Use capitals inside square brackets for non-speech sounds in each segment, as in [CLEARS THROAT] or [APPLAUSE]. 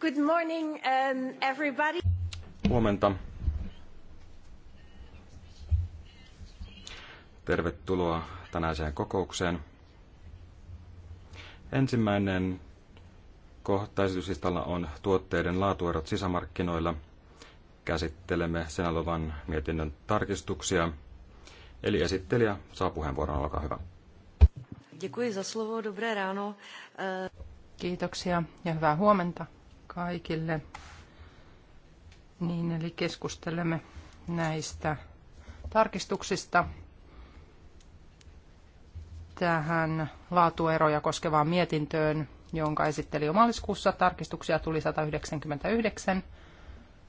Good morning, um, everybody. Huomenta. Tervetuloa tänäiseen kokoukseen. Ensimmäinen kohta esityslistalla on tuotteiden laatuerot sisämarkkinoilla. Käsittelemme alovan mietinnön tarkistuksia. Eli esittelijä saa puheenvuoron, olkaa hyvä. Děkuji za slovo, dobré ráno. Kiitoksia ja hyvää huomenta kaikille. Niin, eli keskustelemme näistä tarkistuksista tähän laatueroja koskevaan mietintöön, jonka esitteli jo maaliskuussa. Tarkistuksia tuli 199.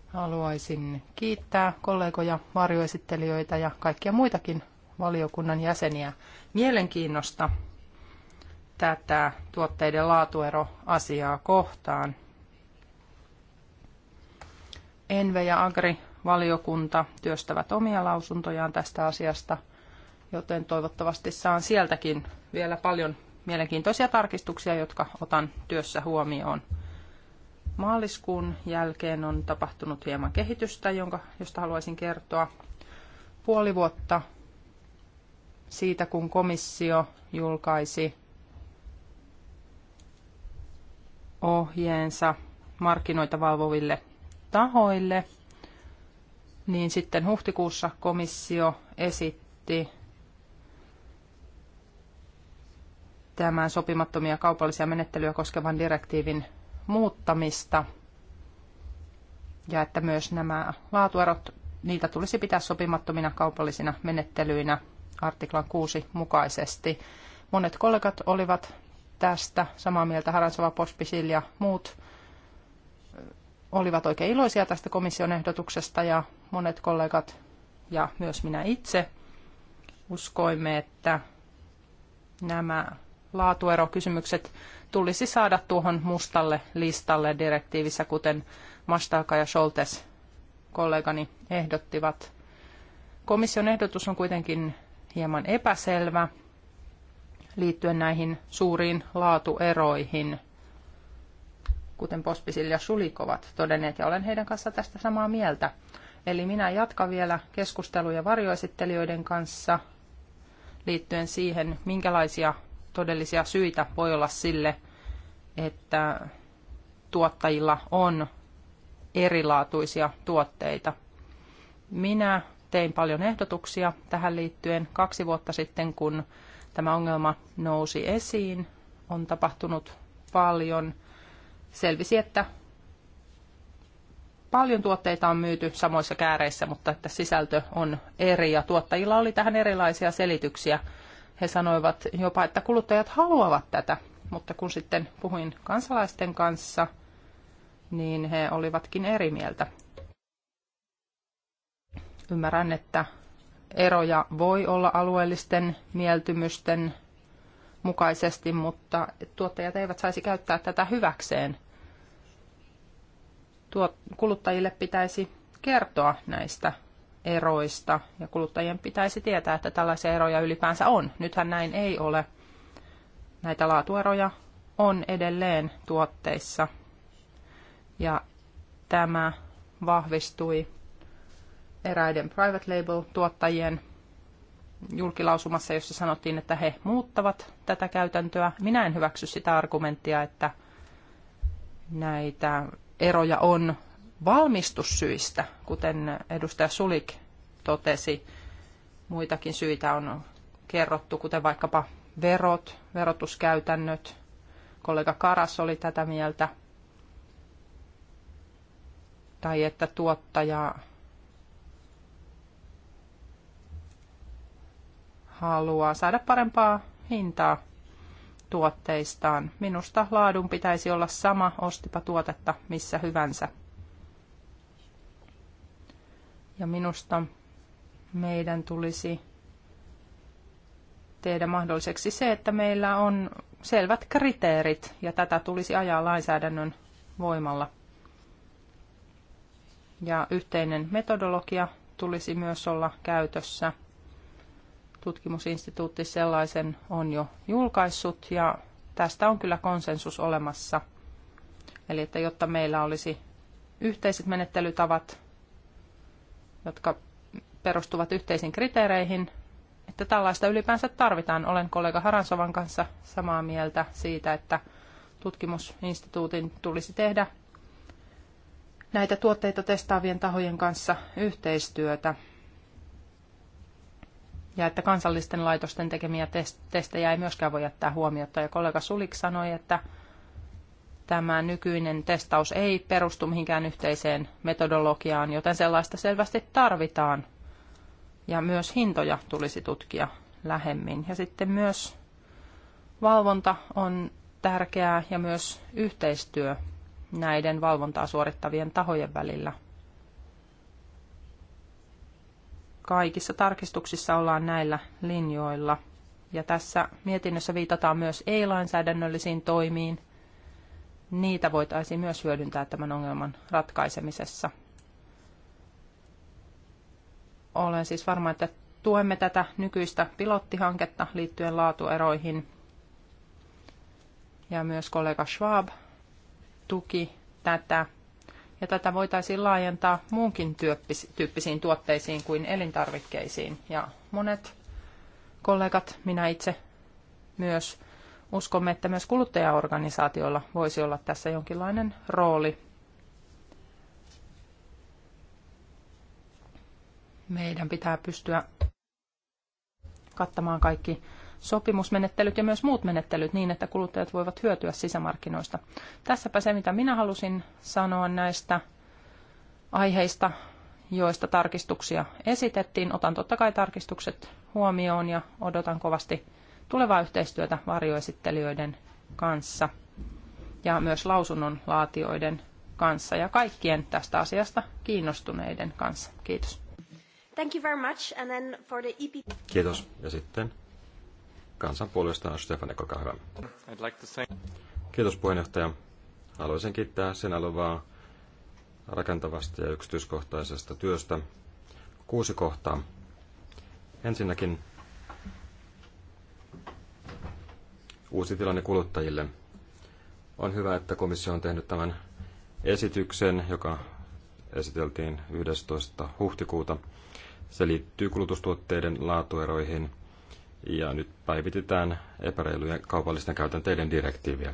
Haluaisin kiittää kollegoja, varjoesittelijöitä ja kaikkia muitakin valiokunnan jäseniä mielenkiinnosta tätä tuotteiden laatuero asiaa kohtaan – Enve ja Agri-valiokunta työstävät omia lausuntojaan tästä asiasta, joten toivottavasti saan sieltäkin vielä paljon mielenkiintoisia tarkistuksia, jotka otan työssä huomioon. Maaliskuun jälkeen on tapahtunut hieman kehitystä, jonka, josta haluaisin kertoa. Puoli vuotta siitä, kun komissio julkaisi ohjeensa markkinoita valvoville tahoille, niin sitten huhtikuussa komissio esitti tämän sopimattomia kaupallisia menettelyjä koskevan direktiivin muuttamista ja että myös nämä laatuerot, niitä tulisi pitää sopimattomina kaupallisina menettelyinä artiklan 6 mukaisesti. Monet kollegat olivat tästä samaa mieltä, Haransova, Pospisil ja muut olivat oikein iloisia tästä komission ehdotuksesta ja monet kollegat ja myös minä itse uskoimme, että nämä laatuerokysymykset tulisi saada tuohon mustalle listalle direktiivissä, kuten Mastaaka ja Scholtes kollegani ehdottivat. Komission ehdotus on kuitenkin hieman epäselvä liittyen näihin suuriin laatueroihin kuten Pospisil ja Sulik ovat todenneet, ja olen heidän kanssa tästä samaa mieltä. Eli minä jatkan vielä keskusteluja varjoesittelijöiden kanssa liittyen siihen, minkälaisia todellisia syitä voi olla sille, että tuottajilla on erilaatuisia tuotteita. Minä tein paljon ehdotuksia tähän liittyen kaksi vuotta sitten, kun tämä ongelma nousi esiin. On tapahtunut paljon selvisi, että paljon tuotteita on myyty samoissa kääreissä, mutta että sisältö on eri ja tuottajilla oli tähän erilaisia selityksiä. He sanoivat jopa, että kuluttajat haluavat tätä, mutta kun sitten puhuin kansalaisten kanssa, niin he olivatkin eri mieltä. Ymmärrän, että eroja voi olla alueellisten mieltymysten mukaisesti, mutta tuottajat eivät saisi käyttää tätä hyväkseen – kuluttajille pitäisi kertoa näistä eroista ja kuluttajien pitäisi tietää, että tällaisia eroja ylipäänsä on. Nythän näin ei ole. Näitä laatueroja on edelleen tuotteissa ja tämä vahvistui eräiden private label tuottajien julkilausumassa, jossa sanottiin, että he muuttavat tätä käytäntöä. Minä en hyväksy sitä argumenttia, että näitä eroja on valmistussyistä, kuten edustaja Sulik totesi. Muitakin syitä on kerrottu, kuten vaikkapa verot, verotuskäytännöt. Kollega Karas oli tätä mieltä. Tai että tuottaja haluaa saada parempaa hintaa tuotteistaan. Minusta laadun pitäisi olla sama, ostipa tuotetta missä hyvänsä. Ja minusta meidän tulisi tehdä mahdolliseksi se, että meillä on selvät kriteerit ja tätä tulisi ajaa lainsäädännön voimalla. Ja yhteinen metodologia tulisi myös olla käytössä – tutkimusinstituutti sellaisen on jo julkaissut ja tästä on kyllä konsensus olemassa. Eli että jotta meillä olisi yhteiset menettelytavat, jotka perustuvat yhteisiin kriteereihin, että tällaista ylipäänsä tarvitaan. Olen kollega Haransovan kanssa samaa mieltä siitä, että tutkimusinstituutin tulisi tehdä näitä tuotteita testaavien tahojen kanssa yhteistyötä ja että kansallisten laitosten tekemiä testejä ei myöskään voi jättää huomiota. Ja kollega Sulik sanoi, että tämä nykyinen testaus ei perustu mihinkään yhteiseen metodologiaan, joten sellaista selvästi tarvitaan. Ja myös hintoja tulisi tutkia lähemmin. Ja sitten myös valvonta on tärkeää ja myös yhteistyö näiden valvontaa suorittavien tahojen välillä – Kaikissa tarkistuksissa ollaan näillä linjoilla. Ja tässä mietinnössä viitataan myös ei-lainsäädännöllisiin toimiin. Niitä voitaisiin myös hyödyntää tämän ongelman ratkaisemisessa. Olen siis varma, että tuemme tätä nykyistä pilottihanketta liittyen laatueroihin. Ja myös kollega Schwab tuki tätä ja tätä voitaisiin laajentaa muunkin tyyppisiin tuotteisiin kuin elintarvikkeisiin. Ja monet kollegat, minä itse myös, uskomme, että myös kuluttajaorganisaatioilla voisi olla tässä jonkinlainen rooli. Meidän pitää pystyä kattamaan kaikki sopimusmenettelyt ja myös muut menettelyt niin, että kuluttajat voivat hyötyä sisämarkkinoista. Tässäpä se, mitä minä halusin sanoa näistä aiheista, joista tarkistuksia esitettiin. Otan totta kai tarkistukset huomioon ja odotan kovasti tulevaa yhteistyötä varjoesittelijöiden kanssa ja myös lausunnon laatioiden kanssa ja kaikkien tästä asiasta kiinnostuneiden kanssa. Kiitos. Thank you very much. And then for the EP... Kiitos. Ja sitten on Stefan olkaa hyvä. Kiitos puheenjohtaja. Haluaisin kiittää sen alovaa rakentavasta ja yksityiskohtaisesta työstä. Kuusi kohtaa. Ensinnäkin uusi tilanne kuluttajille. On hyvä, että komissio on tehnyt tämän esityksen, joka esiteltiin 11. huhtikuuta. Se liittyy kulutustuotteiden laatueroihin – ja nyt päivitetään epäreilujen kaupallisten käytänteiden direktiiviä.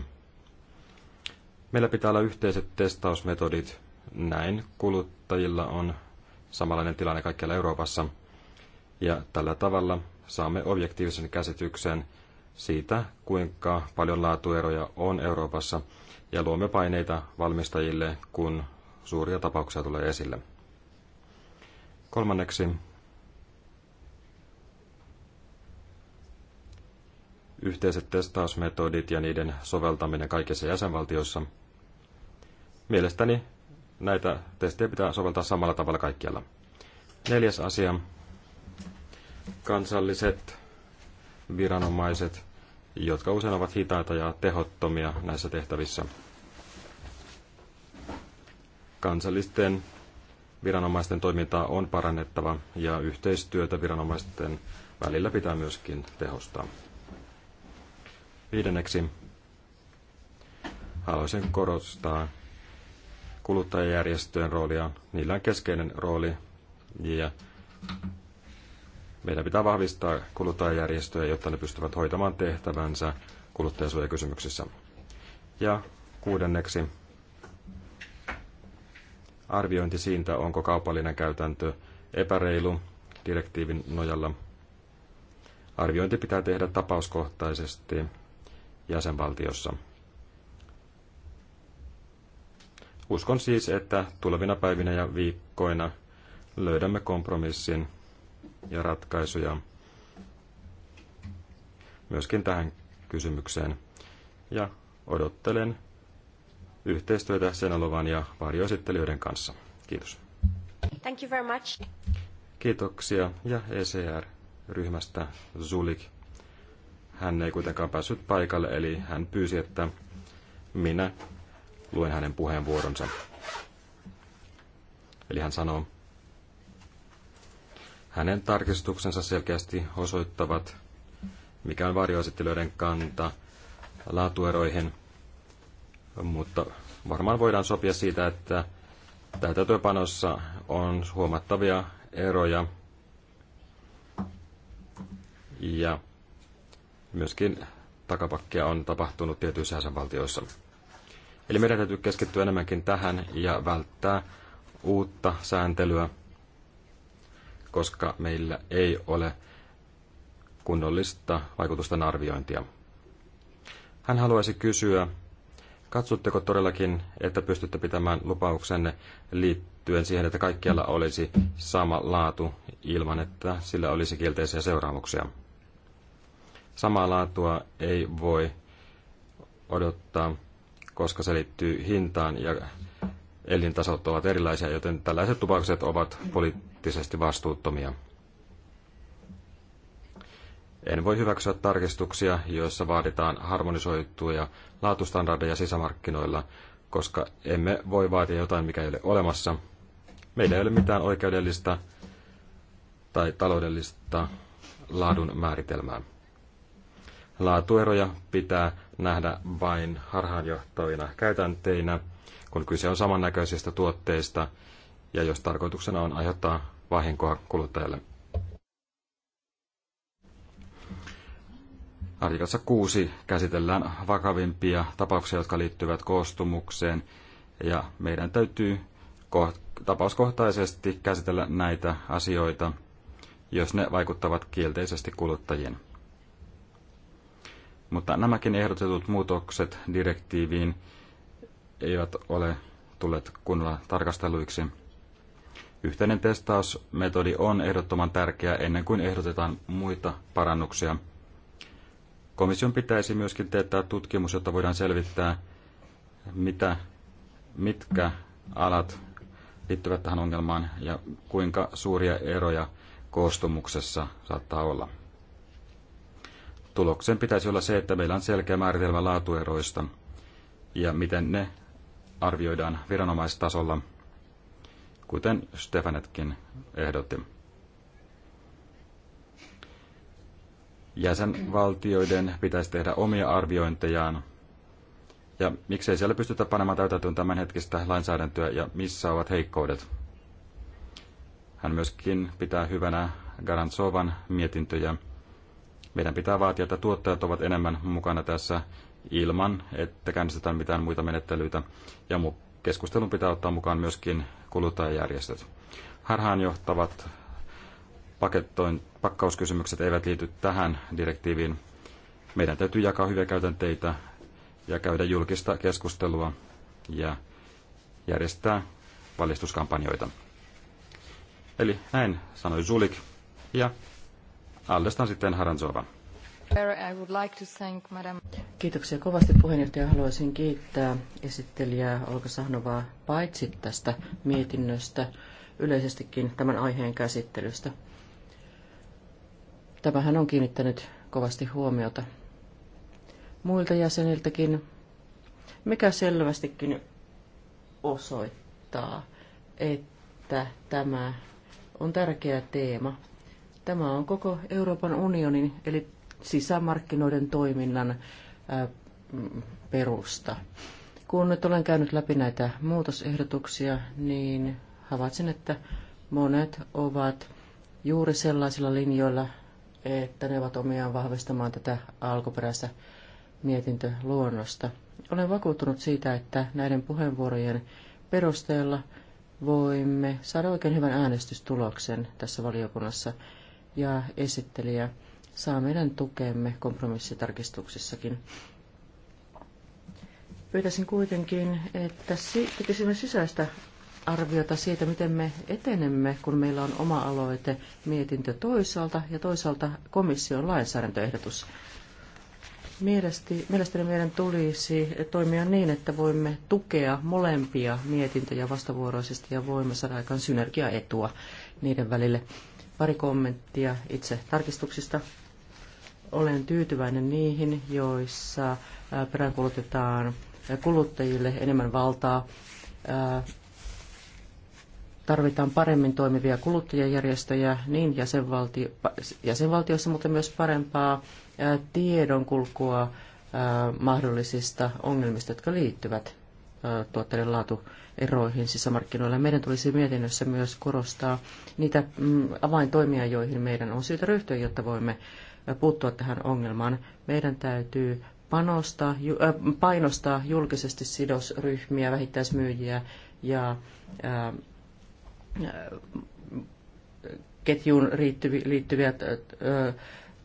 Meillä pitää olla yhteiset testausmetodit, näin kuluttajilla on samanlainen tilanne kaikkialla Euroopassa, ja tällä tavalla saamme objektiivisen käsityksen siitä, kuinka paljon laatueroja on Euroopassa, ja luomme paineita valmistajille, kun suuria tapauksia tulee esille. Kolmanneksi yhteiset testausmetodit ja niiden soveltaminen kaikissa jäsenvaltioissa. Mielestäni näitä testejä pitää soveltaa samalla tavalla kaikkialla. Neljäs asia. Kansalliset viranomaiset, jotka usein ovat hitaita ja tehottomia näissä tehtävissä. Kansallisten viranomaisten toimintaa on parannettava ja yhteistyötä viranomaisten välillä pitää myöskin tehostaa. Viidenneksi haluaisin korostaa kuluttajajärjestöjen roolia. Niillä on keskeinen rooli ja meidän pitää vahvistaa kuluttajajärjestöjä, jotta ne pystyvät hoitamaan tehtävänsä kuluttajasuojakysymyksissä. Ja kuudenneksi arviointi siitä, onko kaupallinen käytäntö epäreilu direktiivin nojalla. Arviointi pitää tehdä tapauskohtaisesti jäsenvaltiossa. Uskon siis, että tulevina päivinä ja viikkoina löydämme kompromissin ja ratkaisuja myöskin tähän kysymykseen. Ja odottelen yhteistyötä Senalovan ja varjoesittelijöiden kanssa. Kiitos. Thank you very much. Kiitoksia ja ECR-ryhmästä Zulik hän ei kuitenkaan päässyt paikalle, eli hän pyysi, että minä luen hänen puheenvuoronsa. Eli hän sanoo, hänen tarkistuksensa selkeästi osoittavat, mikä on varjoesittelyiden kanta laatueroihin, mutta varmaan voidaan sopia siitä, että työpanossa on huomattavia eroja ja Myöskin takapakkia on tapahtunut tietyissä jäsenvaltioissa. Eli meidän täytyy keskittyä enemmänkin tähän ja välttää uutta sääntelyä, koska meillä ei ole kunnollista vaikutusten arviointia. Hän haluaisi kysyä, katsotteko todellakin, että pystytte pitämään lupauksenne liittyen siihen, että kaikkialla olisi sama laatu ilman, että sillä olisi kielteisiä seuraamuksia? Samaa laatua ei voi odottaa, koska se liittyy hintaan ja elintasot ovat erilaisia, joten tällaiset tupakset ovat poliittisesti vastuuttomia. En voi hyväksyä tarkistuksia, joissa vaaditaan harmonisoituja laatustandardeja sisämarkkinoilla, koska emme voi vaatia jotain, mikä ei ole olemassa. Meillä ei ole mitään oikeudellista tai taloudellista laadun määritelmää. Laatueroja pitää nähdä vain harhaanjohtavina käytänteinä, kun kyse on samannäköisistä tuotteista ja jos tarkoituksena on aiheuttaa vahinkoa kuluttajalle. Artikassa 6 käsitellään vakavimpia tapauksia, jotka liittyvät koostumukseen, ja meidän täytyy tapauskohtaisesti käsitellä näitä asioita, jos ne vaikuttavat kielteisesti kuluttajien. Mutta nämäkin ehdotetut muutokset direktiiviin eivät ole tulleet kunnolla tarkasteluiksi. Yhteinen testausmetodi on ehdottoman tärkeä ennen kuin ehdotetaan muita parannuksia. Komission pitäisi myöskin teettää tutkimus, jotta voidaan selvittää, mitä, mitkä alat liittyvät tähän ongelmaan ja kuinka suuria eroja koostumuksessa saattaa olla tuloksen pitäisi olla se, että meillä on selkeä määritelmä laatueroista ja miten ne arvioidaan viranomaistasolla, kuten Stefanetkin ehdotti. Jäsenvaltioiden pitäisi tehdä omia arviointejaan ja miksei siellä pystytä panemaan täytäntöön tämänhetkistä lainsäädäntöä ja missä ovat heikkoudet. Hän myöskin pitää hyvänä Garantsovan mietintöjä meidän pitää vaatia, että tuottajat ovat enemmän mukana tässä ilman, että käynnistetään mitään muita menettelyitä. Ja keskustelun pitää ottaa mukaan myöskin kuluttajajärjestöt. Harhaanjohtavat pakettoin, pakkauskysymykset eivät liity tähän direktiiviin. Meidän täytyy jakaa hyviä käytänteitä ja käydä julkista keskustelua ja järjestää valistuskampanjoita. Eli näin sanoi Zulik ja Allestaan sitten Haranzova. Kiitoksia kovasti puheenjohtaja. Haluaisin kiittää esittelijää Olka Sahnovaa paitsi tästä mietinnöstä, yleisestikin tämän aiheen käsittelystä. Tämähän on kiinnittänyt kovasti huomiota muilta jäseniltäkin, mikä selvästikin osoittaa, että tämä on tärkeä teema Tämä on koko Euroopan unionin eli sisämarkkinoiden toiminnan mm, perusta. Kun nyt olen käynyt läpi näitä muutosehdotuksia, niin havaitsin, että monet ovat juuri sellaisilla linjoilla, että ne ovat omiaan vahvistamaan tätä alkuperäistä mietintöluonnosta. Olen vakuuttunut siitä, että näiden puheenvuorojen perusteella voimme saada oikein hyvän äänestystuloksen tässä valiokunnassa ja esittelijä saa meidän tukemme kompromissitarkistuksissakin. Pyytäisin kuitenkin, että tekisimme sisäistä arviota siitä, miten me etenemme, kun meillä on oma aloite, mietintö toisaalta ja toisaalta komission lainsäädäntöehdotus. Mielestäni, mielestäni meidän tulisi toimia niin, että voimme tukea molempia mietintöjä vastavuoroisesti ja voimme saada aikaan synergiaetua niiden välille. Pari kommenttia itse tarkistuksista. Olen tyytyväinen niihin, joissa äh, peräänkulutetaan kuluttajille enemmän valtaa. Äh, tarvitaan paremmin toimivia kuluttajajärjestöjä niin jäsenvaltio, jäsenvaltioissa, mutta myös parempaa äh, tiedonkulkua mahdollisista ongelmista, jotka liittyvät tuotteiden laatueroihin sisämarkkinoilla. Meidän tulisi mietinnössä myös korostaa niitä mm, avaintoimia, joihin meidän on syytä ryhtyä, jotta voimme puuttua tähän ongelmaan. Meidän täytyy panostaa, painostaa julkisesti sidosryhmiä, vähittäismyyjiä ja ää, ketjuun liittyviä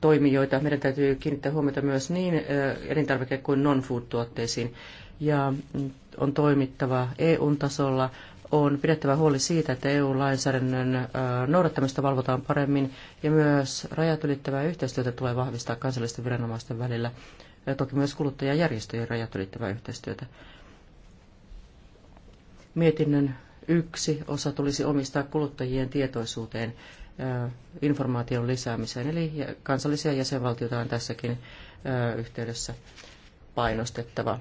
toimijoita. Meidän täytyy kiinnittää huomiota myös niin elintarvike- kuin non-food-tuotteisiin. Ja mm, on toimittava EU-tasolla, on pidettävä huoli siitä, että EU-lainsäädännön noudattamista valvotaan paremmin ja myös rajat ylittävää yhteistyötä tulee vahvistaa kansallisten viranomaisten välillä, ja toki myös kuluttajajärjestöjen rajat ylittävää yhteistyötä. Mietinnön yksi osa tulisi omistaa kuluttajien tietoisuuteen informaation lisäämiseen, eli kansallisia jäsenvaltioita on tässäkin yhteydessä painostettava.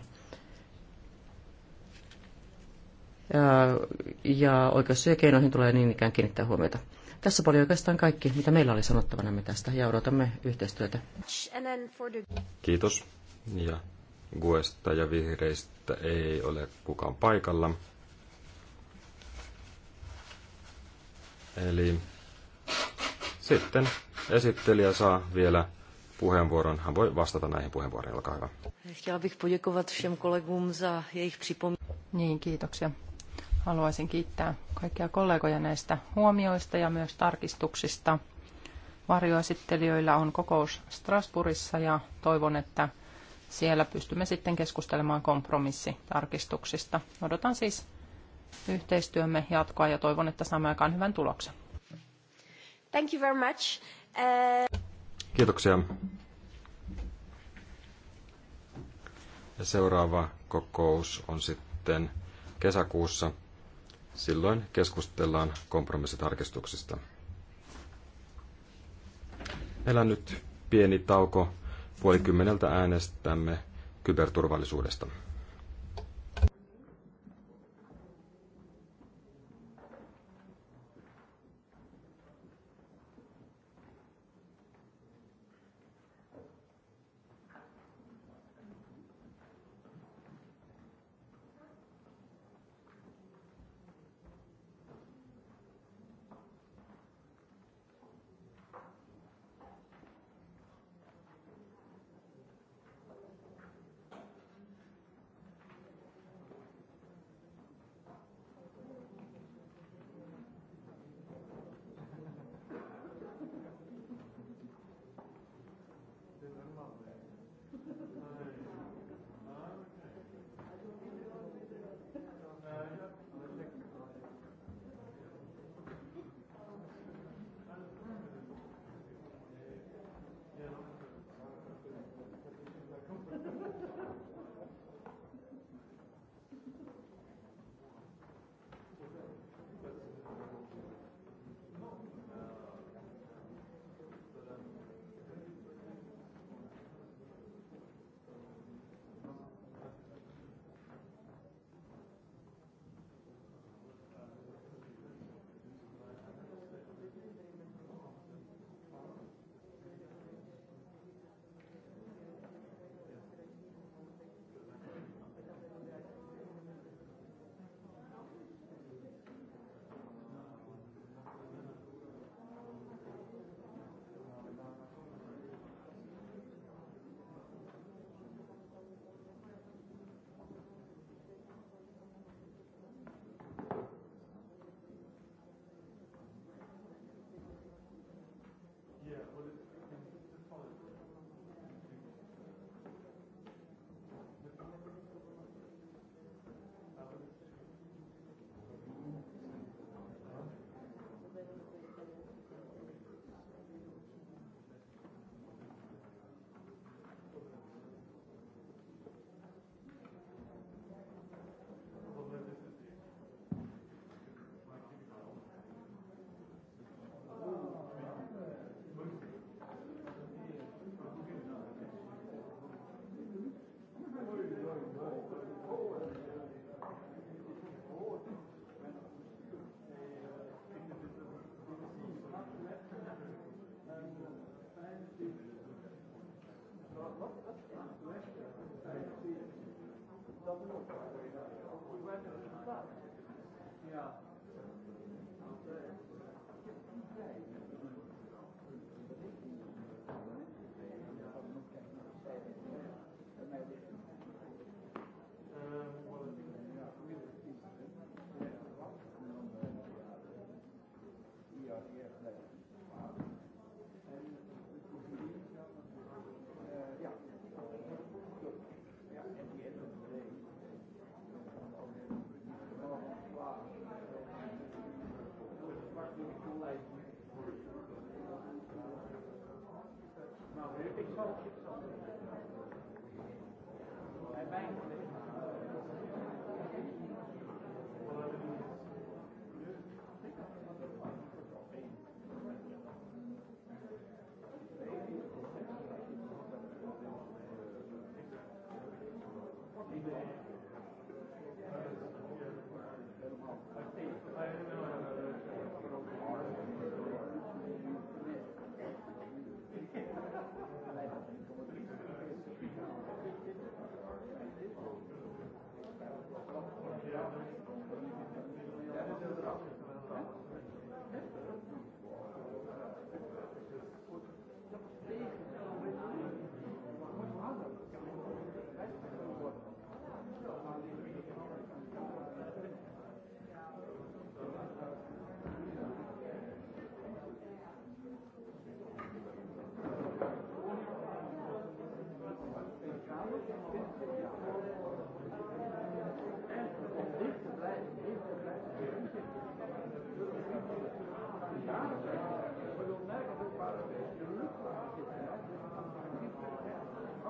ja oikeus- ja keinoihin tulee niin ikään kiinnittää huomiota. Tässä paljon oikeastaan kaikki, mitä meillä oli me tästä, ja odotamme yhteistyötä. Kiitos. Ja Guesta ja Vihreistä ei ole kukaan paikalla. Eli sitten esittelijä saa vielä puheenvuoron. Hän voi vastata näihin puheenvuoroihin. Olkaa hyvä. bych poděkovat všem kolegům za jejich připomínky. Niin, kiitoksia Haluaisin kiittää kaikkia kollegoja näistä huomioista ja myös tarkistuksista. Varjoesittelijöillä on kokous Strasbourgissa ja toivon, että siellä pystymme sitten keskustelemaan kompromissitarkistuksista. Odotan siis yhteistyömme jatkoa ja toivon, että saamme aikaan hyvän tuloksen. Thank you very much. Uh... Kiitoksia. Ja seuraava kokous on sitten kesäkuussa Silloin keskustellaan kompromissitarkistuksista. Meillä on nyt pieni tauko. Puoli kymmeneltä äänestämme kyberturvallisuudesta. Yeah.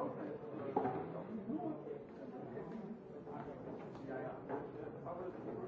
Thank you.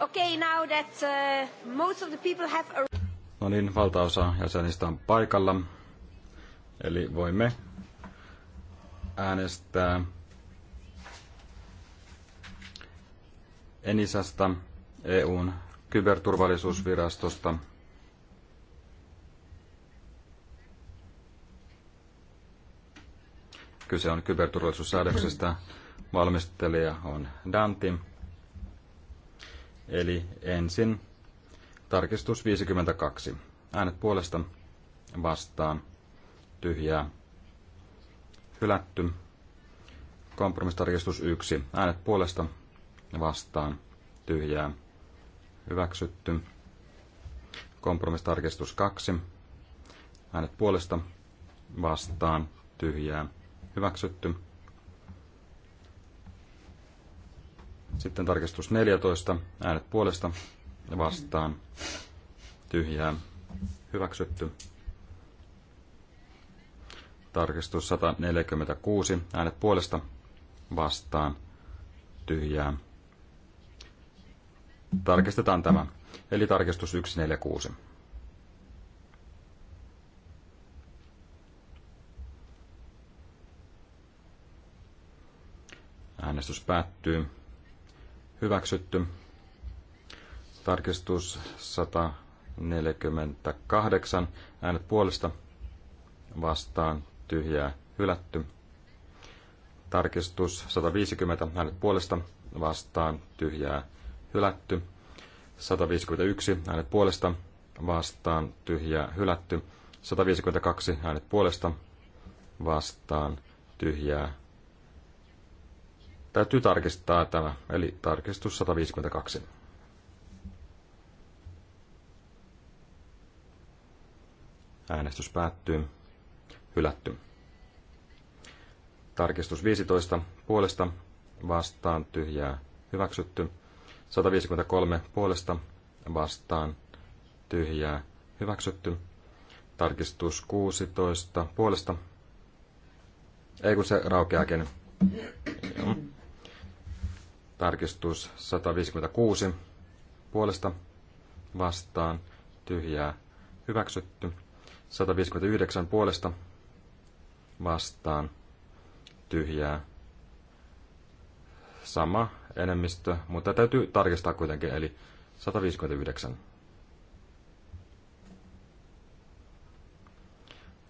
Okay, now that uh, most of the people have a... No niin, valtaosa jäsenistä on paikalla. Eli voimme äänestää Enisasta, EUn kyberturvallisuusvirastosta. Kyse on kyberturvallisuussäädöksestä. Valmistelija on Dantin. Eli ensin tarkistus 52. Äänet puolesta vastaan tyhjää hylätty. Kompromistarkistus 1. Äänet puolesta vastaan tyhjää hyväksytty. Kompromistarkistus 2. Äänet puolesta vastaan tyhjää hyväksytty. Sitten tarkistus 14, äänet puolesta ja vastaan. Tyhjää. Hyväksytty. Tarkistus 146, äänet puolesta vastaan. Tyhjää. Tarkistetaan tämä. Eli tarkistus 146. Äänestys päättyy hyväksytty. Tarkistus 148. Äänet puolesta vastaan tyhjää hylätty. Tarkistus 150. Äänet puolesta vastaan tyhjää hylätty. 151. Äänet puolesta vastaan tyhjää hylätty. 152. Äänet puolesta vastaan tyhjää Täytyy tarkistaa tämä, eli tarkistus 152. Äänestys päättyy. Hylätty. Tarkistus 15. Puolesta vastaan tyhjää hyväksytty. 153. Puolesta vastaan tyhjää hyväksytty. Tarkistus 16. Puolesta. Ei kun se raukeakin. Tarkistus 156 puolesta vastaan tyhjää hyväksytty. 159 puolesta vastaan tyhjää sama enemmistö, mutta täytyy tarkistaa kuitenkin, eli 159.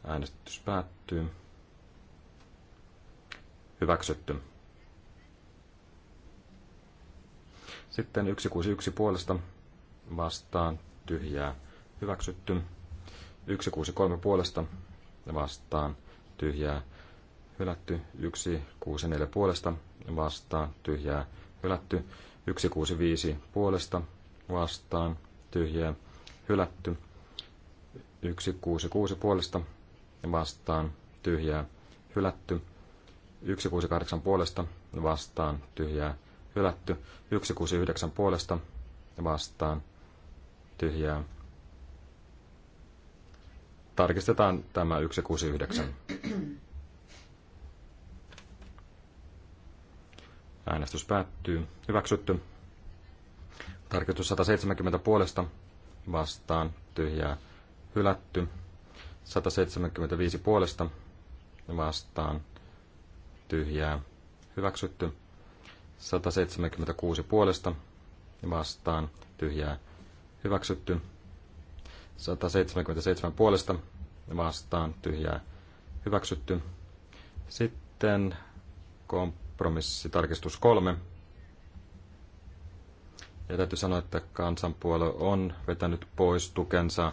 Äänestys päättyy. Hyväksytty. Sitten 161 puolesta vastaan tyhjää hyväksytty. 163 puolesta vastaan tyhjää hylätty. 164 puolesta vastaan tyhjää hylätty. 165 puolesta vastaan tyhjää hylätty. 166 puolesta vastaan tyhjää hylätty. 168 puolesta vastaan tyhjää hylätty hylätty. 169 puolesta vastaan tyhjää. Tarkistetaan tämä 169. Äänestys päättyy. Hyväksytty. Tarkistus 170 puolesta vastaan tyhjää hylätty. 175 puolesta vastaan tyhjää hyväksytty. 176 puolesta vastaan tyhjää hyväksytty. 177 puolesta vastaan tyhjää hyväksytty. Sitten kompromissitarkistus 3. Ja täytyy sanoa, että kansanpuolue on vetänyt pois tukensa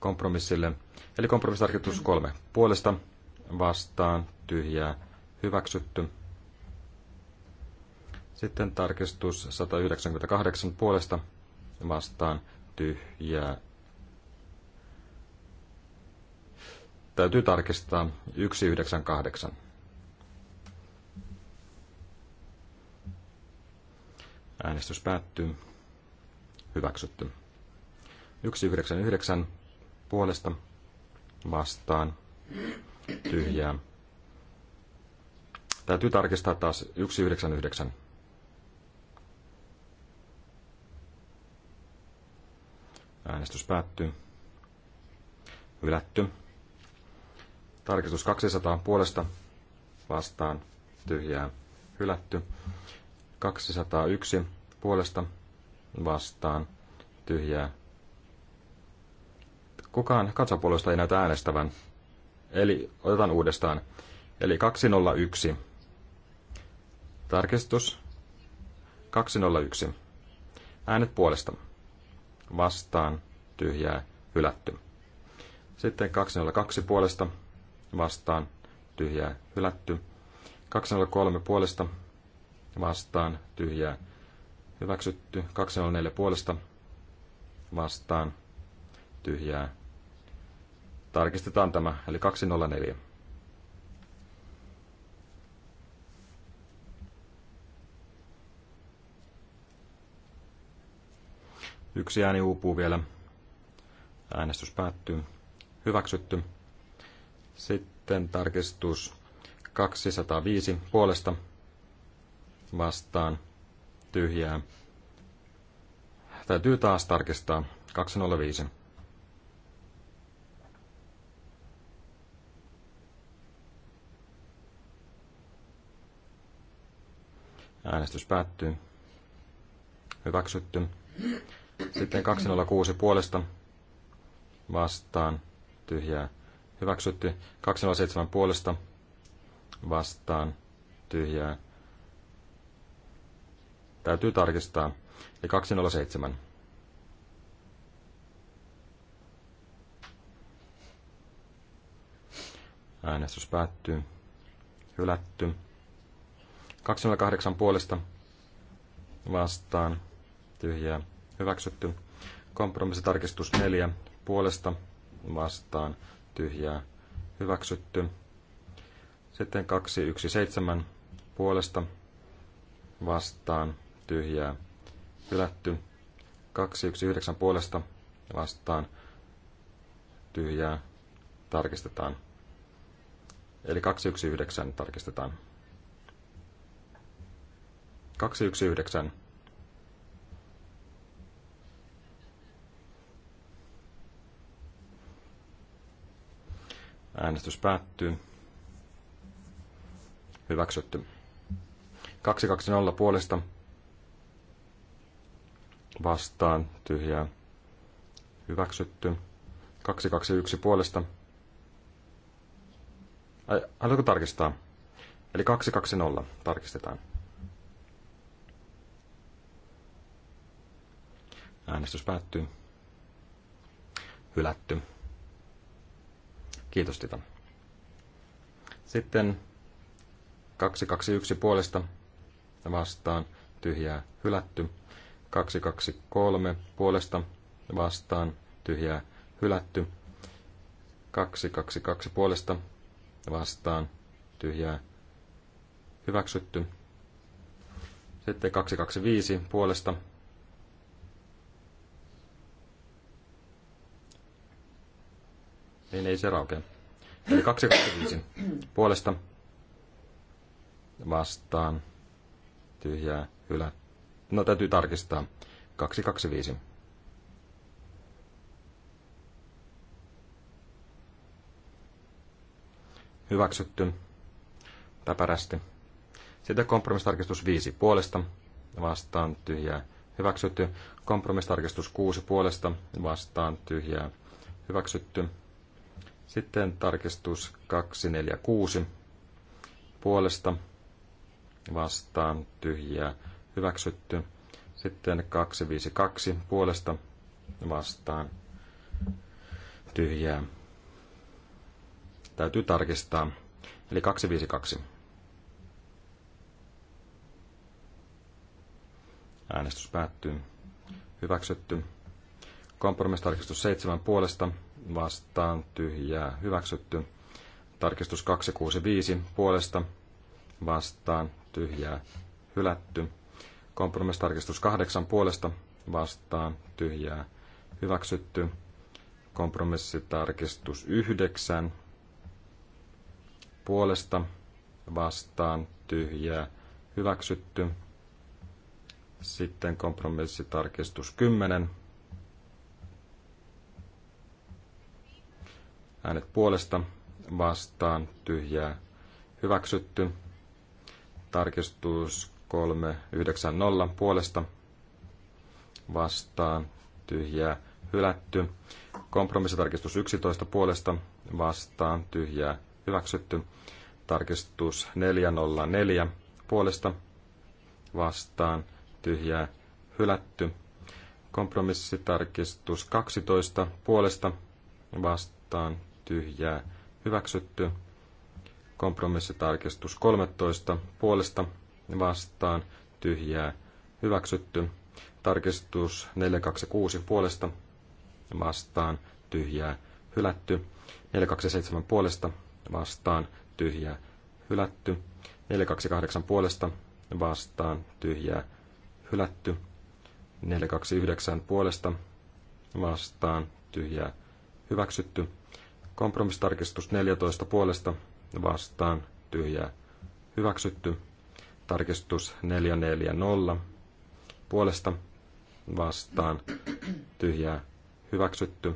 kompromissille. Eli kompromissitarkistus 3. Puolesta vastaan tyhjää hyväksytty. Sitten tarkistus 198 puolesta vastaan tyhjää. Täytyy tarkistaa 198. Äänestys päättyy. Hyväksytty. 199 puolesta vastaan tyhjää. Täytyy tarkistaa taas 199. Äänestys päättyy. ylätty. Tarkistus 200 puolesta vastaan tyhjää hylätty. 201 puolesta vastaan tyhjää. Kukaan katsopuolesta ei näytä äänestävän. Eli otetaan uudestaan. Eli 201. Tarkistus 201. Äänet puolesta vastaan tyhjää hylätty. Sitten 202 puolesta vastaan tyhjää hylätty. 203 puolesta vastaan tyhjää hyväksytty. 204 puolesta vastaan tyhjää. Tarkistetaan tämä, eli 204. Yksi ääni uupuu vielä. Äänestys päättyy. Hyväksytty. Sitten tarkistus 205 puolesta vastaan tyhjää. Täytyy taas tarkistaa 205. Äänestys päättyy. Hyväksytty. Sitten 206 puolesta vastaan tyhjää hyväksytty. 207 puolesta vastaan tyhjää täytyy tarkistaa. Eli 207. Äänestys päättyy. Hylätty. 208 puolesta vastaan tyhjää hyväksytty. Kompromissitarkistus 4 puolesta vastaan tyhjää hyväksytty. Sitten 217 puolesta vastaan tyhjää hylätty. 219 puolesta vastaan tyhjää tarkistetaan. Eli 219 tarkistetaan. 219 Äänestys päättyy. Hyväksytty. 220 puolesta vastaan tyhjää. Hyväksytty. 221 puolesta. haluatko tarkistaa? Eli 220 tarkistetaan. Äänestys päättyy. Hylätty. Kiitos sitä. Sitten 221 puolesta vastaan tyhjää hylätty. 223 puolesta vastaan tyhjää hylätty. 222 puolesta vastaan tyhjää hyväksytty. Sitten 225 puolesta Ei, ei se raukea. Eli 225 puolesta vastaan tyhjää hylä. No täytyy tarkistaa. 225. Hyväksytty. Täpärästi. Sitten kompromistarkistus 5 puolesta vastaan tyhjää. Hyväksytty. Kompromistarkistus 6 puolesta vastaan tyhjää. Hyväksytty. Sitten tarkistus 246 puolesta vastaan tyhjää hyväksytty. Sitten 252 puolesta vastaan tyhjää. Täytyy tarkistaa. Eli 252. Äänestys päättyy. Hyväksytty. Kompromissitarkistus 7 puolesta vastaan tyhjää hyväksytty. Tarkistus 265 puolesta vastaan tyhjää hylätty. Kompromissitarkistus 8 puolesta vastaan tyhjää hyväksytty. Kompromissitarkistus 9 puolesta vastaan tyhjää hyväksytty. Sitten kompromissitarkistus 10 Äänet puolesta vastaan tyhjää hyväksytty. Tarkistus 390 puolesta vastaan tyhjää hylätty. Kompromissitarkistus 11 puolesta vastaan tyhjää hyväksytty. Tarkistus 404 puolesta vastaan tyhjää hylätty. Kompromissitarkistus 12 puolesta vastaan tyhjää hyväksytty. Kompromissitarkistus 13 puolesta vastaan tyhjää hyväksytty. Tarkistus 426 puolesta vastaan tyhjää hylätty. 427 puolesta vastaan tyhjää hylätty. 428 puolesta vastaan tyhjää hylätty. 429 puolesta vastaan tyhjää hyväksytty. Kompromissitarkistus 14 puolesta vastaan tyhjää hyväksytty. Tarkistus 440 puolesta vastaan tyhjää hyväksytty.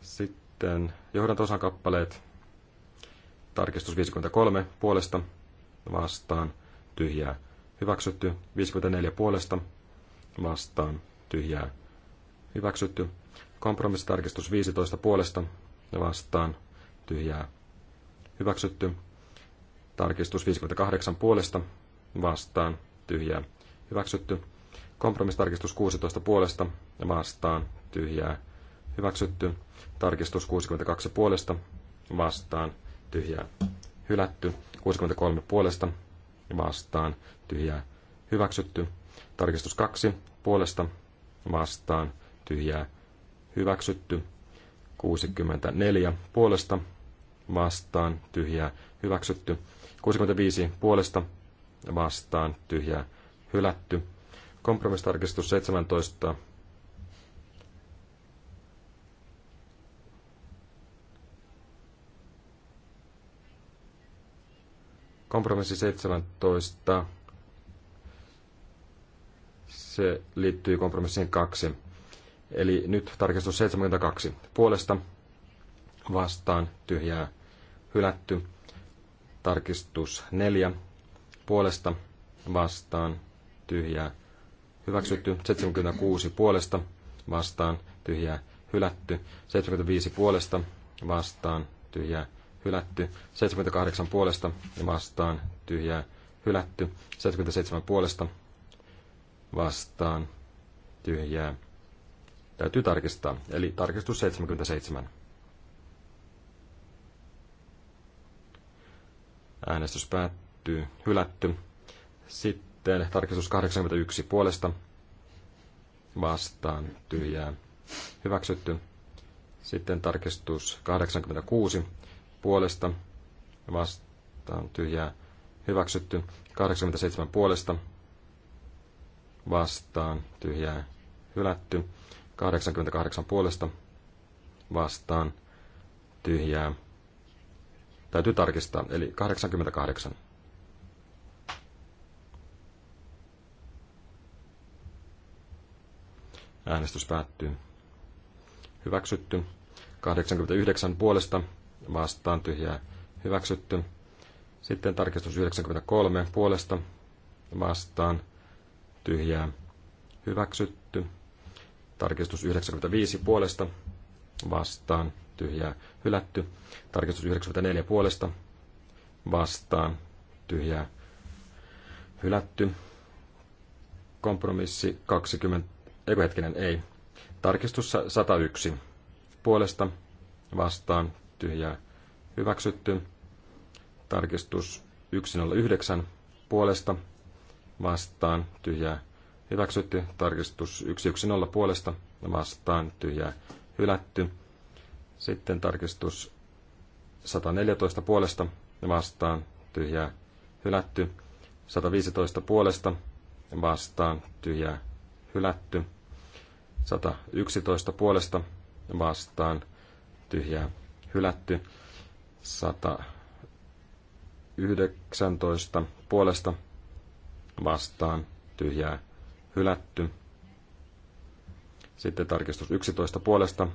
Sitten johdantosan kappaleet. Tarkistus 53 puolesta vastaan tyhjää hyväksytty. 54 puolesta vastaan tyhjää hyväksytty. Kompromissitarkistus 15 puolesta ja vastaan tyhjää hyväksytty. Tarkistus 58 puolesta vastaan tyhjää hyväksytty. Kompromissitarkistus 16 puolesta ja vastaan tyhjää hyväksytty. Tarkistus 62 puolesta vastaan tyhjää hylätty. 63 puolesta vastaan tyhjää hyväksytty. Tarkistus 2 puolesta vastaan tyhjää hyväksytty. 64 puolesta vastaan tyhjää hyväksytty. 65 puolesta vastaan tyhjää hylätty. Kompromistarkistus 17 kompromissi 17, se liittyy kompromissiin 2. Eli nyt tarkistus 72 puolesta vastaan tyhjää hylätty. Tarkistus 4 puolesta vastaan tyhjää hyväksytty. 76 puolesta vastaan tyhjää hylätty. 75 puolesta vastaan tyhjää hylätty. 78 puolesta vastaan tyhjää hylätty. 77 puolesta vastaan tyhjää hylätty Täytyy tarkistaa, eli tarkistus 77. Äänestys päättyy, hylätty. Sitten tarkistus 81 puolesta, vastaan, tyhjää, hyväksytty. Sitten tarkistus 86 puolesta, vastaan, tyhjää, hyväksytty. 87 puolesta, vastaan, tyhjää, hylätty. 88 puolesta vastaan tyhjää. Täytyy tarkistaa, eli 88. Äänestys päättyy. Hyväksytty. 89 puolesta vastaan tyhjää. Hyväksytty. Sitten tarkistus 93 puolesta vastaan tyhjää. Hyväksytty. Tarkistus 95 puolesta vastaan tyhjää hylätty. Tarkistus 94 puolesta vastaan tyhjää hylätty. Kompromissi 20, Eikö hetkinen, ei. Tarkistus 101 puolesta vastaan tyhjää hyväksytty. Tarkistus 109 puolesta vastaan tyhjää Hyväksytty. Tarkistus 110 puolesta vastaan tyhjää hylätty. Sitten tarkistus 114 puolesta vastaan tyhjää hylätty. 115 puolesta vastaan tyhjää hylätty. 111 puolesta vastaan tyhjää hylätty. 119 puolesta vastaan tyhjää hylätty. Sitten tarkistus 11 puolesta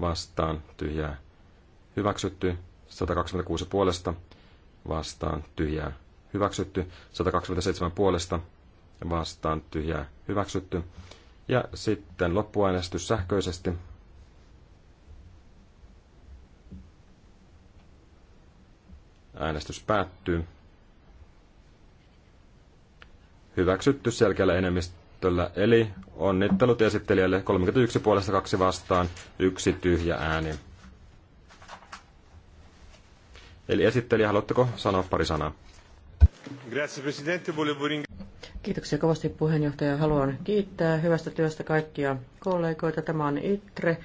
vastaan tyhjää hyväksytty. 126 puolesta vastaan tyhjää hyväksytty. 127 puolesta vastaan tyhjää hyväksytty. Ja sitten loppuäänestys sähköisesti. Äänestys päättyy hyväksytty selkeällä enemmistöllä, eli onnittelut esittelijälle 31 puolesta 2 vastaan, yksi tyhjä ääni. Eli esittelijä, haluatteko sanoa pari sanaa? Kiitoksia kovasti puheenjohtaja. Haluan kiittää hyvästä työstä kaikkia kollegoita. Tämä on ITRE,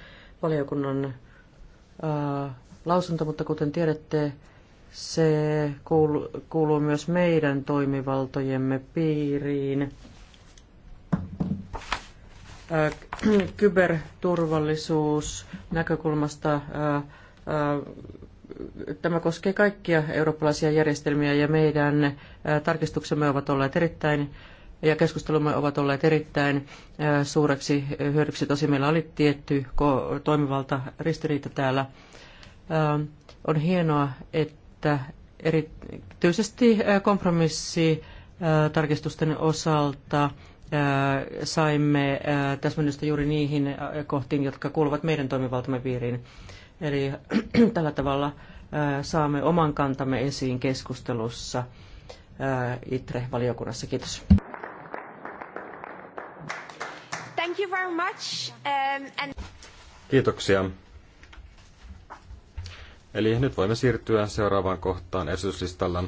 valiokunnan äh, lausunto, mutta kuten tiedätte, se kuuluu myös meidän toimivaltojemme piiriin. Kyberturvallisuus näkökulmasta tämä koskee kaikkia eurooppalaisia järjestelmiä ja meidän tarkistuksemme ovat olleet erittäin ja keskustelumme ovat olleet erittäin suureksi hyödyksi. Tosi meillä oli tietty toimivalta ristiriita täällä. On hienoa, että että erityisesti kompromissi tarkistusten osalta saimme täsmennystä juuri niihin kohtiin, jotka kuuluvat meidän toimivaltamme piiriin. Eli [CLEARS THROAT] tällä tavalla saamme oman kantamme esiin keskustelussa ITRE-valiokunnassa. Kiitos. Um, Kiitoksia. Eli nyt voimme siirtyä seuraavaan kohtaan esityslistalla,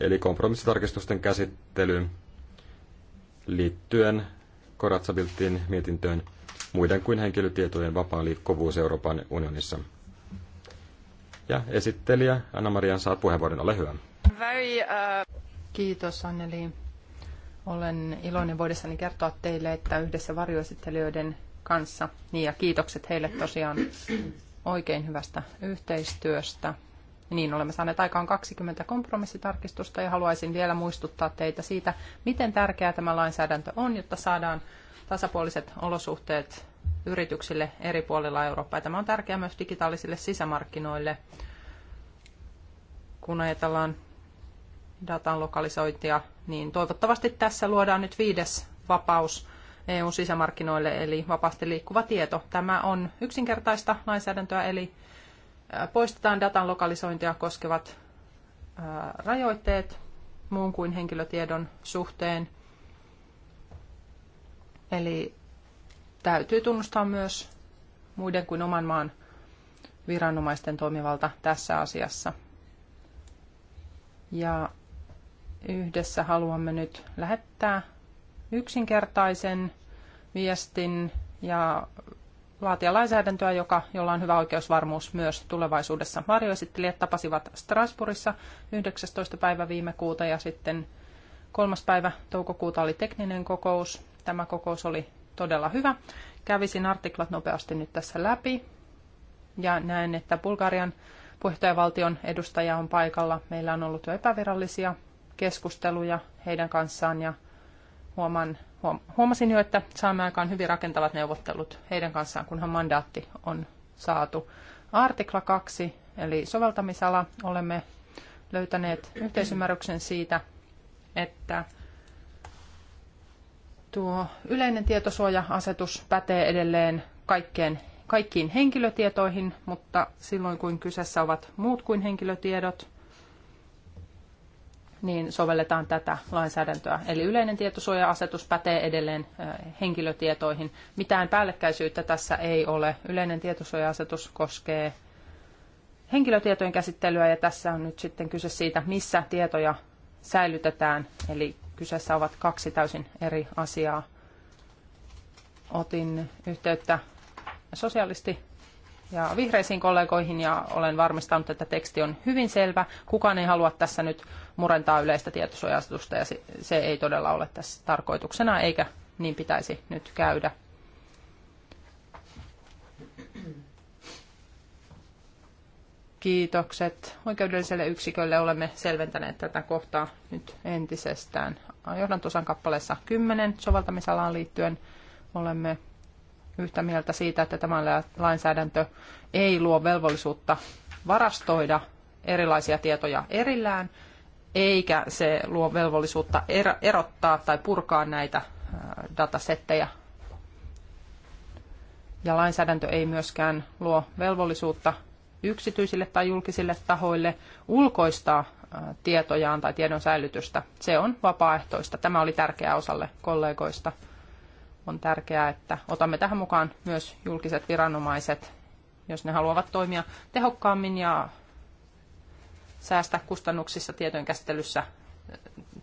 eli kompromissitarkistusten käsittelyyn liittyen Koratsabiltin mietintöön muiden kuin henkilötietojen vapaa liikkuvuus Euroopan unionissa. Ja esittelijä Anna-Maria saa puheenvuoron, ole hyvä. Very, uh... Kiitos Anneli. Olen iloinen voidessani kertoa teille, että yhdessä varjoesittelijöiden kanssa, niin ja kiitokset heille tosiaan oikein hyvästä yhteistyöstä. Niin olemme saaneet aikaan 20 kompromissitarkistusta ja haluaisin vielä muistuttaa teitä siitä, miten tärkeää tämä lainsäädäntö on, jotta saadaan tasapuoliset olosuhteet yrityksille eri puolilla Eurooppaa. Tämä on tärkeää myös digitaalisille sisämarkkinoille, kun ajatellaan datan lokalisointia, niin toivottavasti tässä luodaan nyt viides vapaus EUn sisämarkkinoille, eli vapaasti liikkuva tieto. Tämä on yksinkertaista lainsäädäntöä, eli poistetaan datan lokalisointia koskevat rajoitteet muun kuin henkilötiedon suhteen. Eli täytyy tunnustaa myös muiden kuin oman maan viranomaisten toimivalta tässä asiassa. Ja yhdessä haluamme nyt lähettää yksinkertaisen viestin ja laatia lainsäädäntöä, joka, jolla on hyvä oikeusvarmuus myös tulevaisuudessa. Varjoesittelijät tapasivat Strasbourgissa 19. päivä viime kuuta ja sitten 3. päivä toukokuuta oli tekninen kokous. Tämä kokous oli todella hyvä. Kävisin artiklat nopeasti nyt tässä läpi ja näen, että Bulgarian puheenjohtajavaltion edustaja on paikalla. Meillä on ollut jo epävirallisia keskusteluja heidän kanssaan ja huomaan, huomasin jo, että saamme aikaan hyvin rakentavat neuvottelut heidän kanssaan, kunhan mandaatti on saatu. Artikla 2, eli soveltamisala, olemme löytäneet yhteisymmärryksen siitä, että tuo yleinen tietosuoja-asetus pätee edelleen kaikkeen, kaikkiin henkilötietoihin, mutta silloin kun kyseessä ovat muut kuin henkilötiedot, niin sovelletaan tätä lainsäädäntöä. Eli yleinen tietosuoja-asetus pätee edelleen henkilötietoihin. Mitään päällekkäisyyttä tässä ei ole. Yleinen tietosuoja-asetus koskee henkilötietojen käsittelyä ja tässä on nyt sitten kyse siitä, missä tietoja säilytetään. Eli kyseessä ovat kaksi täysin eri asiaa. Otin yhteyttä sosiaalisti ja vihreisiin kollegoihin ja olen varmistanut, että teksti on hyvin selvä. Kukaan ei halua tässä nyt murentaa yleistä tietosuojastusta ja se ei todella ole tässä tarkoituksena eikä niin pitäisi nyt käydä. Kiitokset oikeudelliselle yksikölle. Olemme selventäneet tätä kohtaa nyt entisestään. Johdantosan kappaleessa 10 soveltamisalaan liittyen olemme yhtä mieltä siitä, että tämä lainsäädäntö ei luo velvollisuutta varastoida erilaisia tietoja erillään, eikä se luo velvollisuutta er- erottaa tai purkaa näitä äh, datasettejä. Ja lainsäädäntö ei myöskään luo velvollisuutta yksityisille tai julkisille tahoille ulkoistaa äh, tietojaan tai tiedon säilytystä. Se on vapaaehtoista. Tämä oli tärkeää osalle kollegoista – on tärkeää, että otamme tähän mukaan myös julkiset viranomaiset, jos ne haluavat toimia tehokkaammin ja säästää kustannuksissa tietojen käsittelyssä. Äh,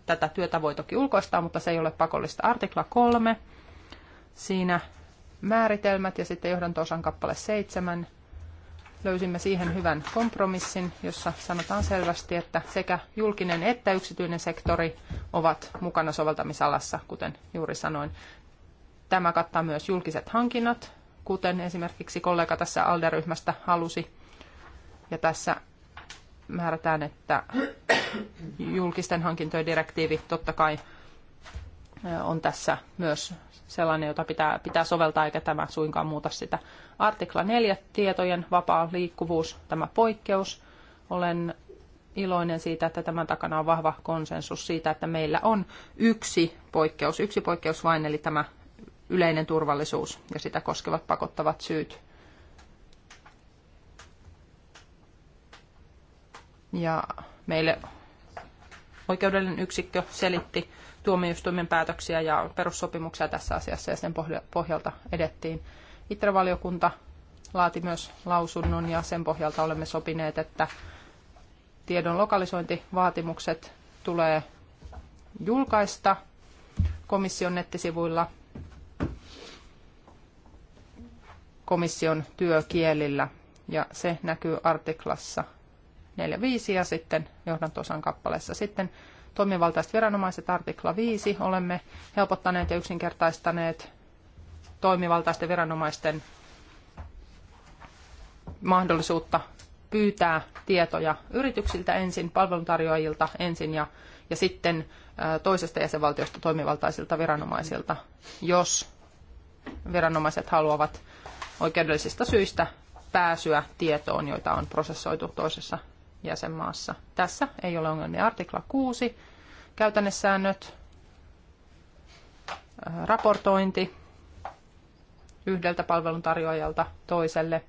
tätä työtä voi toki ulkoistaa, mutta se ei ole pakollista. Artikla 3, siinä määritelmät ja sitten johdantoosan kappale 7. Löysimme siihen hyvän kompromissin, jossa sanotaan selvästi, että sekä julkinen että yksityinen sektori ovat mukana soveltamisalassa, kuten juuri sanoin. Tämä kattaa myös julkiset hankinnat, kuten esimerkiksi kollega tässä ALDE-ryhmästä halusi. Ja tässä määrätään, että julkisten hankintojen direktiivi totta kai on tässä myös sellainen, jota pitää, pitää soveltaa, eikä tämä suinkaan muuta sitä. Artikla 4, tietojen vapaa liikkuvuus, tämä poikkeus. Olen iloinen siitä, että tämän takana on vahva konsensus siitä, että meillä on yksi poikkeus, yksi poikkeus vain, eli tämä yleinen turvallisuus ja sitä koskevat pakottavat syyt. Ja meille oikeudellinen yksikkö selitti tuomioistuimen päätöksiä ja perussopimuksia tässä asiassa ja sen pohjalta edettiin. Itravaliokunta laati myös lausunnon ja sen pohjalta olemme sopineet, että tiedon lokalisointivaatimukset tulee julkaista komission nettisivuilla komission työkielillä ja se näkyy artiklassa 4.5 ja sitten johdantosan kappaleessa sitten toimivaltaiset viranomaiset artikla 5 olemme helpottaneet ja yksinkertaistaneet toimivaltaisten viranomaisten mahdollisuutta pyytää tietoja yrityksiltä ensin, palveluntarjoajilta ensin ja, ja sitten toisesta jäsenvaltiosta toimivaltaisilta viranomaisilta, jos viranomaiset haluavat oikeudellisista syistä pääsyä tietoon, joita on prosessoitu toisessa jäsenmaassa. Tässä ei ole ongelmia. Artikla 6, käytännessäännöt, äh, raportointi yhdeltä palveluntarjoajalta toiselle.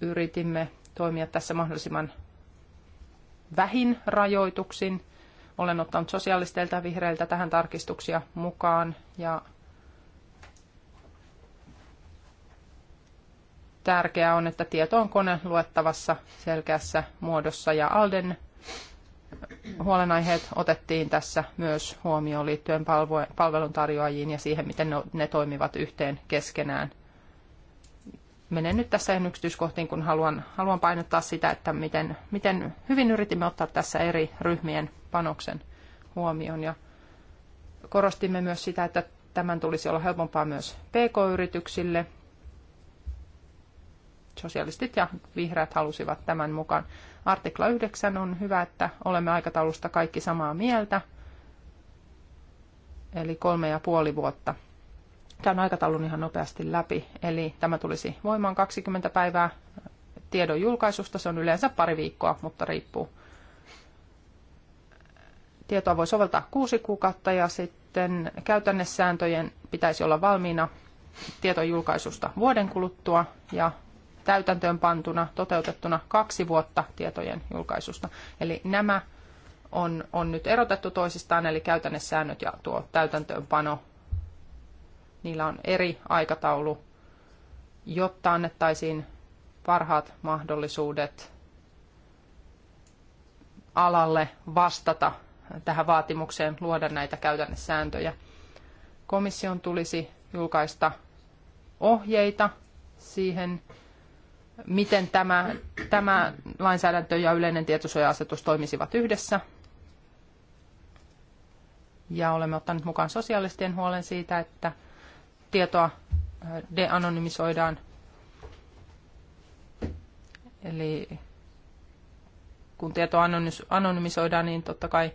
Yritimme toimia tässä mahdollisimman vähin rajoituksin. Olen ottanut sosiaalisteilta ja vihreiltä tähän tarkistuksia mukaan ja tärkeää on, että tieto on kone luettavassa selkeässä muodossa ja Alden huolenaiheet otettiin tässä myös huomioon liittyen palveluntarjoajiin ja siihen, miten ne toimivat yhteen keskenään. Menen nyt tässä en yksityiskohtiin, kun haluan, haluan painottaa sitä, että miten, miten hyvin yritimme ottaa tässä eri ryhmien panoksen huomioon. Ja korostimme myös sitä, että tämän tulisi olla helpompaa myös pk-yrityksille sosialistit ja vihreät halusivat tämän mukaan. Artikla 9 on hyvä, että olemme aikataulusta kaikki samaa mieltä, eli kolme ja puoli vuotta. on aikataulun ihan nopeasti läpi, eli tämä tulisi voimaan 20 päivää tiedon julkaisusta. Se on yleensä pari viikkoa, mutta riippuu. Tietoa voi soveltaa kuusi kuukautta ja sitten käytännössääntöjen pitäisi olla valmiina tietojulkaisusta vuoden kuluttua ja täytäntöön pantuna, toteutettuna kaksi vuotta tietojen julkaisusta. Eli nämä on, on nyt erotettu toisistaan, eli käytännessäännöt ja tuo täytäntöönpano, niillä on eri aikataulu, jotta annettaisiin parhaat mahdollisuudet alalle vastata tähän vaatimukseen luoda näitä käytännössääntöjä. Komission tulisi julkaista ohjeita siihen, miten tämä, tämä lainsäädäntö ja yleinen tietosuoja-asetus toimisivat yhdessä. Ja olemme ottaneet mukaan sosiaalisten huolen siitä, että tietoa eh, deanonymisoidaan. Eli kun tietoa anonymisoidaan, niin totta kai,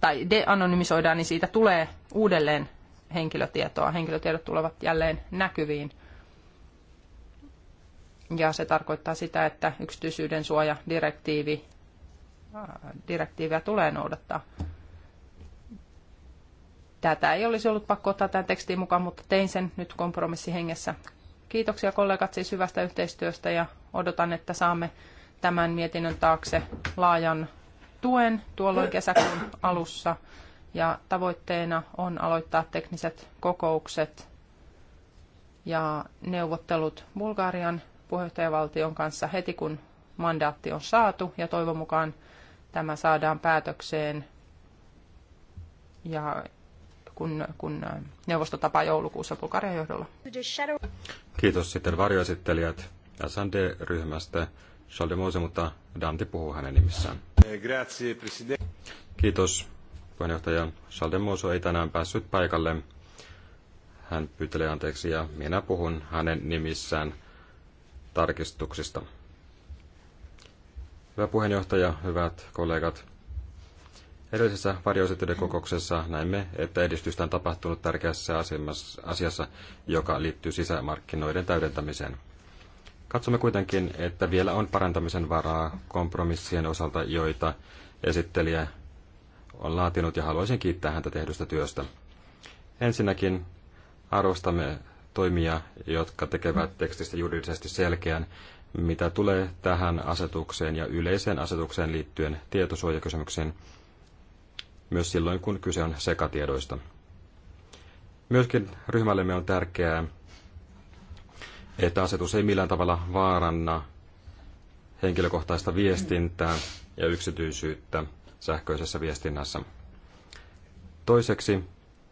tai deanonymisoidaan, niin siitä tulee uudelleen henkilötietoa. Henkilötiedot tulevat jälleen näkyviin – ja se tarkoittaa sitä, että yksityisyyden suoja direktiivi, direktiiviä tulee noudattaa. Tätä ei olisi ollut pakko ottaa tämän tekstin mukaan, mutta tein sen nyt kompromissihengessä. Kiitoksia kollegat siis hyvästä yhteistyöstä ja odotan, että saamme tämän mietinnön taakse laajan tuen tuolloin kesäkuun alussa. Ja tavoitteena on aloittaa tekniset kokoukset ja neuvottelut Bulgarian puheenjohtajavaltion kanssa heti, kun mandaatti on saatu, ja toivon mukaan tämä saadaan päätökseen, ja kun, kun äh, neuvosto tapaa joulukuussa Bulgarian johdolla. Kiitos sitten varjoesittelijät SND-ryhmästä. Charles Mose, mutta Danti puhuu hänen nimissään. Kiitos puheenjohtaja Charles Mose ei tänään päässyt paikalle. Hän pyytelee anteeksi ja minä puhun hänen nimissään – tarkistuksista. Hyvä puheenjohtaja, hyvät kollegat. Edellisessä varjoisetyyden kokouksessa näimme, että edistystä on tapahtunut tärkeässä asiassa, joka liittyy sisämarkkinoiden täydentämiseen. Katsomme kuitenkin, että vielä on parantamisen varaa kompromissien osalta, joita esittelijä on laatinut ja haluaisin kiittää häntä tehdystä työstä. Ensinnäkin arvostamme toimia, jotka tekevät tekstistä juridisesti selkeän, mitä tulee tähän asetukseen ja yleiseen asetukseen liittyen tietosuojakysymyksiin, myös silloin kun kyse on sekatiedoista. Myöskin ryhmällemme on tärkeää, että asetus ei millään tavalla vaaranna henkilökohtaista viestintää ja yksityisyyttä sähköisessä viestinnässä. Toiseksi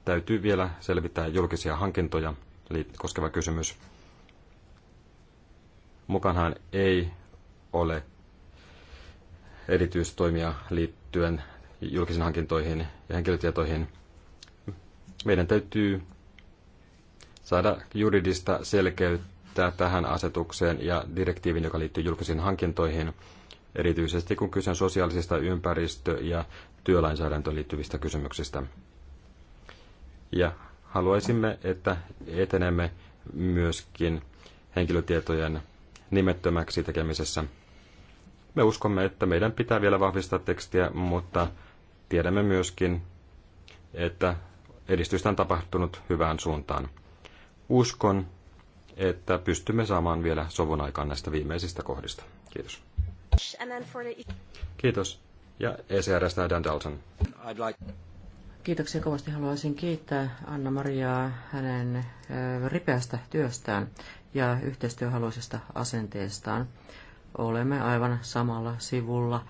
täytyy vielä selvittää julkisia hankintoja koskeva kysymys. Mukanhan ei ole erityistoimia liittyen julkisiin hankintoihin ja henkilötietoihin. Meidän täytyy saada juridista selkeyttä tähän asetukseen ja direktiivin, joka liittyy julkisiin hankintoihin, erityisesti kun kyse on sosiaalisista ympäristö- ja työlainsäädäntöön liittyvistä kysymyksistä. Ja haluaisimme, että etenemme myöskin henkilötietojen nimettömäksi tekemisessä. Me uskomme, että meidän pitää vielä vahvistaa tekstiä, mutta tiedämme myöskin, että edistystä on tapahtunut hyvään suuntaan. Uskon, että pystymme saamaan vielä sovun aikaan näistä viimeisistä kohdista. Kiitos. Kiitos. Ja ECRS Dan Dalton. Kiitoksia kovasti. Haluaisin kiittää Anna-Mariaa hänen ripeästä työstään ja yhteistyöhaluisesta asenteestaan. Olemme aivan samalla sivulla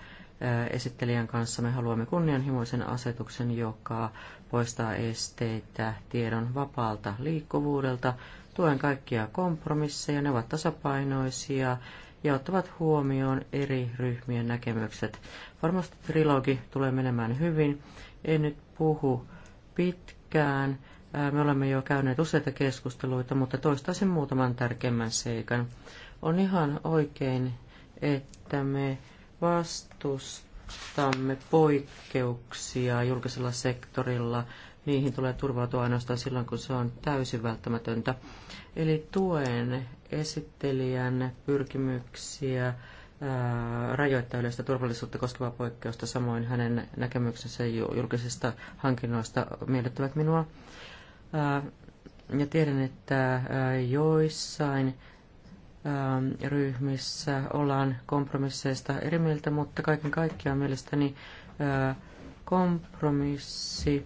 esittelijän kanssa. Me haluamme kunnianhimoisen asetuksen, joka poistaa esteitä tiedon vapaalta liikkuvuudelta. Tuen kaikkia kompromisseja, ne ovat tasapainoisia ja ottavat huomioon eri ryhmien näkemykset. Varmasti trilogi tulee menemään hyvin. En nyt puhu pitkään. Me olemme jo käyneet useita keskusteluita, mutta toistaisin muutaman tärkeimmän seikan. On ihan oikein, että me vastustamme poikkeuksia julkisella sektorilla. Niihin tulee turvautua ainoastaan silloin, kun se on täysin välttämätöntä. Eli tuen esittelijän pyrkimyksiä rajoittaa yleistä turvallisuutta koskevaa poikkeusta. Samoin hänen näkemyksensä julkisista hankinnoista miellyttävät minua. Ja tiedän, että joissain ryhmissä ollaan kompromisseista eri mieltä, mutta kaiken kaikkiaan mielestäni kompromissi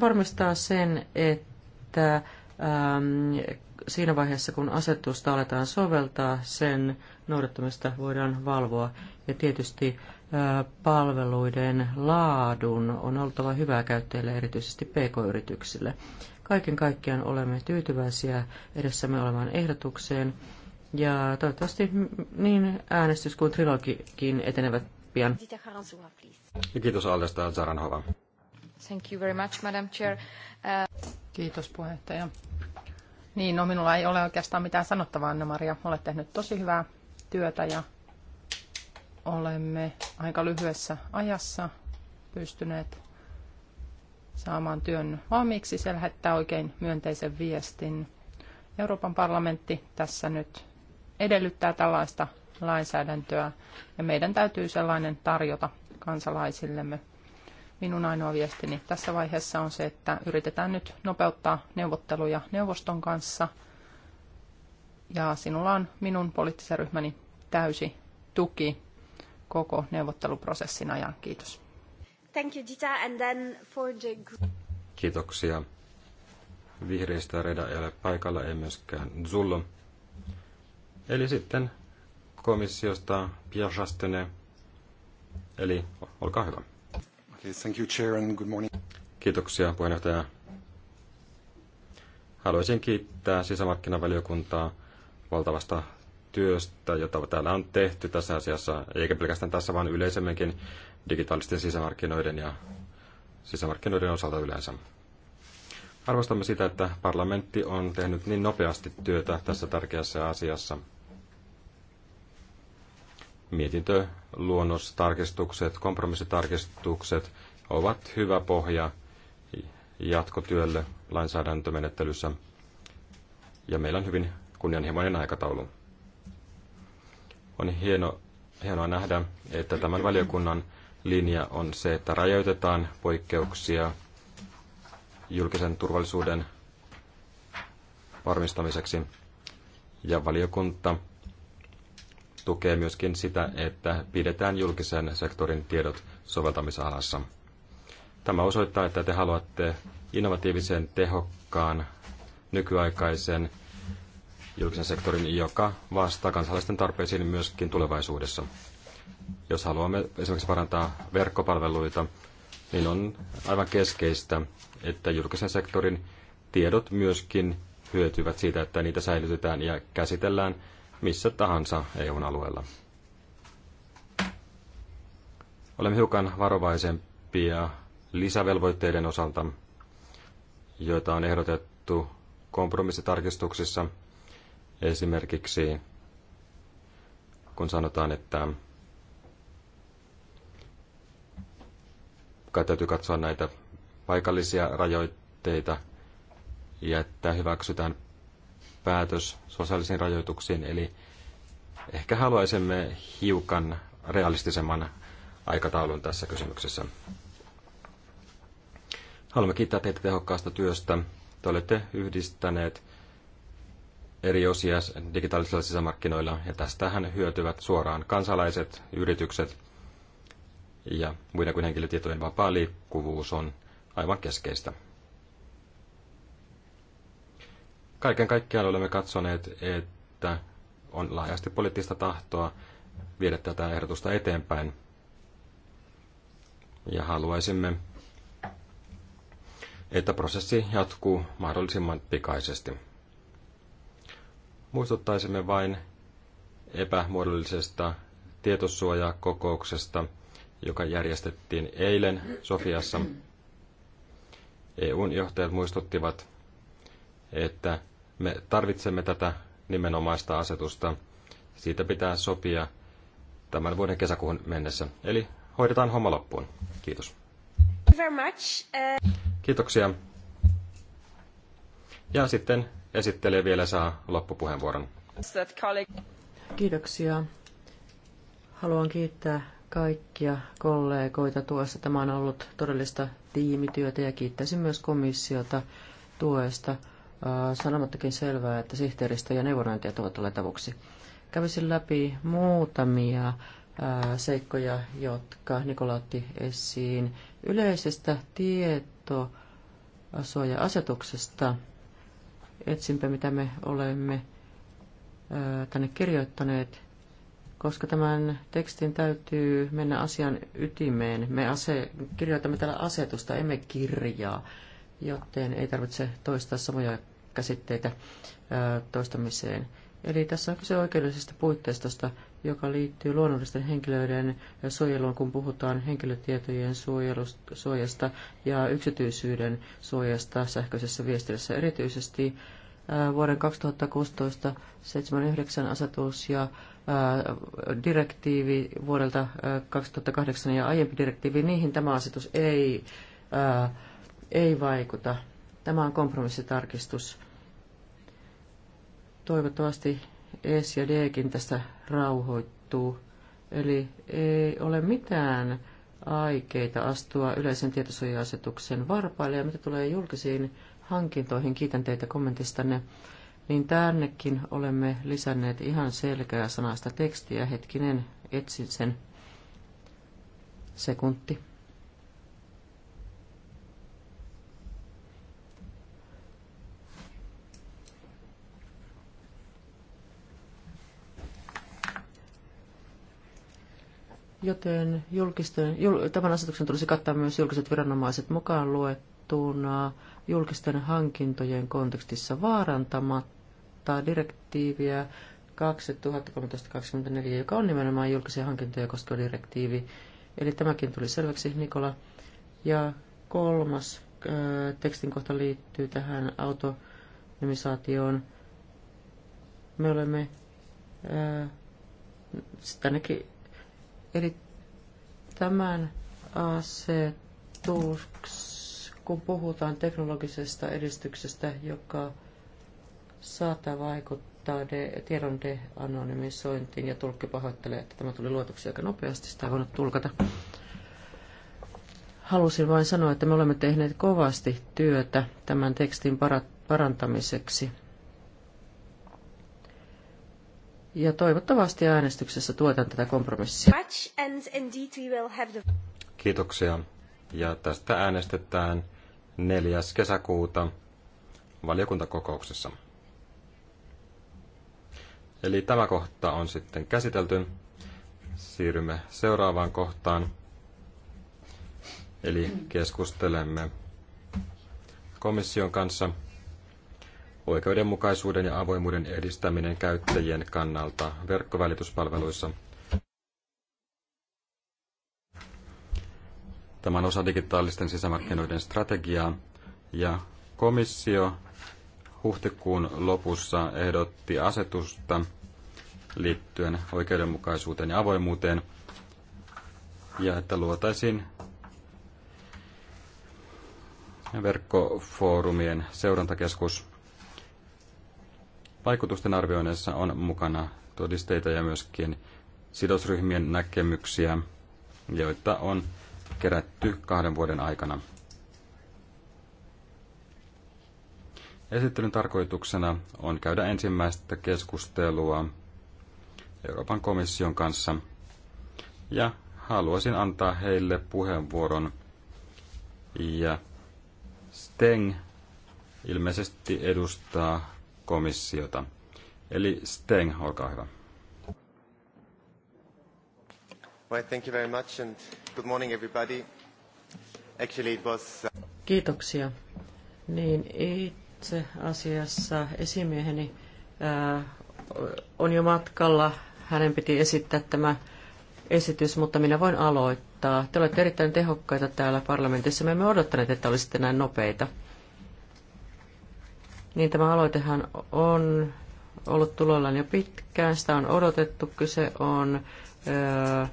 varmistaa sen, että Ähm, siinä vaiheessa, kun asetusta aletaan soveltaa, sen noudattamista voidaan valvoa. Ja tietysti äh, palveluiden laadun on oltava hyvää käyttäjille, erityisesti pk-yrityksille. Kaiken kaikkiaan olemme tyytyväisiä edessämme olevaan ehdotukseen. Ja toivottavasti niin äänestys kuin trilogikin etenevät pian. Kiitos Allesta Zaranhova. Thank you very much, Madam Chair. Uh, Kiitos puheenjohtaja. Niin, no minulla ei ole oikeastaan mitään sanottavaa, Anna-Maria. Olet tehnyt tosi hyvää työtä ja olemme aika lyhyessä ajassa pystyneet saamaan työn valmiiksi. Se lähettää oikein myönteisen viestin. Euroopan parlamentti tässä nyt edellyttää tällaista lainsäädäntöä ja meidän täytyy sellainen tarjota kansalaisillemme. Minun ainoa viestini tässä vaiheessa on se, että yritetään nyt nopeuttaa neuvotteluja neuvoston kanssa. Ja sinulla on minun poliittisen ryhmäni täysi tuki koko neuvotteluprosessin ajan. Kiitos. Thank you, Dita. And then for the... Kiitoksia. Vihreistä Reda ei ole paikalla, ei myöskään Zullo. Eli sitten komissiosta Pierre Eli olkaa hyvä. Yes, thank you, Chair, and good morning. Kiitoksia puheenjohtaja. Haluaisin kiittää sisämarkkinavaliokuntaa valtavasta työstä, jota täällä on tehty tässä asiassa, eikä pelkästään tässä, vaan yleisemminkin digitaalisten sisämarkkinoiden ja sisämarkkinoiden osalta yleensä. Arvostamme sitä, että parlamentti on tehnyt niin nopeasti työtä tässä tärkeässä asiassa – mietintöluonnostarkistukset, kompromissitarkistukset ovat hyvä pohja jatkotyölle lainsäädäntömenettelyssä. Ja meillä on hyvin kunnianhimoinen aikataulu. On hieno, hienoa nähdä, että tämän valiokunnan linja on se, että rajoitetaan poikkeuksia julkisen turvallisuuden varmistamiseksi. Ja valiokunta tukee myöskin sitä, että pidetään julkisen sektorin tiedot soveltamisalassa. Tämä osoittaa, että te haluatte innovatiivisen, tehokkaan, nykyaikaisen julkisen sektorin, joka vastaa kansalaisten tarpeisiin myöskin tulevaisuudessa. Jos haluamme esimerkiksi parantaa verkkopalveluita, niin on aivan keskeistä, että julkisen sektorin tiedot myöskin hyötyvät siitä, että niitä säilytetään ja käsitellään missä tahansa EUn alueella. Olemme hiukan varovaisempia lisävelvoitteiden osalta, joita on ehdotettu kompromissitarkistuksissa. Esimerkiksi kun sanotaan, että täytyy katsoa näitä paikallisia rajoitteita ja että hyväksytään päätös sosiaalisiin rajoituksiin, eli ehkä haluaisimme hiukan realistisemman aikataulun tässä kysymyksessä. Haluamme kiittää teitä tehokkaasta työstä. Te olette yhdistäneet eri osia digitaalisilla sisämarkkinoilla, ja tästähän hyötyvät suoraan kansalaiset, yritykset ja muiden kuin henkilötietojen vapaa liikkuvuus on aivan keskeistä. Kaiken kaikkiaan olemme katsoneet, että on laajasti poliittista tahtoa viedä tätä ehdotusta eteenpäin. Ja haluaisimme, että prosessi jatkuu mahdollisimman pikaisesti. Muistuttaisimme vain epämuodollisesta tietosuojakokouksesta, joka järjestettiin eilen Sofiassa. EUn johtajat muistuttivat, että me tarvitsemme tätä nimenomaista asetusta. Siitä pitää sopia tämän vuoden kesäkuun mennessä. Eli hoidetaan homma loppuun. Kiitos. Eh. Kiitoksia. Ja sitten esittelee vielä saa loppupuheenvuoron. Kiitoksia. Haluan kiittää kaikkia kollegoita tuossa. Tämä on ollut todellista tiimityötä ja kiittäisin myös komissiota tuesta. Äh, sanomattakin selvää, että sihteeristö ja neuvonantajat ovat olleet avuksi. Kävisin läpi muutamia äh, seikkoja, jotka Nikola otti esiin yleisestä tietosuoja-asetuksesta. Etsinpä, mitä me olemme äh, tänne kirjoittaneet, koska tämän tekstin täytyy mennä asian ytimeen. Me ase- kirjoitamme täällä asetusta, emme kirjaa, joten ei tarvitse toistaa samoja käsitteitä toistamiseen. Eli tässä on kyse oikeudellisesta puitteistosta, joka liittyy luonnollisten henkilöiden suojeluun, kun puhutaan henkilötietojen suojasta ja yksityisyyden suojasta sähköisessä viestinnässä. Erityisesti vuoden 2016-79 asetus ja direktiivi vuodelta 2008 ja aiempi direktiivi, niihin tämä asetus ei, ei vaikuta. Tämä on kompromissitarkistus. Toivottavasti S ja Dkin tästä rauhoittuu. Eli ei ole mitään aikeita astua yleisen tietosuoja-asetuksen varpaille. Ja mitä tulee julkisiin hankintoihin, kiitän teitä kommentistanne, niin tännekin olemme lisänneet ihan selkeää sanasta tekstiä. Hetkinen, etsin sen sekunti. joten julkisten, jul, tämän asetuksen tulisi kattaa myös julkiset viranomaiset mukaan luettuna julkisten hankintojen kontekstissa vaarantamatta direktiiviä 2013 2024 joka on nimenomaan julkisia hankintoja koskeva direktiivi. Eli tämäkin tuli selväksi, Nikola. Ja kolmas ö, tekstin kohta liittyy tähän autonomisaatioon. Me olemme ö, tännekin Eli tämän asetus, kun puhutaan teknologisesta edistyksestä, joka saattaa vaikuttaa de, tiedon de-anonymisointiin, ja tulkki pahoittelee, että tämä tuli luotuksi, aika nopeasti, sitä ei voinut tulkata. Halusin vain sanoa, että me olemme tehneet kovasti työtä tämän tekstin parantamiseksi. Ja toivottavasti äänestyksessä tuetaan tätä kompromissia. Kiitoksia. Ja tästä äänestetään 4. kesäkuuta valiokuntakokouksessa. Eli tämä kohta on sitten käsitelty. Siirrymme seuraavaan kohtaan. Eli keskustelemme komission kanssa oikeudenmukaisuuden ja avoimuuden edistäminen käyttäjien kannalta verkkovälityspalveluissa. Tämä on osa digitaalisten sisämarkkinoiden strategiaa ja komissio huhtikuun lopussa ehdotti asetusta liittyen oikeudenmukaisuuteen ja avoimuuteen ja että luotaisiin verkkofoorumien seurantakeskus Vaikutusten arvioinnissa on mukana todisteita ja myöskin sidosryhmien näkemyksiä, joita on kerätty kahden vuoden aikana. Esittelyn tarkoituksena on käydä ensimmäistä keskustelua Euroopan komission kanssa ja haluaisin antaa heille puheenvuoron ja Steng ilmeisesti edustaa komissiota. Eli Steng, olkaa hyvä. thank you very much and good morning everybody. Actually it was... Uh, Kiitoksia. Niin itse asiassa esimieheni äh, on jo matkalla. Hänen piti esittää tämä esitys, mutta minä voin aloittaa. Te olette erittäin tehokkaita täällä parlamentissa. Me emme odottaneet, että olisitte näin nopeita. Niin tämä aloitehan on ollut tuloillaan jo pitkään, sitä on odotettu. Kyse on ö,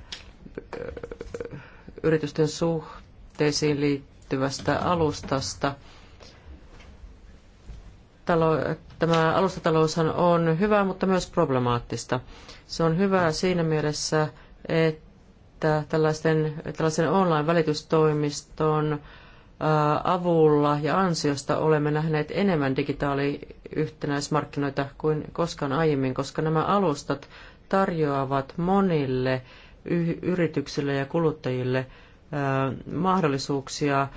yritysten suhteisiin liittyvästä alustasta. Talo, tämä alustataloushan on hyvä, mutta myös problemaattista. Se on hyvä siinä mielessä, että tällaisten, tällaisen online-välitystoimiston avulla ja ansiosta olemme nähneet enemmän digitaaliyhtenäismarkkinoita kuin koskaan aiemmin, koska nämä alustat tarjoavat monille yrityksille ja kuluttajille mahdollisuuksia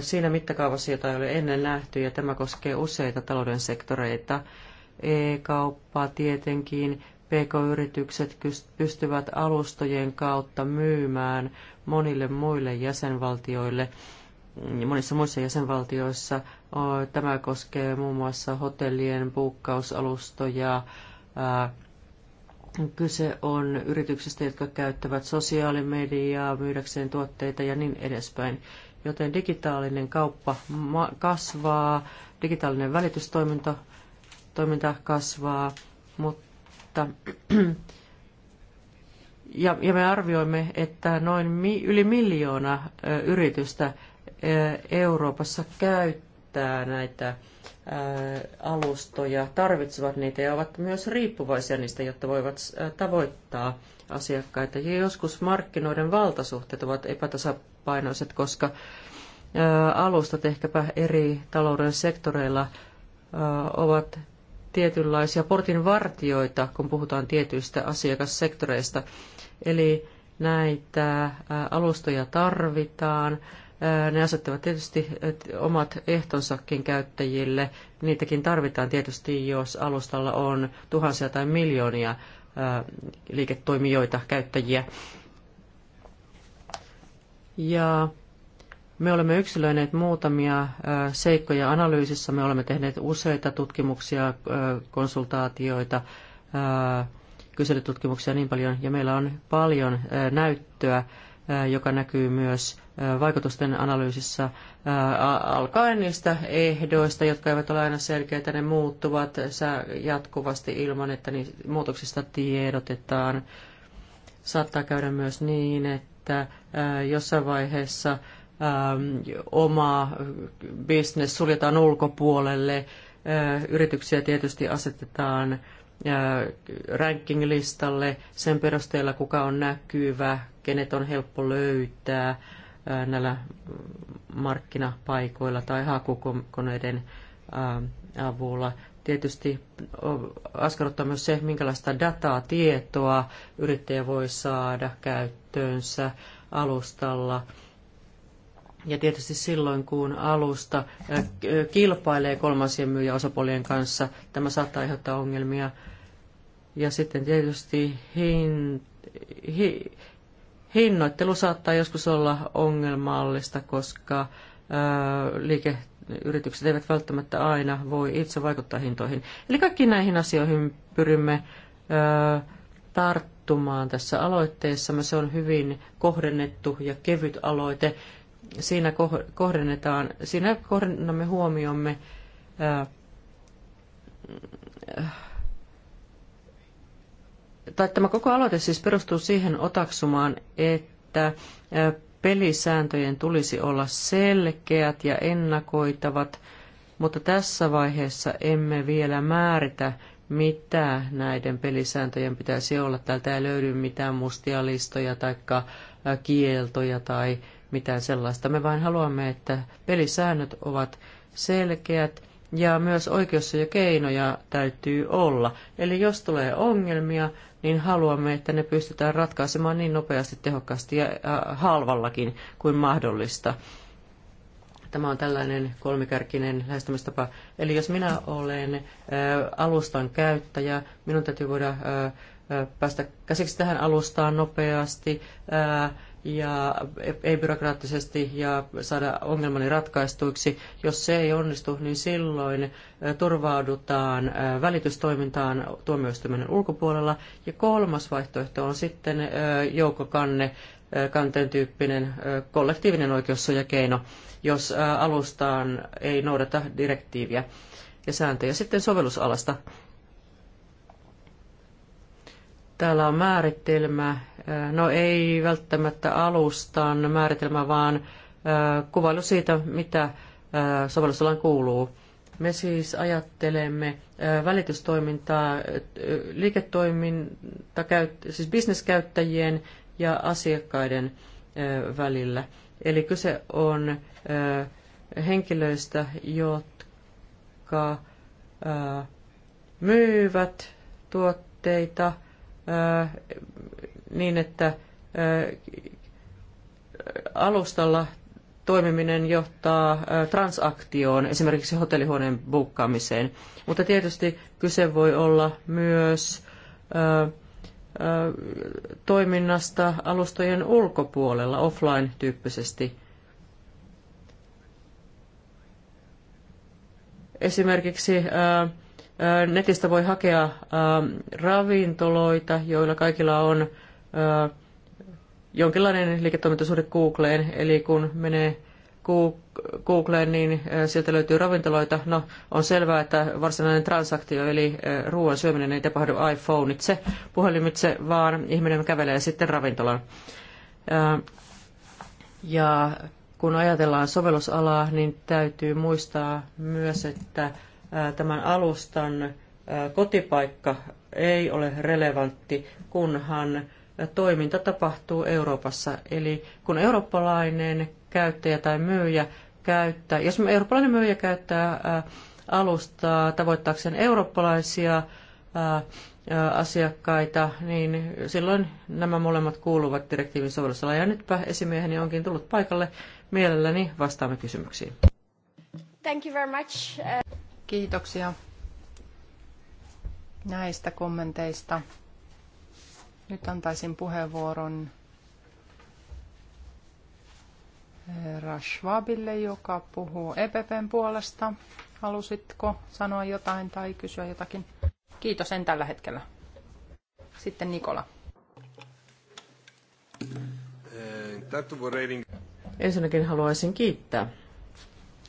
siinä mittakaavassa, jota ei ole ennen nähty, ja tämä koskee useita talouden sektoreita. E-kauppaa tietenkin, PK-yritykset pystyvät alustojen kautta myymään monille muille jäsenvaltioille monissa muissa jäsenvaltioissa. Tämä koskee muun muassa hotellien buukkausalustoja. Kyse on yrityksistä, jotka käyttävät sosiaalimediaa myydäkseen tuotteita ja niin edespäin. Joten digitaalinen kauppa kasvaa, digitaalinen välitystoiminta toiminta kasvaa, mutta [CLEARS THROAT] ja, ja me arvioimme, että noin mi, yli miljoona ö, yritystä Euroopassa käyttää näitä alustoja, tarvitsevat niitä ja ovat myös riippuvaisia niistä, jotta voivat tavoittaa asiakkaita. Ja joskus markkinoiden valtasuhteet ovat epätasapainoiset, koska alustat ehkäpä eri talouden sektoreilla ovat tietynlaisia portinvartioita, kun puhutaan tietyistä asiakassektoreista. Eli näitä alustoja tarvitaan ne asettavat tietysti omat ehtonsakin käyttäjille. Niitäkin tarvitaan tietysti, jos alustalla on tuhansia tai miljoonia liiketoimijoita, käyttäjiä. Ja me olemme yksilöineet muutamia seikkoja analyysissä. Me olemme tehneet useita tutkimuksia, konsultaatioita, kyselytutkimuksia niin paljon, ja meillä on paljon näyttöä joka näkyy myös vaikutusten analyysissä alkaen niistä ehdoista, jotka eivät ole aina selkeitä, ne muuttuvat jatkuvasti ilman, että muutoksista tiedotetaan. Saattaa käydä myös niin, että jossain vaiheessa oma bisnes suljetaan ulkopuolelle, yrityksiä tietysti asetetaan ranking-listalle sen perusteella, kuka on näkyvä, kenet on helppo löytää näillä markkinapaikoilla tai hakukoneiden avulla. Tietysti askarruttaa myös se, minkälaista dataa, tietoa yrittäjä voi saada käyttöönsä alustalla. Ja tietysti silloin, kun alusta kilpailee kolmansien myyjäosapuolien kanssa, tämä saattaa aiheuttaa ongelmia. Ja sitten tietysti hin, hi, Hinnoittelu saattaa joskus olla ongelmallista, koska liikeyritykset eivät välttämättä aina voi itse vaikuttaa hintoihin. Eli kaikkiin näihin asioihin pyrimme tarttumaan tässä aloitteessa. Se on hyvin kohdennettu ja kevyt aloite. Siinä kohdennetaan, siinä kohdennamme huomiomme tai tämä koko aloite siis perustuu siihen otaksumaan, että pelisääntöjen tulisi olla selkeät ja ennakoitavat, mutta tässä vaiheessa emme vielä määritä, mitä näiden pelisääntöjen pitäisi olla. Täältä ei löydy mitään mustia listoja tai kieltoja tai mitään sellaista. Me vain haluamme, että pelisäännöt ovat selkeät ja myös oikeus ja keinoja täytyy olla. Eli jos tulee ongelmia, niin haluamme, että ne pystytään ratkaisemaan niin nopeasti, tehokkaasti ja halvallakin kuin mahdollista. Tämä on tällainen kolmikärkinen lähestymistapa. Eli jos minä olen alustan käyttäjä, minun täytyy voida päästä käsiksi tähän alustaan nopeasti, ää, ja e- ei-byrokraattisesti ja saada ongelmani ratkaistuiksi. Jos se ei onnistu, niin silloin turvaudutaan välitystoimintaan tuomioistuimen ulkopuolella. Ja kolmas vaihtoehto on sitten joukkokanne, kanteen tyyppinen kollektiivinen oikeussuojakeino, jos alustaan ei noudata direktiiviä ja sääntöjä. Sitten sovellusalasta. Täällä on määritelmä, äh, no ei välttämättä alustan määritelmä, vaan äh, kuvailu siitä, mitä äh, sovellusalan kuuluu. Me siis ajattelemme välitystoimintaa, liiketoiminta, siis bisneskäyttäjien ja asiakkaiden välillä. Eli kyse on henkilöistä, jotka myyvät tuotteita – niin, että alustalla toimiminen johtaa transaktioon, esimerkiksi hotellihuoneen bukkaamiseen. Mutta tietysti kyse voi olla myös toiminnasta alustojen ulkopuolella offline-tyyppisesti. Esimerkiksi Netistä voi hakea ravintoloita, joilla kaikilla on jonkinlainen liiketoimintasuhde Googleen, eli kun menee Googleen, niin sieltä löytyy ravintoloita. No, on selvää, että varsinainen transaktio, eli ruoan syöminen ei tapahdu iPhoneitse, puhelimitse, vaan ihminen kävelee sitten ravintolaan. Ja kun ajatellaan sovellusalaa, niin täytyy muistaa myös, että tämän alustan kotipaikka ei ole relevantti, kunhan toiminta tapahtuu Euroopassa. Eli kun eurooppalainen käyttäjä tai myyjä käyttää, jos eurooppalainen myyjä käyttää alustaa tavoittaakseen eurooppalaisia asiakkaita, niin silloin nämä molemmat kuuluvat direktiivin sovellusalaan. Ja nytpä esimieheni onkin tullut paikalle. Mielelläni vastaamme kysymyksiin. Thank you very much. Uh, Kiitoksia näistä kommenteista. Nyt antaisin puheenvuoron Rashwabille, joka puhuu EPPn puolesta. Halusitko sanoa jotain tai kysyä jotakin? Kiitos, en tällä hetkellä. Sitten Nikola. Eh, Ensinnäkin haluaisin kiittää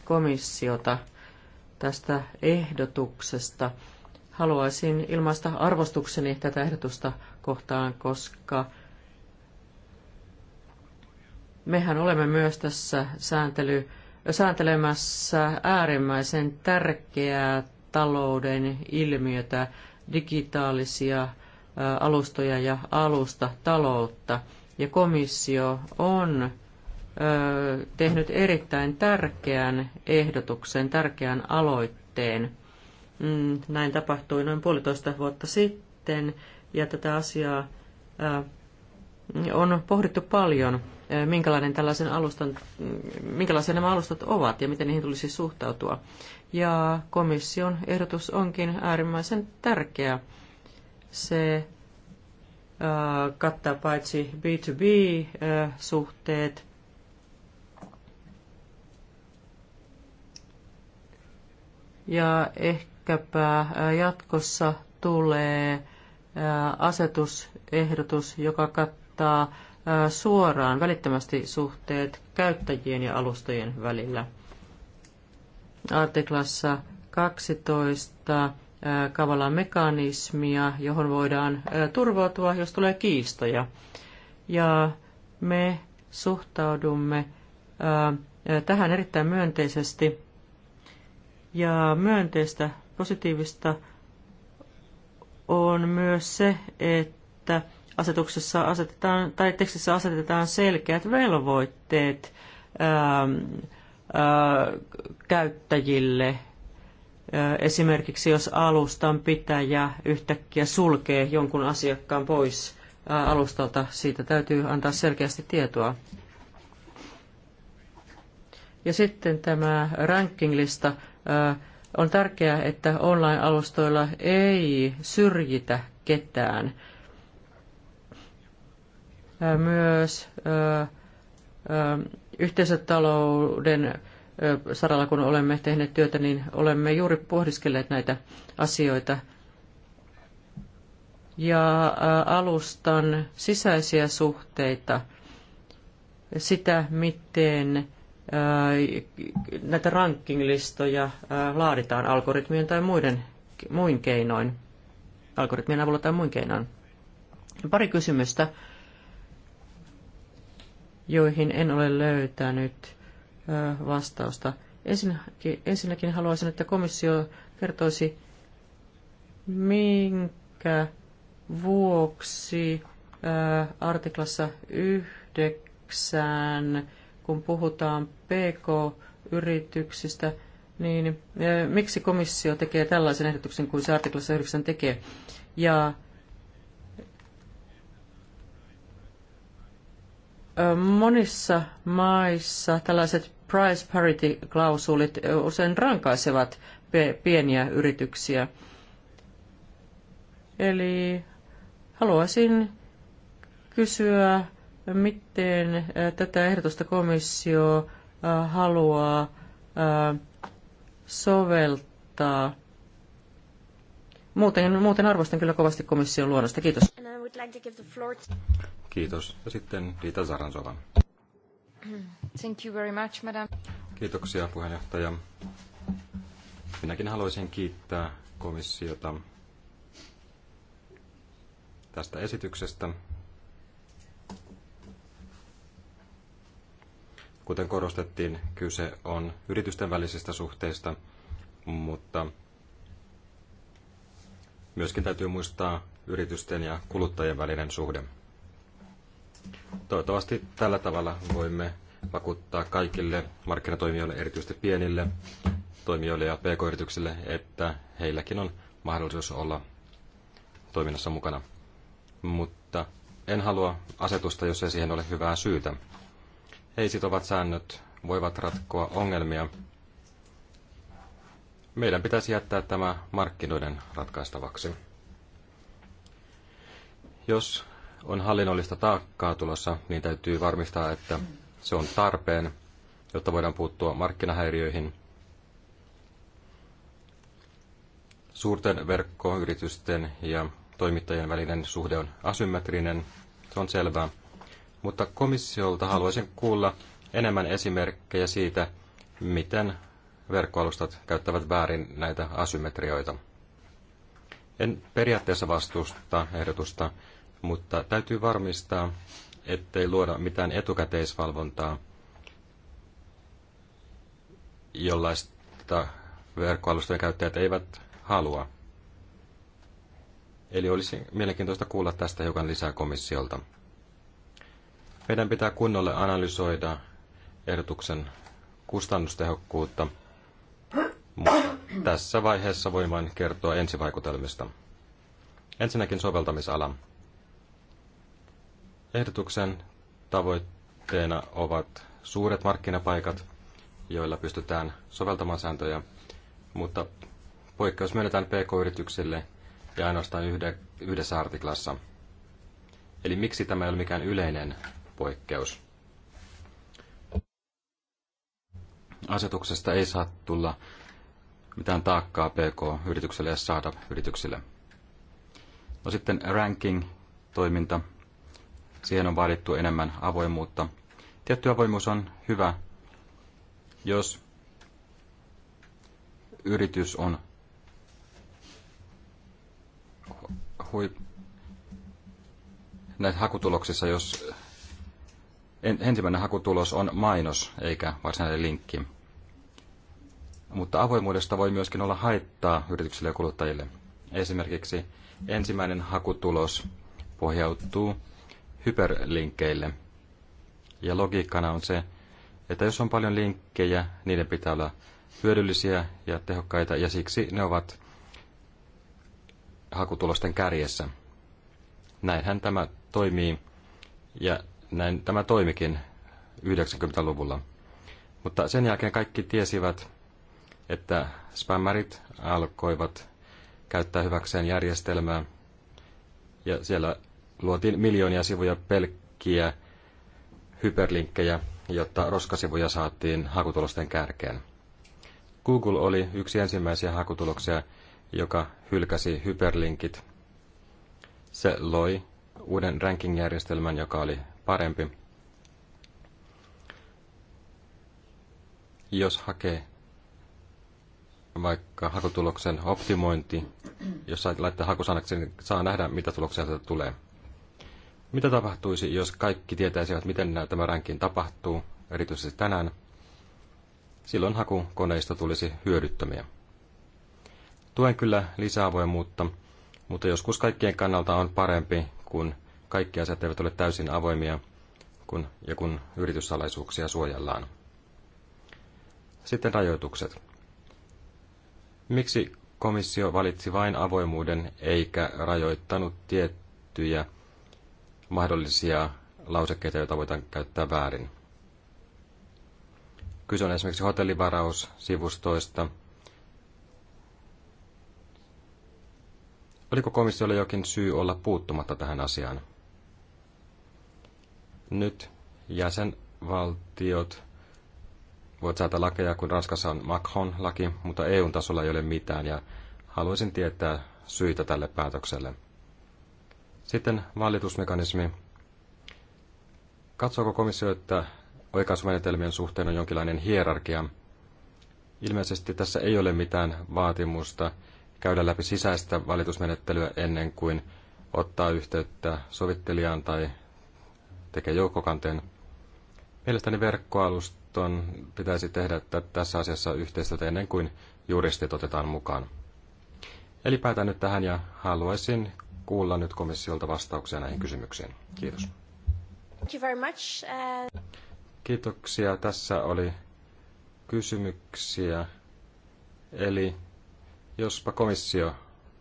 komissiota tästä ehdotuksesta. Haluaisin ilmaista arvostukseni tätä ehdotusta kohtaan, koska mehän olemme myös tässä sääntely, sääntelemässä äärimmäisen tärkeää talouden ilmiötä, digitaalisia alustoja ja alusta taloutta. Ja komissio on tehnyt erittäin tärkeän ehdotuksen, tärkeän aloitteen. Mm, näin tapahtui noin puolitoista vuotta sitten ja tätä asiaa on pohdittu paljon, minkälainen tällaisen alustan, mm, minkälaisia nämä alustat ovat ja miten niihin tulisi suhtautua. Ja komission ehdotus onkin äärimmäisen tärkeä. Se kattaa paitsi B2B-suhteet, ja ehkäpä jatkossa tulee asetusehdotus, joka kattaa suoraan välittömästi suhteet käyttäjien ja alustojen välillä. Artiklassa 12 kavala mekanismia, johon voidaan turvautua, jos tulee kiistoja. Ja me suhtaudumme tähän erittäin myönteisesti ja myönteistä, positiivista on myös se, että asetuksessa asetetaan, tai tekstissä asetetaan selkeät velvoitteet ää, ähm, ää, äh, käyttäjille. Ää, äh, esimerkiksi jos alustan pitäjä yhtäkkiä sulkee jonkun asiakkaan pois ää, äh, alustalta, siitä täytyy antaa selkeästi tietoa. Ja sitten tämä rankinglista on tärkeää, että online-alustoilla ei syrjitä ketään. Myös yhteisötalouden saralla, kun olemme tehneet työtä, niin olemme juuri pohdiskelleet näitä asioita. Ja alustan sisäisiä suhteita, sitä miten näitä rankinglistoja laaditaan algoritmien tai muiden, muin keinoin, algoritmien avulla tai muin keinoin. Pari kysymystä, joihin en ole löytänyt vastausta. Ensinnäkin, ensinnäkin haluaisin, että komissio kertoisi, minkä vuoksi artiklassa yhdeksän kun puhutaan PK-yrityksistä, niin eh, miksi komissio tekee tällaisen ehdotuksen kuin se artiklassa 9 tekee? Ja eh, monissa maissa tällaiset price parity-klausulit eh, usein rankaisevat pieniä yrityksiä. Eli haluaisin kysyä miten äh, tätä ehdotusta komissio äh, haluaa äh, soveltaa. Muuten, muuten arvostan kyllä kovasti komission luonnosta. Kiitos. Kiitos. Ja sitten Riita Zaransova. Thank you very much, madam. Kiitoksia puheenjohtaja. Minäkin haluaisin kiittää komissiota tästä esityksestä. Kuten korostettiin, kyse on yritysten välisistä suhteista, mutta myöskin täytyy muistaa yritysten ja kuluttajien välinen suhde. Toivottavasti tällä tavalla voimme vakuuttaa kaikille markkinatoimijoille, erityisesti pienille toimijoille ja pk-yrityksille, että heilläkin on mahdollisuus olla toiminnassa mukana. Mutta en halua asetusta, jos ei siihen ole hyvää syytä ei-sitovat säännöt voivat ratkoa ongelmia. Meidän pitäisi jättää tämä markkinoiden ratkaistavaksi. Jos on hallinnollista taakkaa tulossa, niin täytyy varmistaa, että se on tarpeen, jotta voidaan puuttua markkinahäiriöihin. Suurten verkkoyritysten ja toimittajien välinen suhde on asymmetrinen, se on selvää. Mutta komissiolta haluaisin kuulla enemmän esimerkkejä siitä, miten verkkoalustat käyttävät väärin näitä asymmetrioita. En periaatteessa vastusta ehdotusta, mutta täytyy varmistaa, ettei luoda mitään etukäteisvalvontaa, jollaista verkkoalustojen käyttäjät eivät halua. Eli olisi mielenkiintoista kuulla tästä hiukan lisää komissiolta. Meidän pitää kunnolla analysoida ehdotuksen kustannustehokkuutta, mutta tässä vaiheessa voin vain kertoa ensivaikutelmista. Ensinnäkin soveltamisala. Ehdotuksen tavoitteena ovat suuret markkinapaikat, joilla pystytään soveltamaan sääntöjä, mutta poikkeus myönnetään pk-yrityksille ja ainoastaan yhdessä artiklassa. Eli miksi tämä ei ole mikään yleinen poikkeus. Asetuksesta ei saa tulla mitään taakkaa PK-yritykselle ja saada yrityksille. No sitten ranking-toiminta. Siihen on vaadittu enemmän avoimuutta. Tietty avoimuus on hyvä, jos yritys on hui, näissä hakutuloksissa, jos ensimmäinen hakutulos on mainos eikä varsinainen linkki. Mutta avoimuudesta voi myöskin olla haittaa yrityksille ja kuluttajille. Esimerkiksi ensimmäinen hakutulos pohjautuu hyperlinkkeille. Ja logiikkana on se, että jos on paljon linkkejä, niiden pitää olla hyödyllisiä ja tehokkaita, ja siksi ne ovat hakutulosten kärjessä. Näinhän tämä toimii, ja näin tämä toimikin 90-luvulla. Mutta sen jälkeen kaikki tiesivät, että Spammerit alkoivat käyttää hyväkseen järjestelmää. Ja siellä luotiin miljoonia sivuja pelkkiä hyperlinkkejä, jotta roskasivuja saatiin hakutulosten kärkeen. Google oli yksi ensimmäisiä hakutuloksia, joka hylkäsi hyperlinkit. Se loi uuden ranking-järjestelmän, joka oli parempi. Jos hakee vaikka hakutuloksen optimointi, jos laittaa hakusanaksi, niin saa nähdä, mitä tuloksia sieltä tulee. Mitä tapahtuisi, jos kaikki tietäisivät, miten tämä rankin tapahtuu, erityisesti tänään? Silloin hakukoneista tulisi hyödyttömiä. Tuen kyllä lisäavoimuutta, mutta joskus kaikkien kannalta on parempi, kun kaikki asiat eivät ole täysin avoimia kun, ja kun yrityssalaisuuksia suojellaan. Sitten rajoitukset. Miksi komissio valitsi vain avoimuuden eikä rajoittanut tiettyjä mahdollisia lausekkeita, joita voidaan käyttää väärin? Kyse on esimerkiksi hotellivaraus-sivustoista. Oliko komissiolla jokin syy olla puuttumatta tähän asiaan? Nyt jäsenvaltiot voivat saada lakeja, kun Ranskassa on Macron-laki, mutta eu tasolla ei ole mitään, ja haluaisin tietää syitä tälle päätökselle. Sitten valitusmekanismi. Katsooko komissio, että oikaisumenetelmien suhteen on jonkinlainen hierarkia? Ilmeisesti tässä ei ole mitään vaatimusta käydä läpi sisäistä valitusmenettelyä ennen kuin ottaa yhteyttä sovittelijaan tai tekee joukkokanteen. Mielestäni verkkoaluston pitäisi tehdä tässä asiassa yhteistyötä ennen kuin juristit otetaan mukaan. Eli päätän nyt tähän ja haluaisin kuulla nyt komissiolta vastauksia näihin kysymyksiin. Kiitos. Thank you very much. Uh, Kiitoksia. Tässä oli kysymyksiä. Eli jospa komissio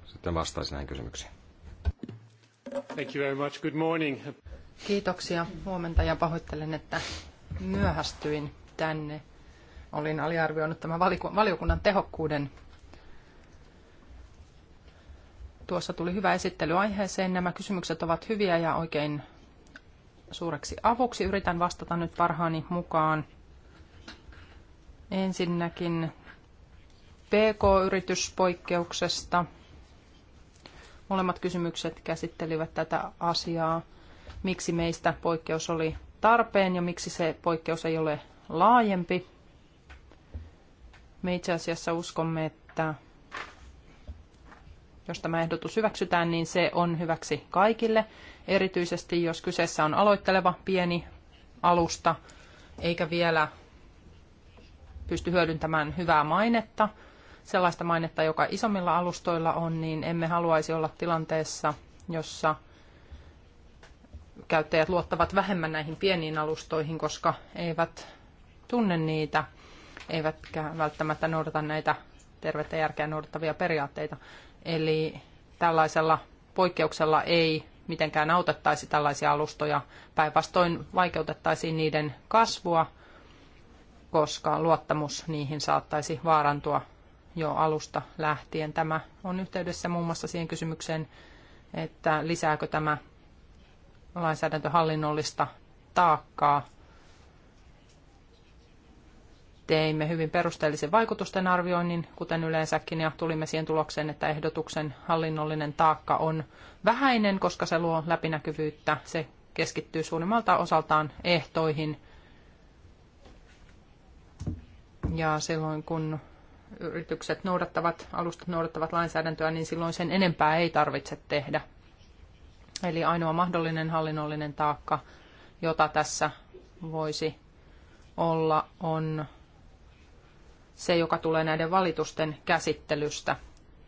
sitten vastaisi näihin kysymyksiin. Thank you very much. Good morning. Kiitoksia huomenta ja pahoittelen, että myöhästyin tänne. Olin aliarvioinut tämän valiokunnan tehokkuuden. Tuossa tuli hyvä esittely aiheeseen. Nämä kysymykset ovat hyviä ja oikein suureksi avuksi. Yritän vastata nyt parhaani mukaan. Ensinnäkin PK-yrityspoikkeuksesta. Molemmat kysymykset käsittelivät tätä asiaa miksi meistä poikkeus oli tarpeen ja miksi se poikkeus ei ole laajempi. Me itse asiassa uskomme, että jos tämä ehdotus hyväksytään, niin se on hyväksi kaikille, erityisesti jos kyseessä on aloitteleva pieni alusta, eikä vielä pysty hyödyntämään hyvää mainetta, sellaista mainetta, joka isommilla alustoilla on, niin emme haluaisi olla tilanteessa, jossa – käyttäjät luottavat vähemmän näihin pieniin alustoihin, koska eivät tunne niitä, eivätkä välttämättä noudata näitä tervettä järkeä noudattavia periaatteita. Eli tällaisella poikkeuksella ei mitenkään autettaisi tällaisia alustoja, päinvastoin vaikeutettaisiin niiden kasvua, koska luottamus niihin saattaisi vaarantua jo alusta lähtien. Tämä on yhteydessä muun muassa siihen kysymykseen, että lisääkö tämä lainsäädäntöhallinnollista taakkaa. Teimme hyvin perusteellisen vaikutusten arvioinnin, kuten yleensäkin, ja tulimme siihen tulokseen, että ehdotuksen hallinnollinen taakka on vähäinen, koska se luo läpinäkyvyyttä. Se keskittyy suurimmalta osaltaan ehtoihin. Ja silloin kun yritykset noudattavat, alustat noudattavat lainsäädäntöä, niin silloin sen enempää ei tarvitse tehdä. Eli ainoa mahdollinen hallinnollinen taakka, jota tässä voisi olla, on se, joka tulee näiden valitusten käsittelystä,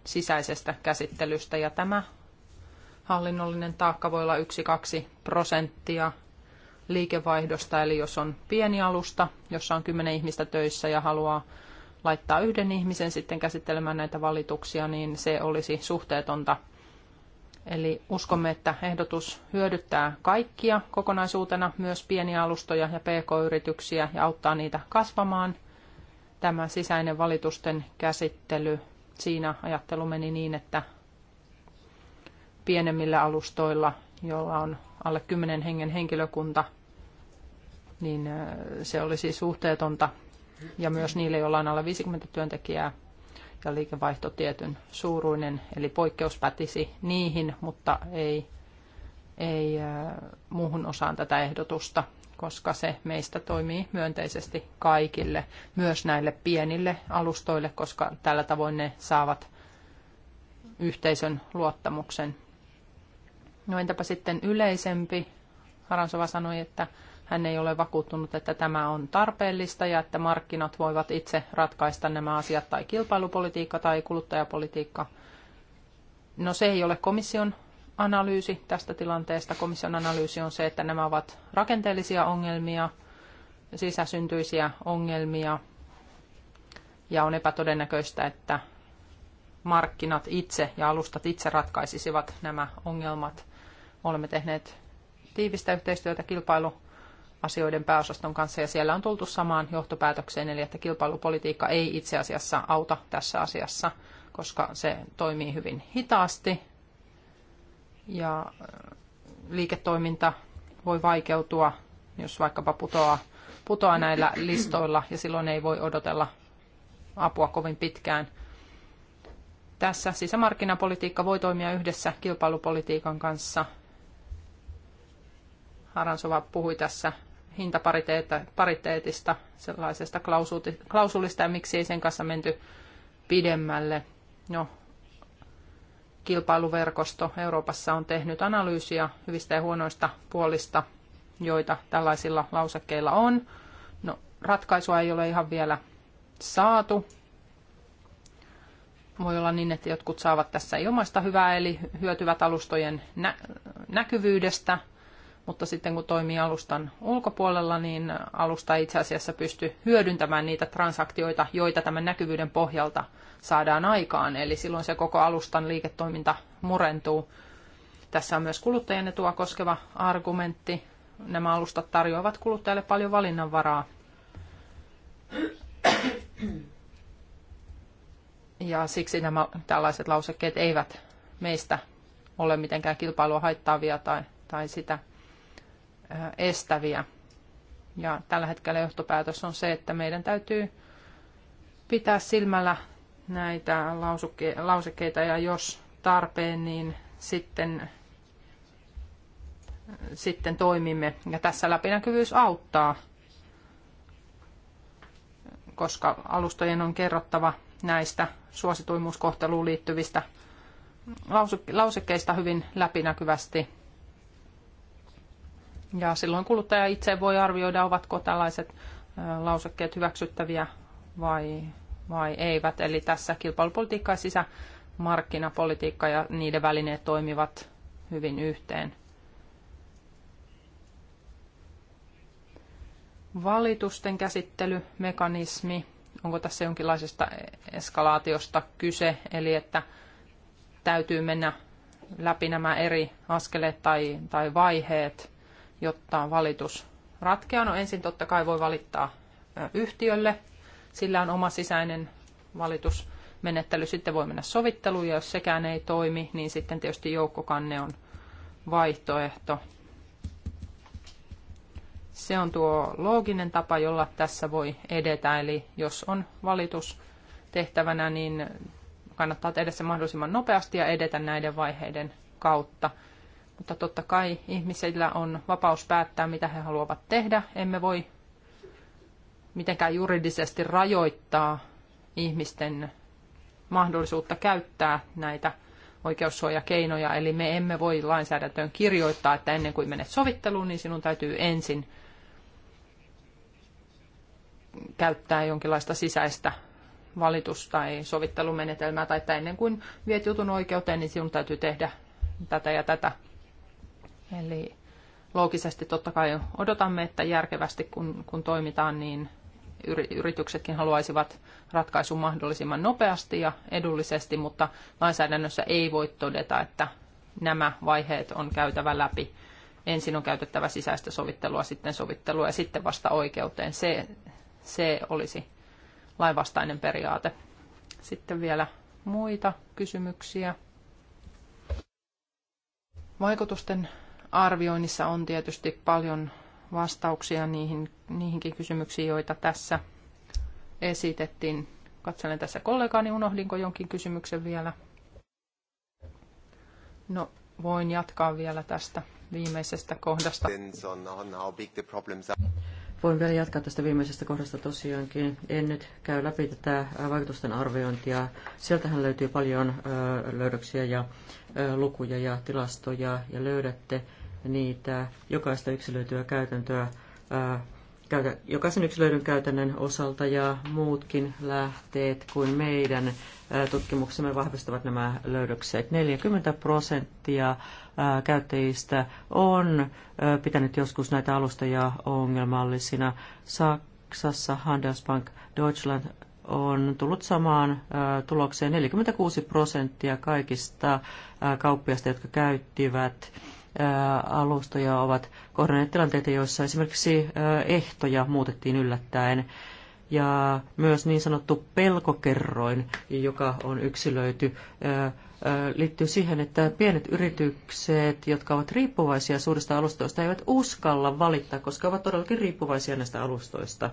sisäisestä käsittelystä. Ja tämä hallinnollinen taakka voi olla 1-2 prosenttia liikevaihdosta. Eli jos on pieni alusta, jossa on 10 ihmistä töissä ja haluaa laittaa yhden ihmisen sitten käsittelemään näitä valituksia, niin se olisi suhteetonta Eli uskomme, että ehdotus hyödyttää kaikkia kokonaisuutena, myös pieniä alustoja ja pk-yrityksiä ja auttaa niitä kasvamaan. Tämä sisäinen valitusten käsittely, siinä ajattelu meni niin, että pienemmillä alustoilla, joilla on alle 10 hengen henkilökunta, niin se olisi suhteetonta. Ja myös niille, joilla on alle 50 työntekijää, ja liikevaihto tietyn suuruinen, eli poikkeus pätisi niihin, mutta ei, ei muuhun osaan tätä ehdotusta, koska se meistä toimii myönteisesti kaikille, myös näille pienille alustoille, koska tällä tavoin ne saavat yhteisön luottamuksen. No entäpä sitten yleisempi? Haransova sanoi, että hän ei ole vakuuttunut, että tämä on tarpeellista ja että markkinat voivat itse ratkaista nämä asiat tai kilpailupolitiikka tai kuluttajapolitiikka. No se ei ole komission analyysi tästä tilanteesta. Komission analyysi on se, että nämä ovat rakenteellisia ongelmia, sisäsyntyisiä ongelmia ja on epätodennäköistä, että markkinat itse ja alustat itse ratkaisisivat nämä ongelmat. Olemme tehneet tiivistä yhteistyötä kilpailu asioiden pääosaston kanssa ja siellä on tultu samaan johtopäätökseen, eli että kilpailupolitiikka ei itse asiassa auta tässä asiassa, koska se toimii hyvin hitaasti ja äh, liiketoiminta voi vaikeutua, jos vaikkapa putoaa, putoaa näillä listoilla ja silloin ei voi odotella apua kovin pitkään. Tässä sisämarkkinapolitiikka voi toimia yhdessä kilpailupolitiikan kanssa. Haransova puhui tässä hintapariteetista, sellaisesta klausulista ja miksi ei sen kanssa menty pidemmälle. No, kilpailuverkosto Euroopassa on tehnyt analyysiä hyvistä ja huonoista puolista, joita tällaisilla lausekkeilla on. No, ratkaisua ei ole ihan vielä saatu. Voi olla niin, että jotkut saavat tässä ilmaista hyvää, eli hyötyvät alustojen nä- näkyvyydestä – mutta sitten kun toimii alustan ulkopuolella, niin alusta ei itse asiassa pysty hyödyntämään niitä transaktioita, joita tämän näkyvyyden pohjalta saadaan aikaan. Eli silloin se koko alustan liiketoiminta murentuu. Tässä on myös kuluttajien etua koskeva argumentti. Nämä alustat tarjoavat kuluttajalle paljon valinnanvaraa. Ja siksi nämä tällaiset lausekkeet eivät meistä ole mitenkään kilpailua haittaavia tai, tai sitä estäviä. Ja tällä hetkellä johtopäätös on se, että meidän täytyy pitää silmällä näitä lausekkeita ja jos tarpeen, niin sitten, sitten toimimme. Ja tässä läpinäkyvyys auttaa, koska alustojen on kerrottava näistä suosituimuuskohteluun liittyvistä lausekkeista hyvin läpinäkyvästi ja silloin kuluttaja itse voi arvioida, ovatko tällaiset lausekkeet hyväksyttäviä vai, vai eivät. Eli tässä kilpailupolitiikka ja sisämarkkinapolitiikka ja niiden välineet toimivat hyvin yhteen. Valitusten käsittelymekanismi, onko tässä jonkinlaisesta eskalaatiosta kyse, eli että täytyy mennä läpi nämä eri askeleet tai, tai vaiheet – jotta valitus ratkeaa. No ensin totta kai voi valittaa yhtiölle, sillä on oma sisäinen valitusmenettely, sitten voi mennä sovitteluun ja jos sekään ei toimi, niin sitten tietysti joukkokanne on vaihtoehto. Se on tuo looginen tapa, jolla tässä voi edetä, eli jos on valitus tehtävänä, niin kannattaa tehdä se mahdollisimman nopeasti ja edetä näiden vaiheiden kautta. Mutta totta kai ihmisillä on vapaus päättää, mitä he haluavat tehdä. Emme voi mitenkään juridisesti rajoittaa ihmisten mahdollisuutta käyttää näitä oikeussuojakeinoja. Eli me emme voi lainsäädäntöön kirjoittaa, että ennen kuin menet sovitteluun, niin sinun täytyy ensin käyttää jonkinlaista sisäistä valitus- tai sovittelumenetelmää, tai että ennen kuin viet jutun oikeuteen, niin sinun täytyy tehdä tätä ja tätä. Eli loogisesti totta kai odotamme, että järkevästi kun, kun toimitaan, niin yrityksetkin haluaisivat ratkaisun mahdollisimman nopeasti ja edullisesti, mutta lainsäädännössä ei voi todeta, että nämä vaiheet on käytävä läpi. Ensin on käytettävä sisäistä sovittelua, sitten sovittelua ja sitten vasta oikeuteen. Se, se olisi lainvastainen periaate. Sitten vielä muita kysymyksiä. Vaikutusten arvioinnissa on tietysti paljon vastauksia niihin, niihinkin kysymyksiin, joita tässä esitettiin. Katselen tässä kollegaani, unohdinko jonkin kysymyksen vielä? No, voin jatkaa vielä tästä viimeisestä kohdasta. Voin vielä jatkaa tästä viimeisestä kohdasta tosiaankin. En nyt käy läpi tätä vaikutusten arviointia. Sieltähän löytyy paljon löydöksiä ja lukuja ja tilastoja ja löydätte niitä jokaista yksilöityä käytäntöä, jokaisen yksilöidyn käytännön osalta ja muutkin lähteet kuin meidän tutkimuksemme vahvistavat nämä löydökset. 40 prosenttia käyttäjistä on pitänyt joskus näitä alustajia ongelmallisina. Saksassa Handelsbank Deutschland on tullut samaan tulokseen 46 prosenttia kaikista kauppiasta, jotka käyttivät alustoja ovat kohdanneet tilanteita, joissa esimerkiksi ehtoja muutettiin yllättäen. Ja myös niin sanottu pelkokerroin, joka on yksilöity, liittyy siihen, että pienet yritykset, jotka ovat riippuvaisia suurista alustoista, eivät uskalla valittaa, koska ovat todellakin riippuvaisia näistä alustoista.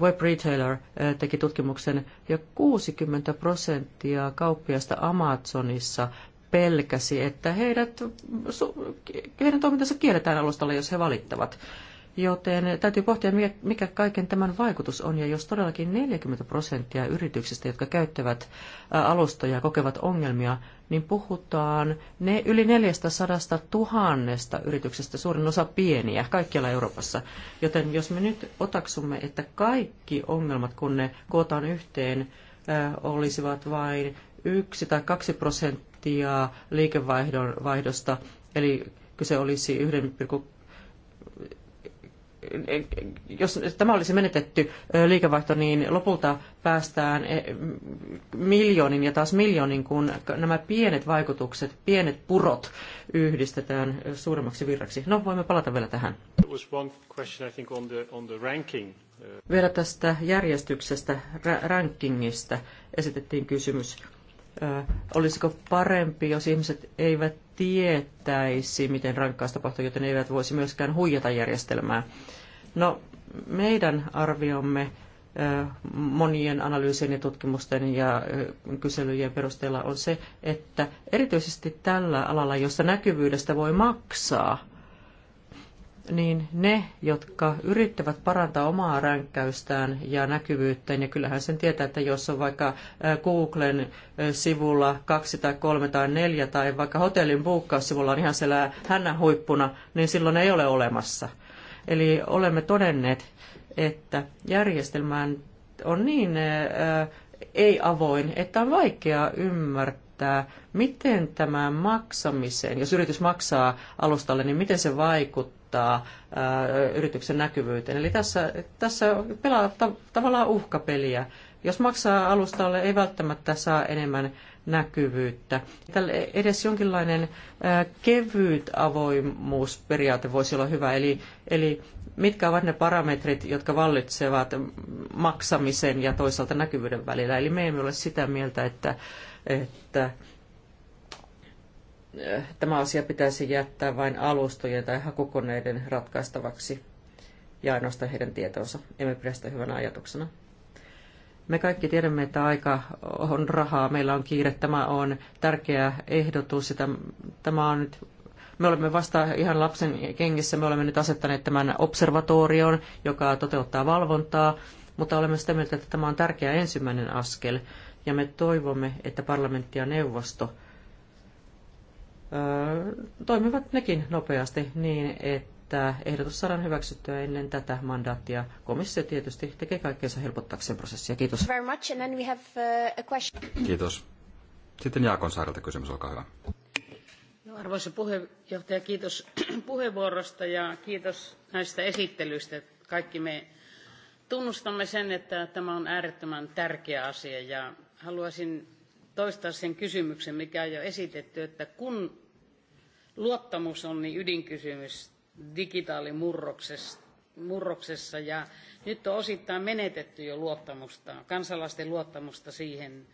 Web Retailer teki tutkimuksen, ja 60 prosenttia kauppiasta Amazonissa pelkäsi, että heidät, heidän toimintansa kielletään alustalle, jos he valittavat. Joten täytyy pohtia, mikä kaiken tämän vaikutus on. Ja jos todellakin 40 prosenttia yrityksistä, jotka käyttävät alustoja, kokevat ongelmia, niin puhutaan ne yli 400 000 yrityksestä, suurin osa pieniä, kaikkialla Euroopassa. Joten jos me nyt otaksumme, että kaikki ongelmat, kun ne kootaan yhteen, olisivat vain yksi tai kaksi prosenttia, prosenttia liikevaihdosta, eli kyse olisi 1, jos tämä olisi menetetty liikevaihto, niin lopulta päästään e, miljoonin ja taas miljoonin, kun nämä pienet vaikutukset, pienet purot yhdistetään suuremmaksi virraksi. No, voimme palata vielä tähän. vielä tästä järjestyksestä, rankingista esitettiin kysymys olisiko parempi, jos ihmiset eivät tietäisi, miten rankkaus tapahtuu, joten eivät voisi myöskään huijata järjestelmää. No, meidän arviomme monien analyysien ja tutkimusten ja kyselyjen perusteella on se, että erityisesti tällä alalla, jossa näkyvyydestä voi maksaa, niin ne, jotka yrittävät parantaa omaa ränkkäystään ja näkyvyyttään, ja kyllähän sen tietää, että jos on vaikka äh, Googlen äh, sivulla kaksi tai kolme tai neljä, tai vaikka hotellin buukkaussivulla on ihan siellä hännän huippuna, niin silloin ei ole olemassa. Eli olemme todenneet, että järjestelmään on niin äh, ei-avoin, että on vaikea ymmärtää, miten tämä maksamiseen, jos yritys maksaa alustalle, niin miten se vaikuttaa vaikuttaa äh, yrityksen näkyvyyteen. Eli tässä, tässä pelaa ta- tavallaan uhkapeliä. Jos maksaa alustalle, ei välttämättä saa enemmän näkyvyyttä. Tällä edes jonkinlainen äh, kevyt avoimuusperiaate voisi olla hyvä, eli, eli mitkä ovat ne parametrit, jotka vallitsevat maksamisen ja toisaalta näkyvyyden välillä. Eli me emme ole sitä mieltä, että, että Äh, tämä asia pitäisi jättää vain alustojen tai hakukoneiden ratkaistavaksi ja ainoastaan heidän tietonsa. Emme pidä sitä hyvänä ajatuksena. Me kaikki tiedämme, että aika on rahaa, meillä on kiire, tämä on tärkeä ehdotus ja tämä on nyt me olemme vasta ihan lapsen kengissä, me olemme nyt asettaneet tämän observatorion, joka toteuttaa valvontaa, mutta olemme sitä mieltä, että tämä on tärkeä ensimmäinen askel, ja me toivomme, että parlamentti ja neuvosto toimivat nekin nopeasti niin, että ehdotus saadaan hyväksyttyä ennen tätä mandaattia. Komissio tietysti tekee kaikkeensa helpottaakseen prosessia. Kiitos. Very much, and then we have uh, a question. Kiitos. Sitten Jaakon saarelta kysymys, olkaa hyvä. No, arvoisa puheenjohtaja, kiitos [CLEARS THROAT] puheenvuorosta ja kiitos näistä esittelyistä. Kaikki me tunnustamme sen, että tämä on äärettömän tärkeä asia ja haluaisin toistaa sen kysymyksen, mikä on jo esitetty, että kun luottamus on niin ydinkysymys digitaalimurroksessa ja nyt on osittain menetetty jo luottamusta, kansalaisten luottamusta siihen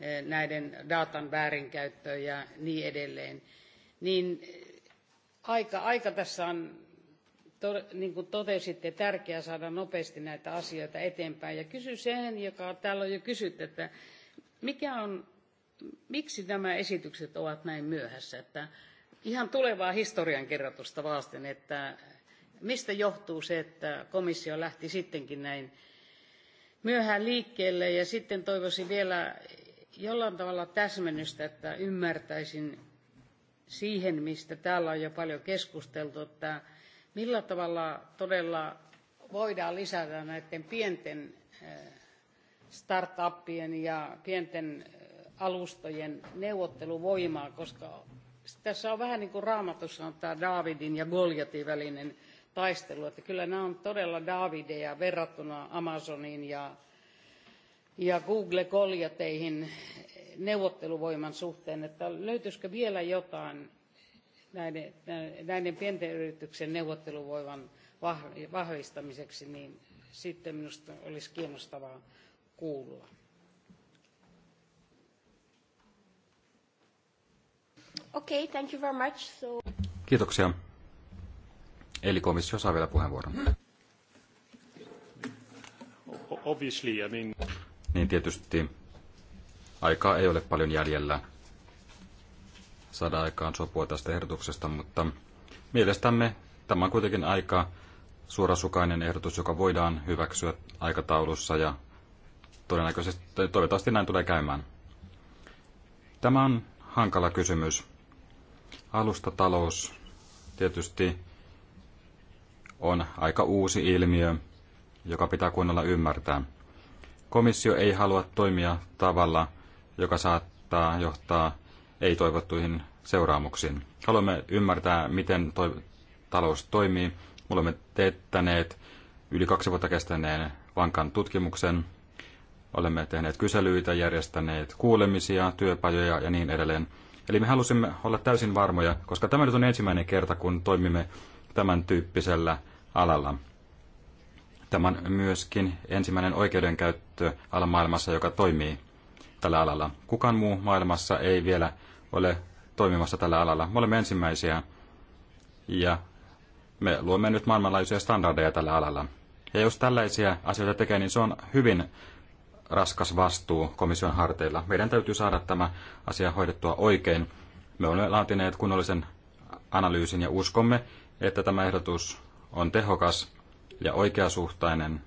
eh, näiden datan väärinkäyttöön ja niin edelleen, niin aika, aika tässä on niin kuin totesitte, tärkeää saada nopeasti näitä asioita eteenpäin. Ja kysy sen, joka täällä on jo kysytty, että mikä on, miksi nämä esitykset ovat näin myöhässä? Että ihan tulevaa historiankirjoitusta vasten, että mistä johtuu se, että komissio lähti sittenkin näin myöhään liikkeelle ja sitten toivoisin vielä jollain tavalla täsmennystä, että ymmärtäisin siihen, mistä täällä on jo paljon keskusteltu, että millä tavalla todella voidaan lisätä näiden pienten eh, startuppien ja pienten äh, alustojen neuvotteluvoimaa, koska tässä on vähän niin kuin raamatussa on tämä Daavidin ja Goljatin välinen taistelu, että kyllä nämä on todella Daavideja verrattuna Amazoniin ja, ja Google Goljateihin neuvotteluvoiman suhteen, että löytyisikö vielä jotain näiden, näiden pienten yrityksen neuvotteluvoiman vahvistamiseksi, niin sitten minusta olisi kiinnostavaa kuulla. Okay, thank you very much. So... Kiitoksia. Eli komissio saa vielä puheenvuoron. Obviously, I mean... Niin tietysti aikaa ei ole paljon jäljellä saada aikaan sopua tästä ehdotuksesta, mutta mielestämme tämä on kuitenkin aika suorasukainen ehdotus, joka voidaan hyväksyä aikataulussa ja todennäköisesti, toivottavasti näin tulee käymään. Tämä on hankala kysymys. Alustatalous tietysti on aika uusi ilmiö, joka pitää kunnolla ymmärtää. Komissio ei halua toimia tavalla, joka saattaa johtaa ei-toivottuihin seuraamuksiin. Haluamme ymmärtää, miten toi, talous toimii. Me olemme teettäneet yli kaksi vuotta kestäneen vankan tutkimuksen. Olemme tehneet kyselyitä, järjestäneet kuulemisia, työpajoja ja niin edelleen. Eli me halusimme olla täysin varmoja, koska tämä nyt on ensimmäinen kerta, kun toimimme tämän tyyppisellä alalla. Tämä on myöskin ensimmäinen oikeudenkäyttö ala maailmassa, joka toimii tällä alalla. Kukaan muu maailmassa ei vielä ole toimimassa tällä alalla. Me olemme ensimmäisiä ja me luomme nyt maailmanlaajuisia standardeja tällä alalla. Ja jos tällaisia asioita tekee, niin se on hyvin raskas vastuu komission harteilla. Meidän täytyy saada tämä asia hoidettua oikein. Me olemme laatineet kunnollisen analyysin ja uskomme, että tämä ehdotus on tehokas ja oikeasuhtainen,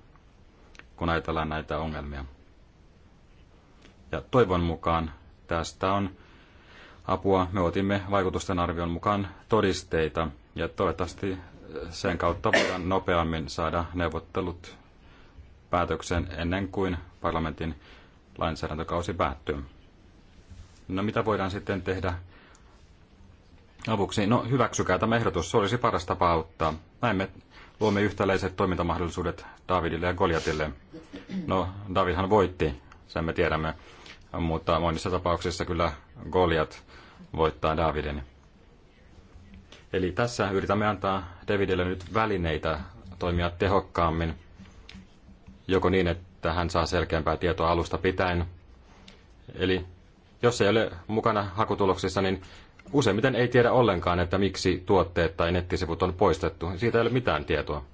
kun ajatellaan näitä ongelmia. Ja toivon mukaan tästä on apua. Me otimme vaikutusten arvion mukaan todisteita ja toivottavasti sen kautta voidaan nopeammin saada neuvottelut päätöksen ennen kuin parlamentin lainsäädäntökausi päättyy. No mitä voidaan sitten tehdä avuksi? No hyväksykää tämä ehdotus, se olisi paras tapa auttaa. Näin me luomme yhtäläiset toimintamahdollisuudet Davidille ja Goliatille. No Davidhan voitti, sen me tiedämme, mutta monissa tapauksissa kyllä Goliat voittaa Davidin. Eli tässä yritämme antaa Davidille nyt välineitä toimia tehokkaammin – joko niin, että hän saa selkeämpää tietoa alusta pitäen. Eli jos ei ole mukana hakutuloksissa, niin useimmiten ei tiedä ollenkaan, että miksi tuotteet tai nettisivut on poistettu. Siitä ei ole mitään tietoa.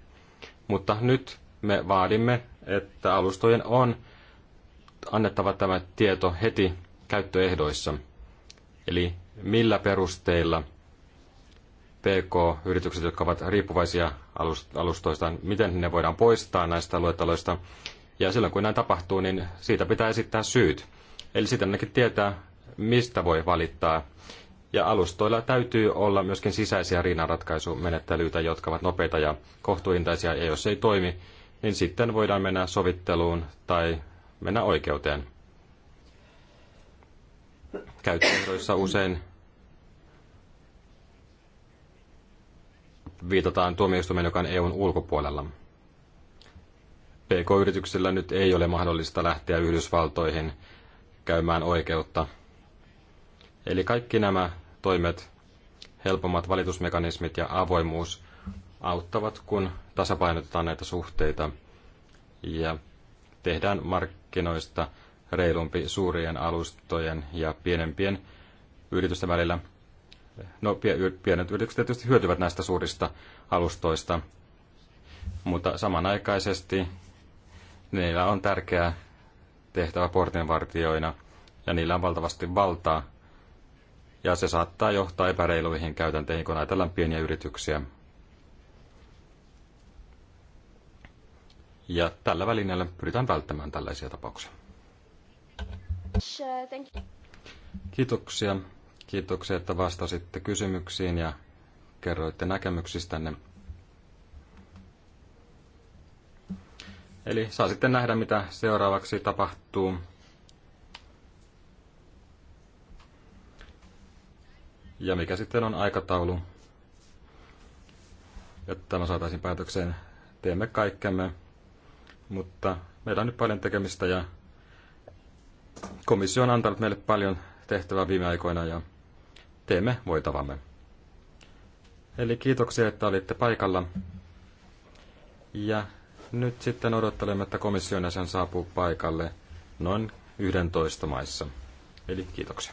Mutta nyt me vaadimme, että alustojen on annettava tämä tieto heti käyttöehdoissa. Eli millä perusteilla PK-yritykset, jotka ovat riippuvaisia alustoistaan, miten ne voidaan poistaa näistä luetteloista. Ja silloin kun näin tapahtuu, niin siitä pitää esittää syyt. Eli sitä ainakin tietää, mistä voi valittaa. Ja alustoilla täytyy olla myöskin sisäisiä riinanratkaisumenettelyitä, jotka ovat nopeita ja kohtuuhintaisia, ja jos se ei toimi, niin sitten voidaan mennä sovitteluun tai mennä oikeuteen. Käyttöehdoissa usein viitataan tuomioistuimeen, joka on EUn ulkopuolella. PK-yrityksillä nyt ei ole mahdollista lähteä Yhdysvaltoihin käymään oikeutta. Eli kaikki nämä toimet, helpommat valitusmekanismit ja avoimuus auttavat, kun tasapainotetaan näitä suhteita ja tehdään markkinoista reilumpi suurien alustojen ja pienempien yritysten välillä – No, pienet yritykset tietysti hyötyvät näistä suurista alustoista, mutta samanaikaisesti niillä on tärkeä tehtävä portinvartijoina ja niillä on valtavasti valtaa. Ja se saattaa johtaa epäreiluihin käytänteihin, kun ajatellaan pieniä yrityksiä. Ja tällä välineellä pyritään välttämään tällaisia tapauksia. Kiitoksia. Kiitoksia, että vastasitte kysymyksiin ja kerroitte näkemyksistänne. Eli saa sitten nähdä, mitä seuraavaksi tapahtuu. Ja mikä sitten on aikataulu, jotta tämä saataisiin päätökseen. Teemme kaikkemme, mutta meillä on nyt paljon tekemistä ja komissio on antanut meille paljon tehtävää viime aikoina ja teemme voitavamme. Eli kiitoksia, että olitte paikalla. Ja nyt sitten odottelemme, että komission jäsen saapuu paikalle noin 11 maissa. Eli kiitoksia.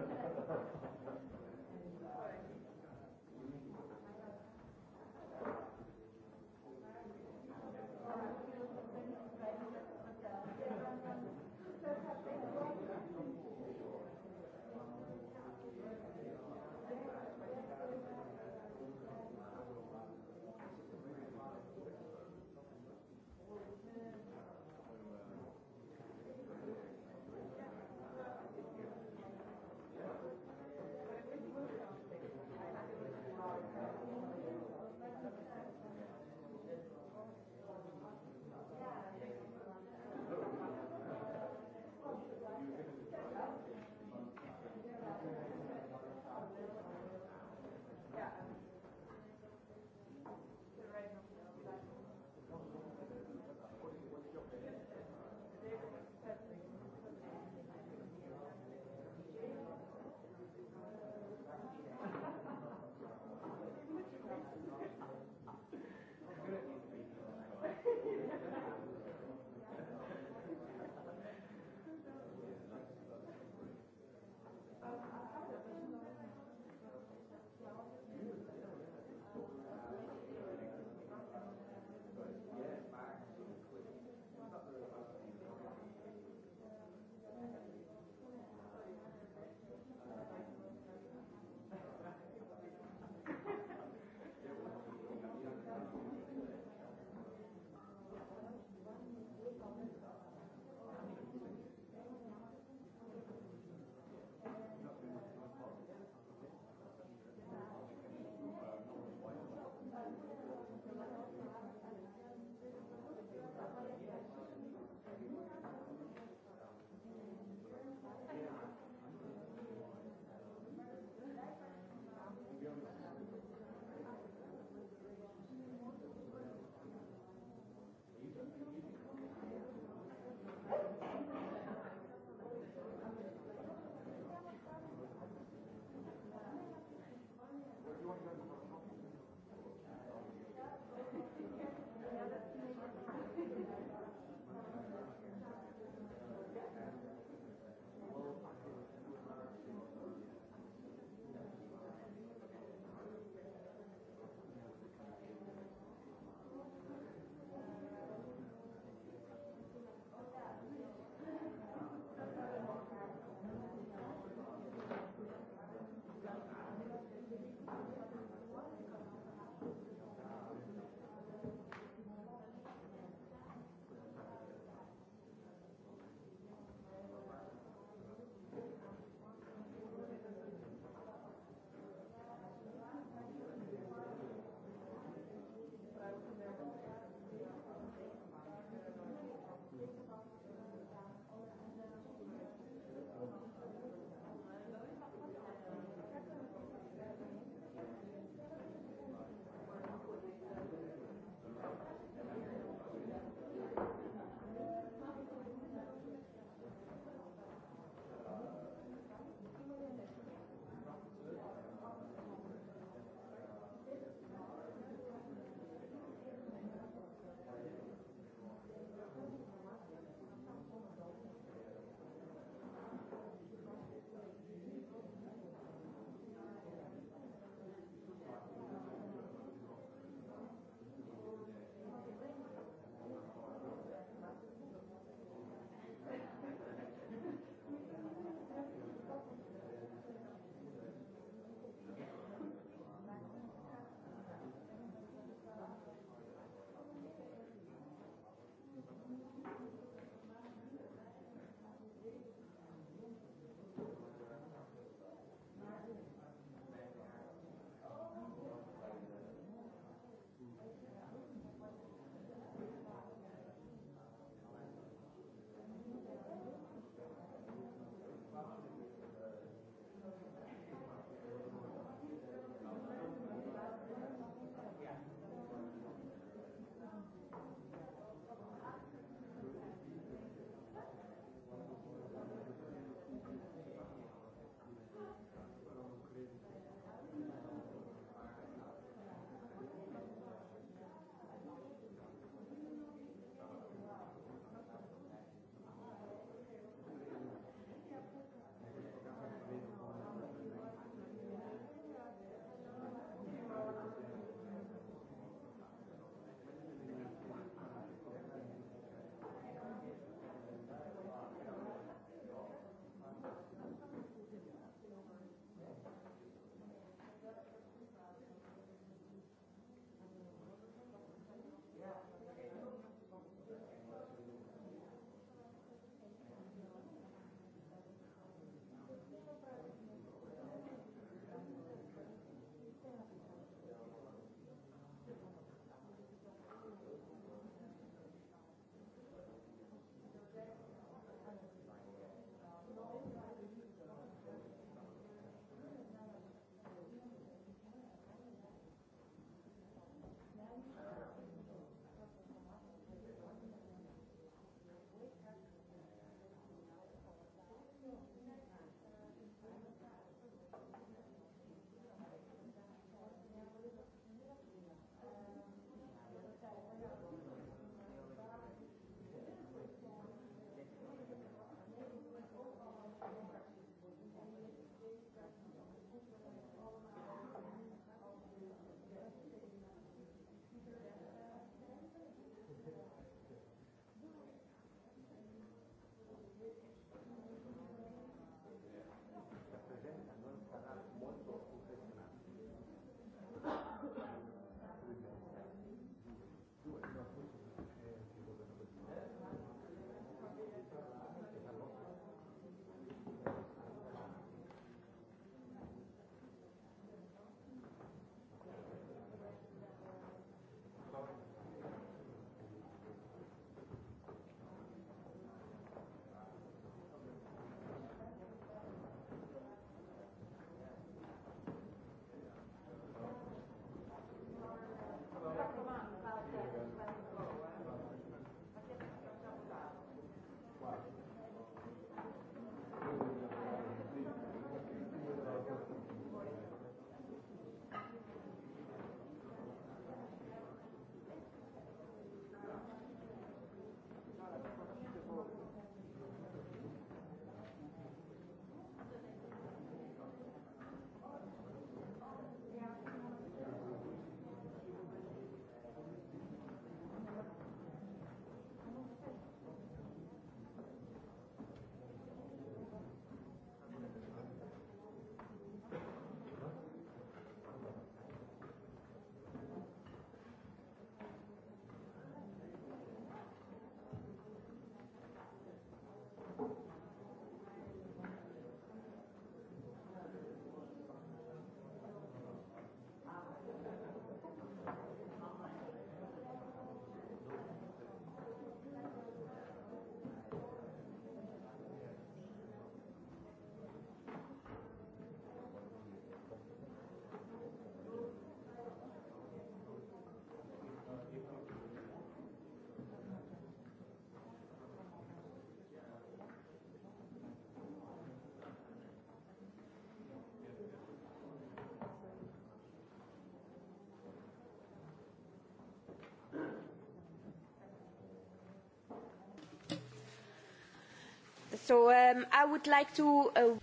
So um, I would like to... Uh...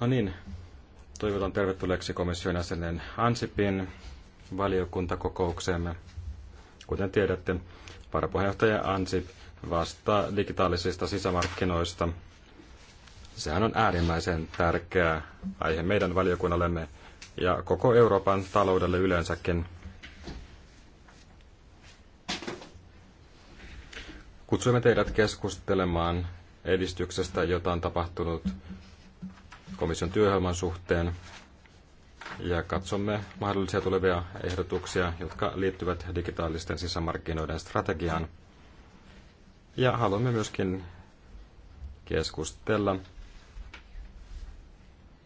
No niin, toivotan tervetulleeksi komission jäsenen Ansipin valiokuntakokoukseemme. Kuten tiedätte, varapuheenjohtaja Ansip vastaa digitaalisista sisämarkkinoista. Sehän on äärimmäisen tärkeä aihe meidän valiokunnallemme ja koko Euroopan taloudelle yleensäkin. Kutsuimme teidät keskustelemaan edistyksestä, jota on tapahtunut komission työohjelman suhteen. Ja katsomme mahdollisia tulevia ehdotuksia, jotka liittyvät digitaalisten sisämarkkinoiden strategiaan. Ja haluamme myöskin keskustella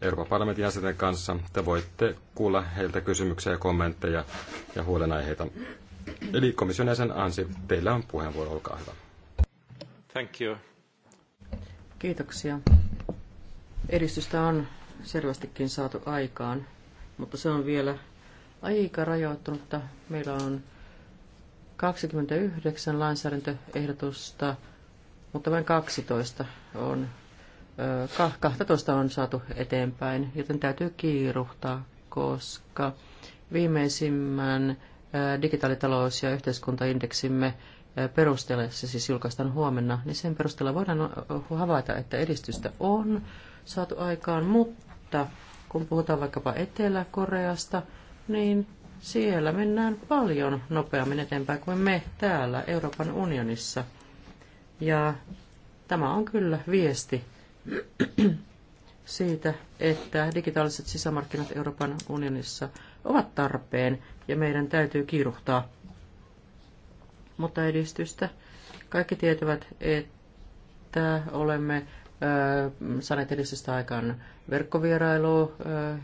Euroopan parlamentin jäsenten kanssa. Te voitte kuulla heiltä kysymyksiä ja kommentteja ja huolenaiheita. Eli komission jäsen Ansi, teillä on puheenvuoro, olkaa hyvä. Thank you. Kiitoksia. Edistystä on selvästikin saatu aikaan, mutta se on vielä aika rajoittunutta. Meillä on 29 lainsäädäntöehdotusta, mutta vain 12 on, 12 on saatu eteenpäin, joten täytyy kiiruhtaa, koska viimeisimmän digitaalitalous- ja yhteiskuntaindeksimme perusteella, se siis julkaistaan huomenna, niin sen perusteella voidaan havaita, että edistystä on saatu aikaan, mutta kun puhutaan vaikkapa Etelä-Koreasta, niin siellä mennään paljon nopeammin eteenpäin kuin me täällä Euroopan unionissa. Ja tämä on kyllä viesti siitä, että digitaaliset sisämarkkinat Euroopan unionissa ovat tarpeen ja meidän täytyy kiiruhtaa mutta edistystä. Kaikki tietävät, että olemme saaneet edistystä aikaan verkkovierailua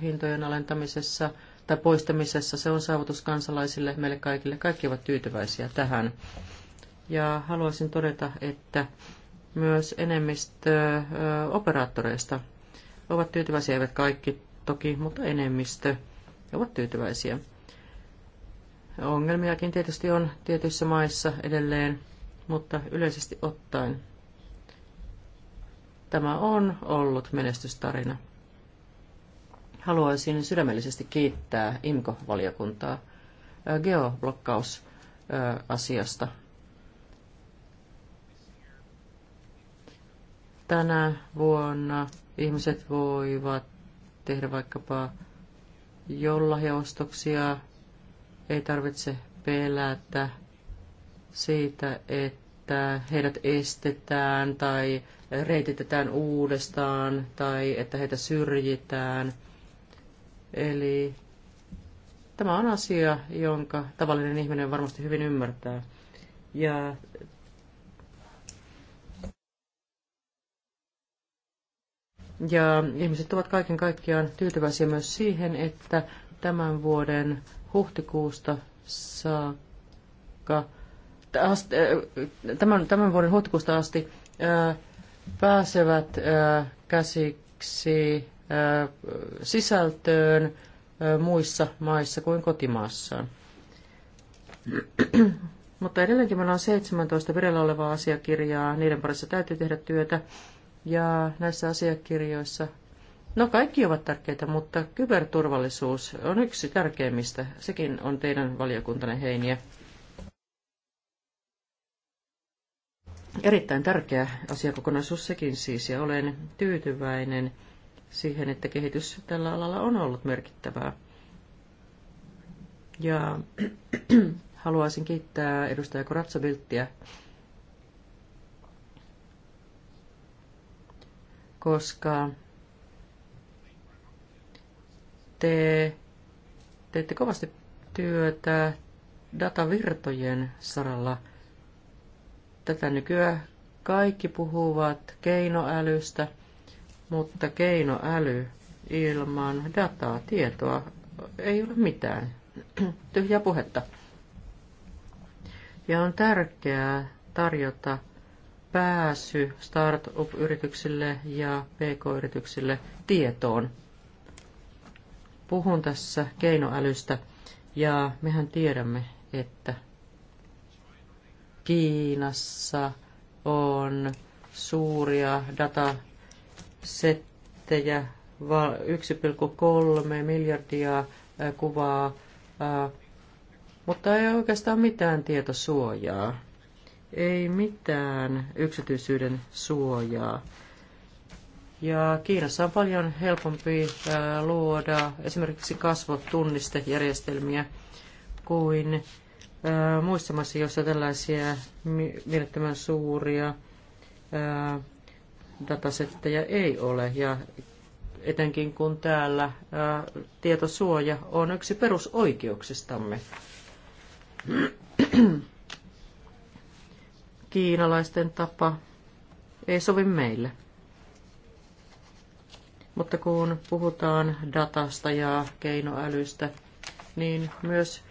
hintojen alentamisessa tai poistamisessa. Se on saavutus kansalaisille, meille kaikille. Kaikki ovat tyytyväisiä tähän. Ja haluaisin todeta, että myös enemmistö operaattoreista ovat tyytyväisiä, eivät kaikki toki, mutta enemmistö ovat tyytyväisiä. Ongelmiakin tietysti on tietyissä maissa edelleen, mutta yleisesti ottaen tämä on ollut menestystarina. Haluaisin sydämellisesti kiittää IMKO-valiokuntaa geoblokkausasiasta. Tänä vuonna ihmiset voivat tehdä vaikkapa jollahjaostoksia ei tarvitse pelätä siitä, että heidät estetään tai reititetään uudestaan tai että heitä syrjitään. Eli tämä on asia, jonka tavallinen ihminen varmasti hyvin ymmärtää. Ja Ja ihmiset ovat kaiken kaikkiaan tyytyväisiä myös siihen, että tämän vuoden huhtikuusta saakka, äh, tämän, tämän vuoden huhtikuusta asti äh, pääsevät äh, käsiksi sisältöön muissa maissa kuin kotimaassaan. [CLEARS THROAT] Mutta edelleenkin meillä on 17 vireillä olevaa asiakirjaa, niiden parissa täytyy tehdä työtä. Ja näissä asiakirjoissa No kaikki ovat tärkeitä, mutta kyberturvallisuus on yksi tärkeimmistä. Sekin on teidän valiokuntanne heiniä. Erittäin tärkeä asiakokonaisuus sekin siis, ja olen tyytyväinen siihen, että kehitys tällä alalla on ollut merkittävää. Ja [CLEARS THROAT] haluaisin kiittää edustaja Koratsabilttiä, koska te teette kovasti työtä datavirtojen saralla. Tätä nykyään kaikki puhuvat keinoälystä, mutta keinoäly ilman dataa, tietoa ei ole mitään. [CLEARS THROAT] tyhjä puhetta. Ja on tärkeää tarjota pääsy startup-yrityksille ja pk-yrityksille tietoon – Puhun tässä keinoälystä ja mehän tiedämme, että Kiinassa on suuria datasettejä, 1,3 miljardia kuvaa, mutta ei oikeastaan mitään tietosuojaa. Ei mitään yksityisyyden suojaa. Ja Kiinassa on paljon helpompi luoda esimerkiksi kasvotunnistejärjestelmiä kuin muissa maissa, joissa tällaisia mielettömän suuria datasetteja ei ole. Ja etenkin kun täällä tietosuoja on yksi perusoikeuksistamme. Kiinalaisten tapa ei sovi meille. Mutta kun puhutaan datasta ja keinoälystä, niin myös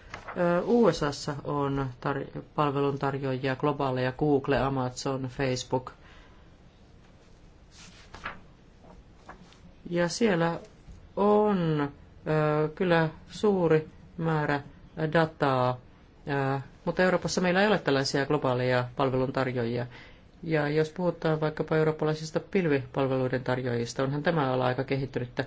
USA on tar- palveluntarjoajia globaaleja Google, Amazon, Facebook. Ja siellä on ö, kyllä suuri määrä dataa, ö, mutta Euroopassa meillä ei ole tällaisia globaaleja palveluntarjoajia. Ja jos puhutaan vaikkapa eurooppalaisista pilvipalveluiden tarjoajista, onhan tämä ala aika kehittynyttä,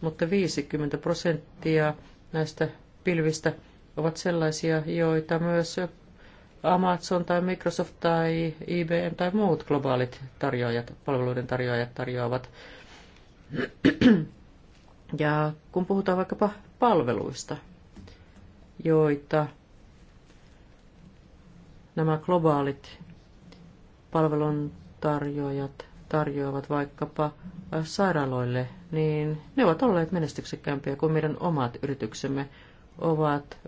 mutta 50 prosenttia näistä pilvistä ovat sellaisia, joita myös Amazon tai Microsoft tai IBM tai muut globaalit tarjoajat, palveluiden tarjoajat tarjoavat. Ja kun puhutaan vaikkapa palveluista, joita nämä globaalit palvelun tarjoajat tarjoavat vaikkapa sairaaloille, niin ne ovat olleet menestyksekkäämpiä kuin meidän omat yrityksemme ovat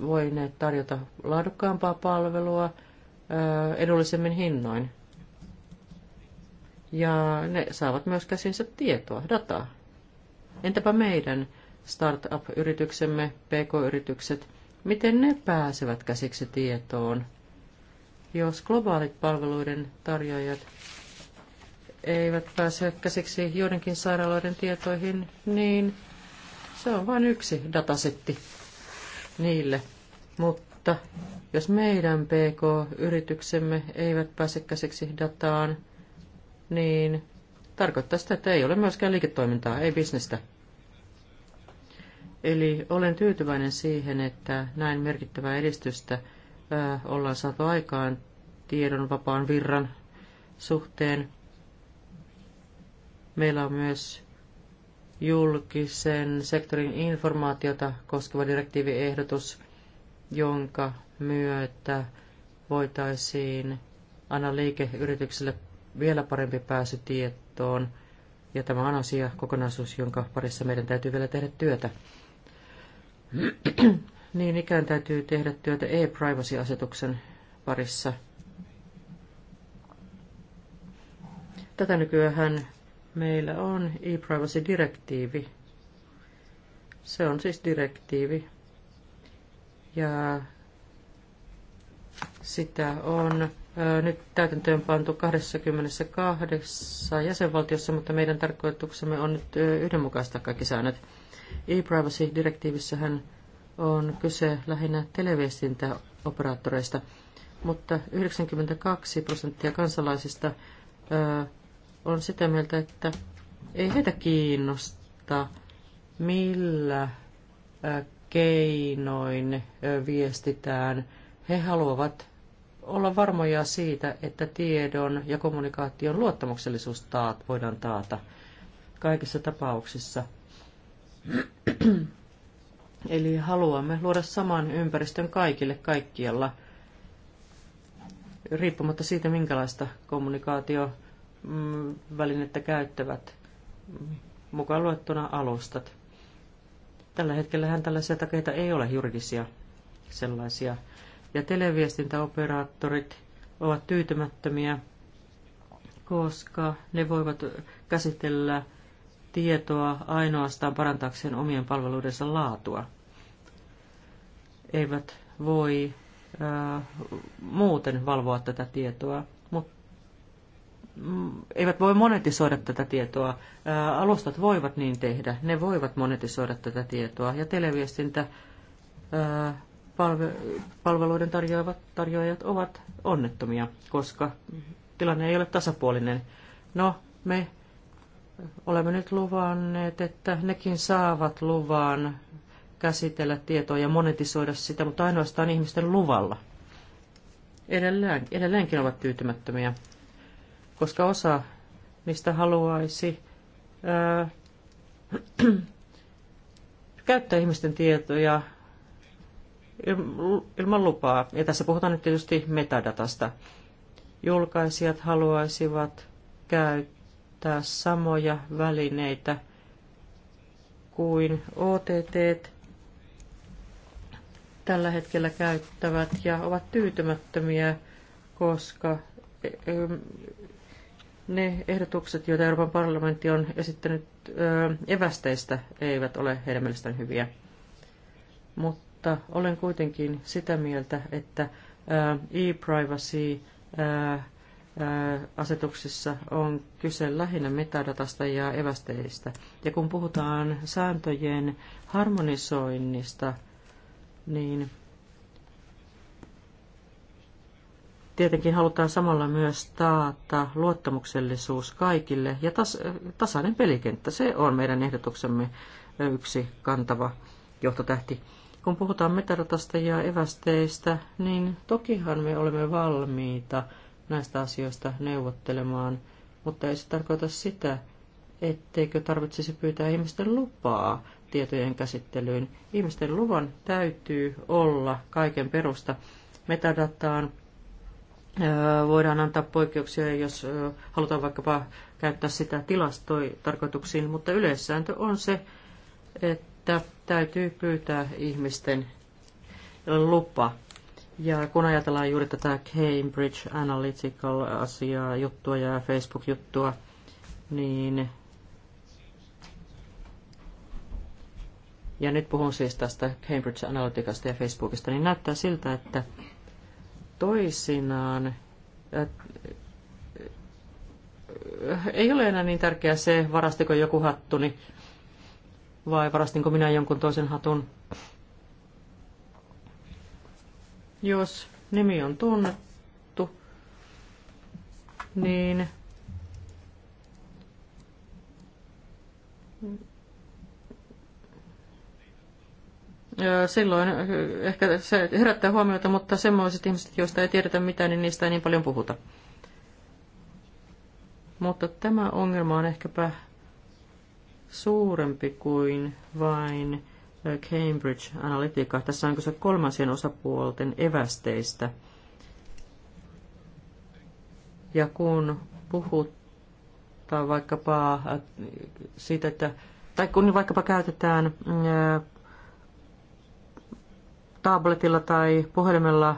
voineet tarjota laadukkaampaa palvelua edullisemmin hinnoin. Ja ne saavat myös käsinsä tietoa, dataa. Entäpä meidän startup-yrityksemme, pk-yritykset, miten ne pääsevät käsiksi tietoon? jos globaalit palveluiden tarjoajat eivät pääse käsiksi joidenkin sairaaloiden tietoihin, niin se on vain yksi datasetti niille. Mutta jos meidän PK-yrityksemme eivät pääse käsiksi dataan, niin tarkoittaa sitä, että ei ole myöskään liiketoimintaa, ei bisnestä. Eli olen tyytyväinen siihen, että näin merkittävää edistystä – ollaan saatu aikaan tiedon vapaan virran suhteen. Meillä on myös julkisen sektorin informaatiota koskeva direktiiviehdotus, jonka myötä voitaisiin anna liikeyritykselle vielä parempi pääsy tietoon. Ja tämä on asia, kokonaisuus, jonka parissa meidän täytyy vielä tehdä työtä. Niin ikään täytyy tehdä työtä e-privacy-asetuksen parissa. Tätä nykyään meillä on e-privacy-direktiivi. Se on siis direktiivi. Ja sitä on nyt täytäntöön pantu 22 jäsenvaltiossa, mutta meidän tarkoituksemme on nyt yhdenmukaistaa kaikki säännöt. E-privacy-direktiivissähän on kyse lähinnä televiestintäoperaattoreista, mutta 92 prosenttia kansalaisista on sitä mieltä, että ei heitä kiinnosta, millä keinoin viestitään. He haluavat olla varmoja siitä, että tiedon ja kommunikaation luottamuksellisuus taat, voidaan taata kaikissa tapauksissa. Eli haluamme luoda saman ympäristön kaikille kaikkialla, riippumatta siitä, minkälaista kommunikaatiovälinettä käyttävät, mukaan luettuna alustat. Tällä hetkellähän tällaisia takeita ei ole juridisia sellaisia. Ja televiestintäoperaattorit ovat tyytymättömiä, koska ne voivat käsitellä tietoa ainoastaan parantaakseen omien palveluidensa laatua. Eivät voi ää, muuten valvoa tätä tietoa, mutta mm, eivät voi monetisoida tätä tietoa. Ää, alustat voivat niin tehdä, ne voivat monetisoida tätä tietoa ja televiestintä ää, palve, palveluiden tarjoajat, tarjoajat ovat onnettomia, koska tilanne ei ole tasapuolinen. No, me olemme nyt luvanneet, että nekin saavat luvan käsitellä tietoa ja monetisoida sitä, mutta ainoastaan ihmisten luvalla. Edelleen, edelleenkin ovat tyytymättömiä, koska osa niistä haluaisi ää, [CLEARS THROAT] käyttää ihmisten tietoja ilman lupaa. Ja tässä puhutaan nyt tietysti metadatasta. Julkaisijat haluaisivat käyttää käyttää samoja välineitä kuin OTT tällä hetkellä käyttävät ja ovat tyytymättömiä, koska eh, ne ehdotukset, joita Euroopan parlamentti on esittänyt eh, evästeistä, eivät ole heidän mielestään hyviä. Mutta olen kuitenkin sitä mieltä, että eh, e-privacy asetuksissa on kyse lähinnä metadatasta ja evästeistä. Ja kun puhutaan sääntöjen harmonisoinnista, niin tietenkin halutaan samalla myös taata luottamuksellisuus kaikille ja tas- tasainen pelikenttä. Se on meidän ehdotuksemme yksi kantava johtotähti. Kun puhutaan metadatasta ja evästeistä, niin tokihan me olemme valmiita – näistä asioista neuvottelemaan, mutta ei se tarkoita sitä, etteikö tarvitsisi pyytää ihmisten lupaa tietojen käsittelyyn. Ihmisten luvan täytyy olla kaiken perusta. Metadataan voidaan antaa poikkeuksia, jos halutaan vaikkapa käyttää sitä tilastotarkoituksiin, mutta yleissääntö on se, että täytyy pyytää ihmisten lupa ja kun ajatellaan juuri tätä Cambridge Analytical-asiaa, juttua ja Facebook-juttua, niin... Ja nyt puhun siis tästä Cambridge Analyticasta ja Facebookista, niin näyttää siltä, että toisinaan ei ole enää niin tärkeää se, varastiko joku hattuni vai varastinko minä jonkun toisen hatun. Jos nimi on tunnettu, niin silloin ehkä se herättää huomiota, mutta semmoiset ihmiset, joista ei tiedetä mitään, niin niistä ei niin paljon puhuta. Mutta tämä ongelma on ehkäpä suurempi kuin vain Cambridge Analytica. Tässä on kyse kolmansien osapuolten evästeistä. Ja kun puhutaan vaikkapa äh, siitä, että, tai kun vaikkapa käytetään äh, tabletilla tai puhelimella äh,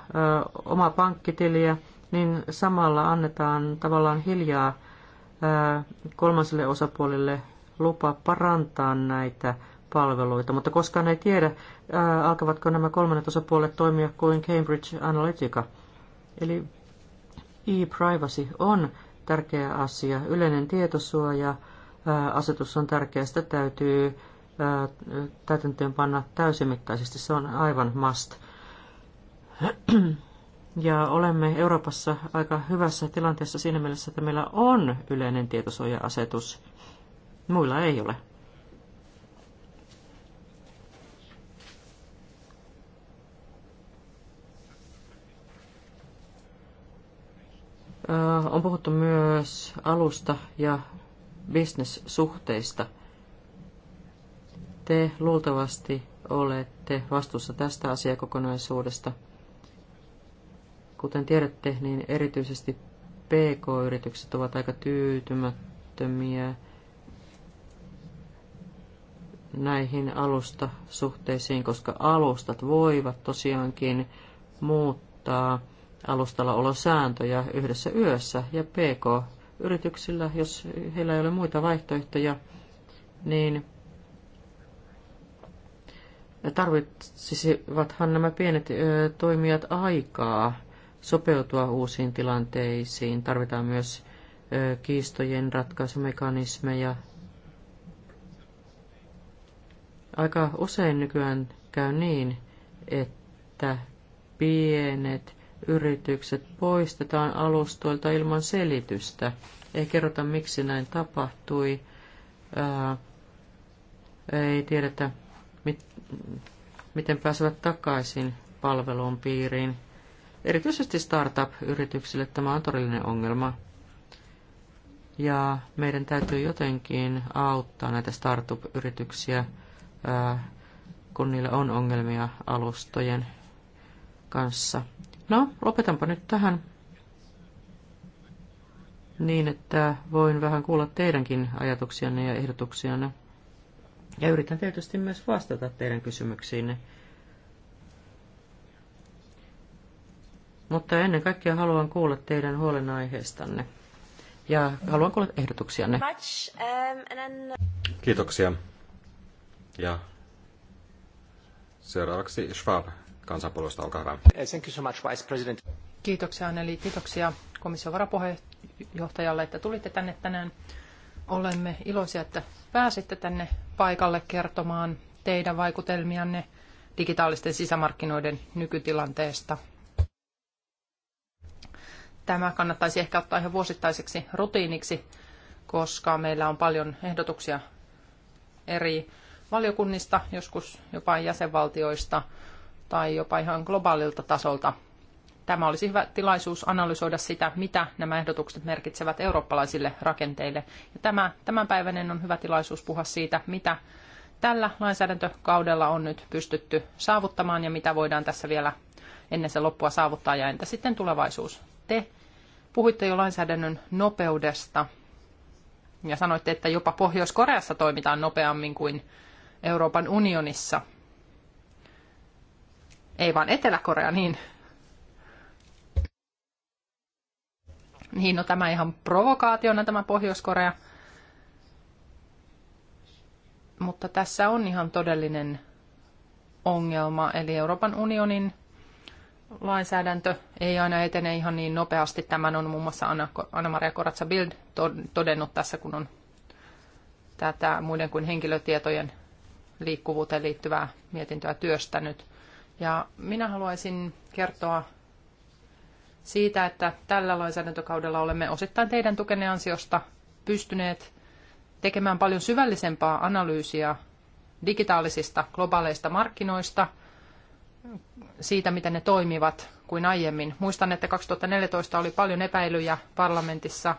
omaa pankkitiliä, niin samalla annetaan tavallaan hiljaa kolmansille osapuolille lupa parantaa näitä palveluita, mutta koskaan ei tiedä, ää, alkavatko nämä kolmannet osapuolet toimia kuin Cambridge Analytica. Eli e-privacy on tärkeä asia. Yleinen tietosuoja, ää, asetus on tärkeä, sitä täytyy ää, täytäntöön panna täysimittaisesti, se on aivan must. [CLEARS THROAT] Ja olemme Euroopassa aika hyvässä tilanteessa siinä mielessä, että meillä on yleinen tietosuoja-asetus. Muilla ei ole. Äh, on puhuttu myös alusta ja bisnessuhteista. Te luultavasti olette vastuussa tästä asiakokonaisuudesta. Kuten tiedätte, niin erityisesti PK-yritykset ovat aika tyytymättömiä näihin alustasuhteisiin, koska alustat voivat tosiaankin muuttaa – alustalla olosääntöjä yhdessä yössä ja PK-yrityksillä, jos heillä ei ole muita vaihtoehtoja, niin tarvitsisivathan nämä pienet ö, toimijat aikaa sopeutua uusiin tilanteisiin. Tarvitaan myös ö, kiistojen ratkaisumekanismeja. Aika usein nykyään käy niin, että pienet yritykset poistetaan alustoilta ilman selitystä. Ei kerrota, miksi näin tapahtui. Ää, ei tiedetä, mit, miten pääsevät takaisin palvelun piiriin. Erityisesti startup-yrityksille tämä on todellinen ongelma. Ja meidän täytyy jotenkin auttaa näitä startup-yrityksiä, kun niillä on ongelmia alustojen kanssa. No, lopetanpa nyt tähän niin, että voin vähän kuulla teidänkin ajatuksianne ja ehdotuksianne. Ja yritän tietysti myös vastata teidän kysymyksiinne. Mutta ennen kaikkea haluan kuulla teidän huolenaiheestanne. Ja haluan kuulla ehdotuksianne. Kiitoksia. Ja seuraavaksi Schwab kansanpuolueesta. Olkaa hyvä. Thank you so much, Vice President. Kiitoksia Anneli, kiitoksia komission varapuheenjohtajalle, että tulitte tänne tänään. Olemme iloisia, että pääsitte tänne paikalle kertomaan teidän vaikutelmianne digitaalisten sisämarkkinoiden nykytilanteesta. Tämä kannattaisi ehkä ottaa ihan vuosittaiseksi rutiiniksi, koska meillä on paljon ehdotuksia eri valiokunnista, joskus jopa jäsenvaltioista tai jopa ihan globaalilta tasolta. Tämä olisi hyvä tilaisuus analysoida sitä, mitä nämä ehdotukset merkitsevät eurooppalaisille rakenteille. Ja tämä, tämänpäiväinen on hyvä tilaisuus puhua siitä, mitä tällä lainsäädäntökaudella on nyt pystytty saavuttamaan ja mitä voidaan tässä vielä ennen se loppua saavuttaa ja entä sitten tulevaisuus. Te puhuitte jo lainsäädännön nopeudesta ja sanoitte, että jopa Pohjois-Koreassa toimitaan nopeammin kuin Euroopan unionissa – ei vaan Etelä-Korea, niin. Niin, no tämä ihan provokaationa tämä Pohjois-Korea. Mutta tässä on ihan todellinen ongelma, eli Euroopan unionin lainsäädäntö ei aina etene ihan niin nopeasti. Tämän on muun muassa Anna-Maria Koratsa-Bild todennut tässä, kun on tätä muiden kuin henkilötietojen liikkuvuuteen liittyvää mietintöä työstänyt. Ja minä haluaisin kertoa siitä, että tällä lainsäädäntökaudella olemme osittain teidän tukenne ansiosta pystyneet tekemään paljon syvällisempää analyysiä digitaalisista globaaleista markkinoista, siitä miten ne toimivat kuin aiemmin. Muistan, että 2014 oli paljon epäilyjä parlamentissa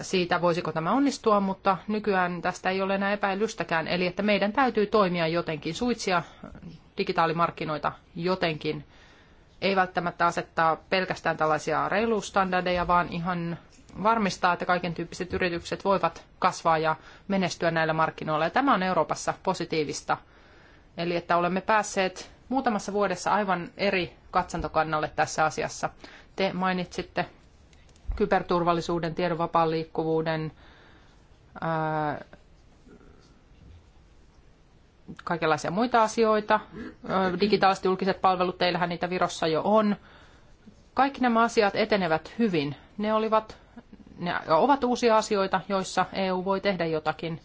siitä, voisiko tämä onnistua, mutta nykyään tästä ei ole enää epäilystäkään. Eli että meidän täytyy toimia jotenkin, suitsia digitaalimarkkinoita jotenkin. Ei välttämättä asettaa pelkästään tällaisia reiluustandardeja, vaan ihan varmistaa, että kaiken tyyppiset yritykset voivat kasvaa ja menestyä näillä markkinoilla. Ja tämä on Euroopassa positiivista. Eli että olemme päässeet muutamassa vuodessa aivan eri katsantokannalle tässä asiassa. Te mainitsitte kyberturvallisuuden, tiedon vapaan liikkuvuuden, ää, kaikenlaisia muita asioita. Digitaaliset julkiset palvelut, teillähän niitä Virossa jo on. Kaikki nämä asiat etenevät hyvin. Ne, olivat, ne ovat uusia asioita, joissa EU voi tehdä jotakin.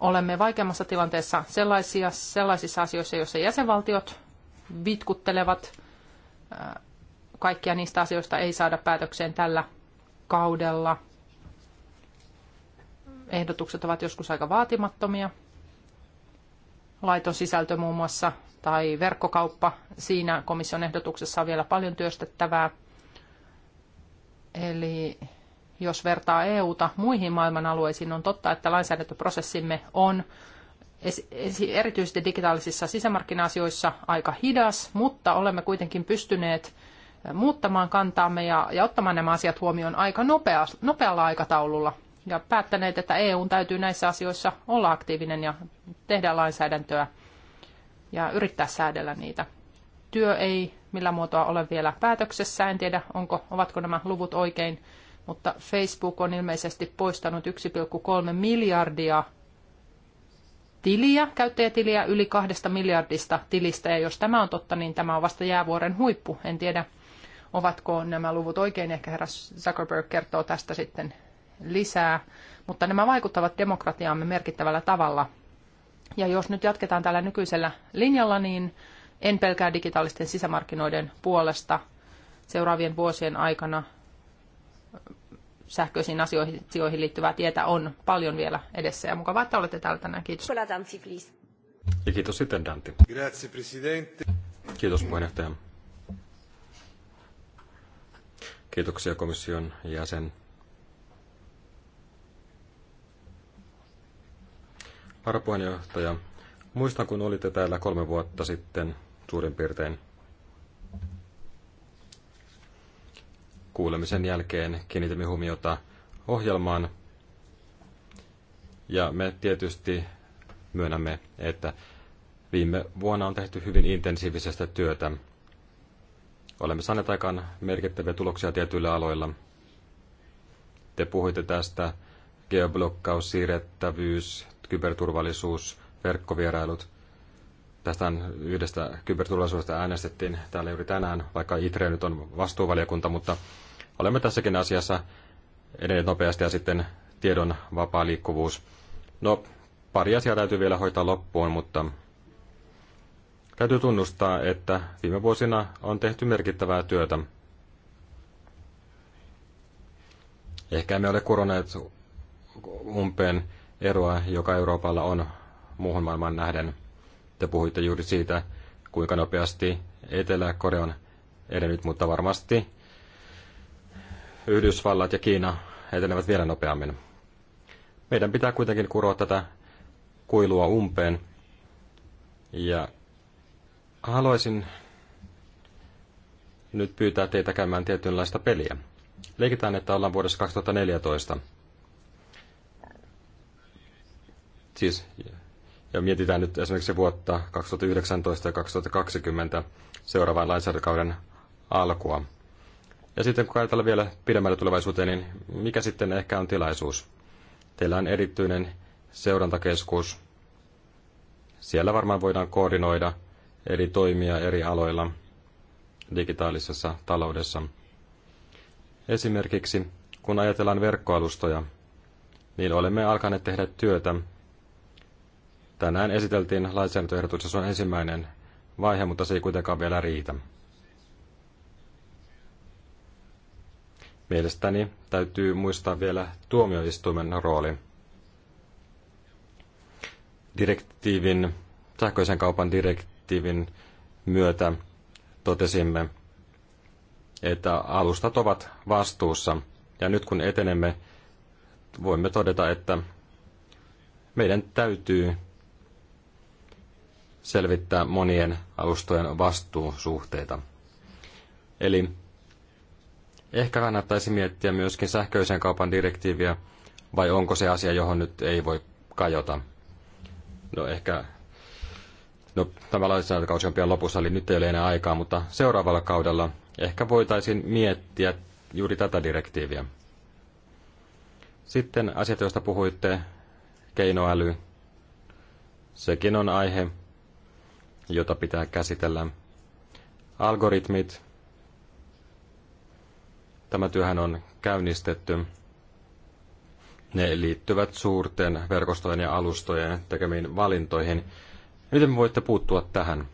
Olemme vaikeammassa tilanteessa sellaisia, sellaisissa asioissa, joissa jäsenvaltiot vitkuttelevat. Kaikkia niistä asioista ei saada päätökseen tällä kaudella. Ehdotukset ovat joskus aika vaatimattomia, laiton sisältö muun muassa tai verkkokauppa. Siinä komission ehdotuksessa on vielä paljon työstettävää. Eli jos vertaa EUta muihin maailman alueisiin, on totta, että lainsäädäntöprosessimme on erityisesti digitaalisissa sisämarkkina-asioissa aika hidas, mutta olemme kuitenkin pystyneet muuttamaan kantaamme ja, ja ottamaan nämä asiat huomioon aika nopea, nopealla aikataululla ja päättäneet, että EU täytyy näissä asioissa olla aktiivinen ja tehdä lainsäädäntöä ja yrittää säädellä niitä. Työ ei millä muotoa ole vielä päätöksessä, en tiedä onko, ovatko nämä luvut oikein, mutta Facebook on ilmeisesti poistanut 1,3 miljardia tiliä, käyttäjätiliä yli kahdesta miljardista tilistä, ja jos tämä on totta, niin tämä on vasta jäävuoren huippu. En tiedä, ovatko nämä luvut oikein, ehkä herra Zuckerberg kertoo tästä sitten lisää, mutta nämä vaikuttavat demokratiaamme merkittävällä tavalla. Ja jos nyt jatketaan tällä nykyisellä linjalla, niin en pelkää digitaalisten sisämarkkinoiden puolesta seuraavien vuosien aikana sähköisiin asioihin liittyvää tietä on paljon vielä edessä ja mukavaa, että olette täällä tänään. Kiitos. Ja kiitos sitten Dante. Grazie, presidente. Kiitos puheenjohtaja. Kiitoksia komission jäsen varapuheenjohtaja. Muistan, kun olitte täällä kolme vuotta sitten suurin piirtein kuulemisen jälkeen kiinnitimme huomiota ohjelmaan. Ja me tietysti myönnämme, että viime vuonna on tehty hyvin intensiivisestä työtä. Olemme saaneet aikaan merkittäviä tuloksia tietyillä aloilla. Te puhuitte tästä geoblokkaus, siirrettävyys, kyberturvallisuus, verkkovierailut. Tästä yhdestä kyberturvallisuudesta äänestettiin täällä juuri tänään, vaikka ITRE nyt on vastuuvaliokunta, mutta olemme tässäkin asiassa edelleen nopeasti ja sitten tiedon vapaa liikkuvuus. No, pari asiaa täytyy vielä hoitaa loppuun, mutta täytyy tunnustaa, että viime vuosina on tehty merkittävää työtä. Ehkä emme ole kuroneet umpeen eroa, joka Euroopalla on muuhun maailmaan nähden. Te puhuitte juuri siitä, kuinka nopeasti Etelä-Korea on edennyt, mutta varmasti Yhdysvallat ja Kiina etenevät vielä nopeammin. Meidän pitää kuitenkin kuroa tätä kuilua umpeen. Ja haluaisin nyt pyytää teitä käymään tietynlaista peliä. Leikitään, että ollaan vuodessa 2014. Siis, ja mietitään nyt esimerkiksi vuotta 2019 ja 2020 seuraavan lainsäädäntökauden alkua. Ja sitten kun ajatellaan vielä pidemmälle tulevaisuuteen, niin mikä sitten ehkä on tilaisuus? Teillä on erityinen seurantakeskus. Siellä varmaan voidaan koordinoida eri toimia eri aloilla digitaalisessa taloudessa. Esimerkiksi kun ajatellaan verkkoalustoja, niin olemme alkaneet tehdä työtä Tänään esiteltiin lainsäädäntöehdotuksessa on ensimmäinen vaihe, mutta se ei kuitenkaan vielä riitä. Mielestäni täytyy muistaa vielä tuomioistuimen rooli. Direktiivin, sähköisen kaupan direktiivin myötä totesimme, että alustat ovat vastuussa. Ja nyt kun etenemme, voimme todeta, että meidän täytyy selvittää monien alustojen vastuusuhteita. Eli ehkä kannattaisi miettiä myöskin sähköisen kaupan direktiiviä, vai onko se asia, johon nyt ei voi kajota? No ehkä, no tämä lainsäädäntökausi on pian lopussa, eli nyt ei ole enää aikaa, mutta seuraavalla kaudella ehkä voitaisiin miettiä juuri tätä direktiiviä. Sitten asiat, joista puhuitte, keinoäly. Sekin on aihe, jota pitää käsitellä. Algoritmit. Tämä työhän on käynnistetty. Ne liittyvät suurten verkostojen ja alustojen tekemiin valintoihin. Miten me voitte puuttua tähän?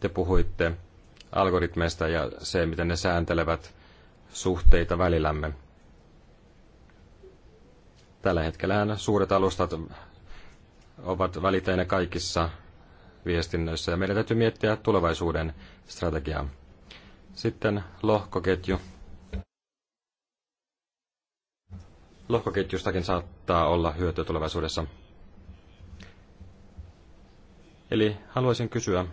Te puhuitte algoritmeista ja se, miten ne sääntelevät suhteita välillämme. Tällä hetkellä suuret alustat ovat välittäjänä kaikissa viestinnöissä ja meidän täytyy miettiä tulevaisuuden strategiaa. Sitten lohkoketju. Lohkoketjustakin saattaa olla hyötyä tulevaisuudessa. Eli haluaisin kysyä,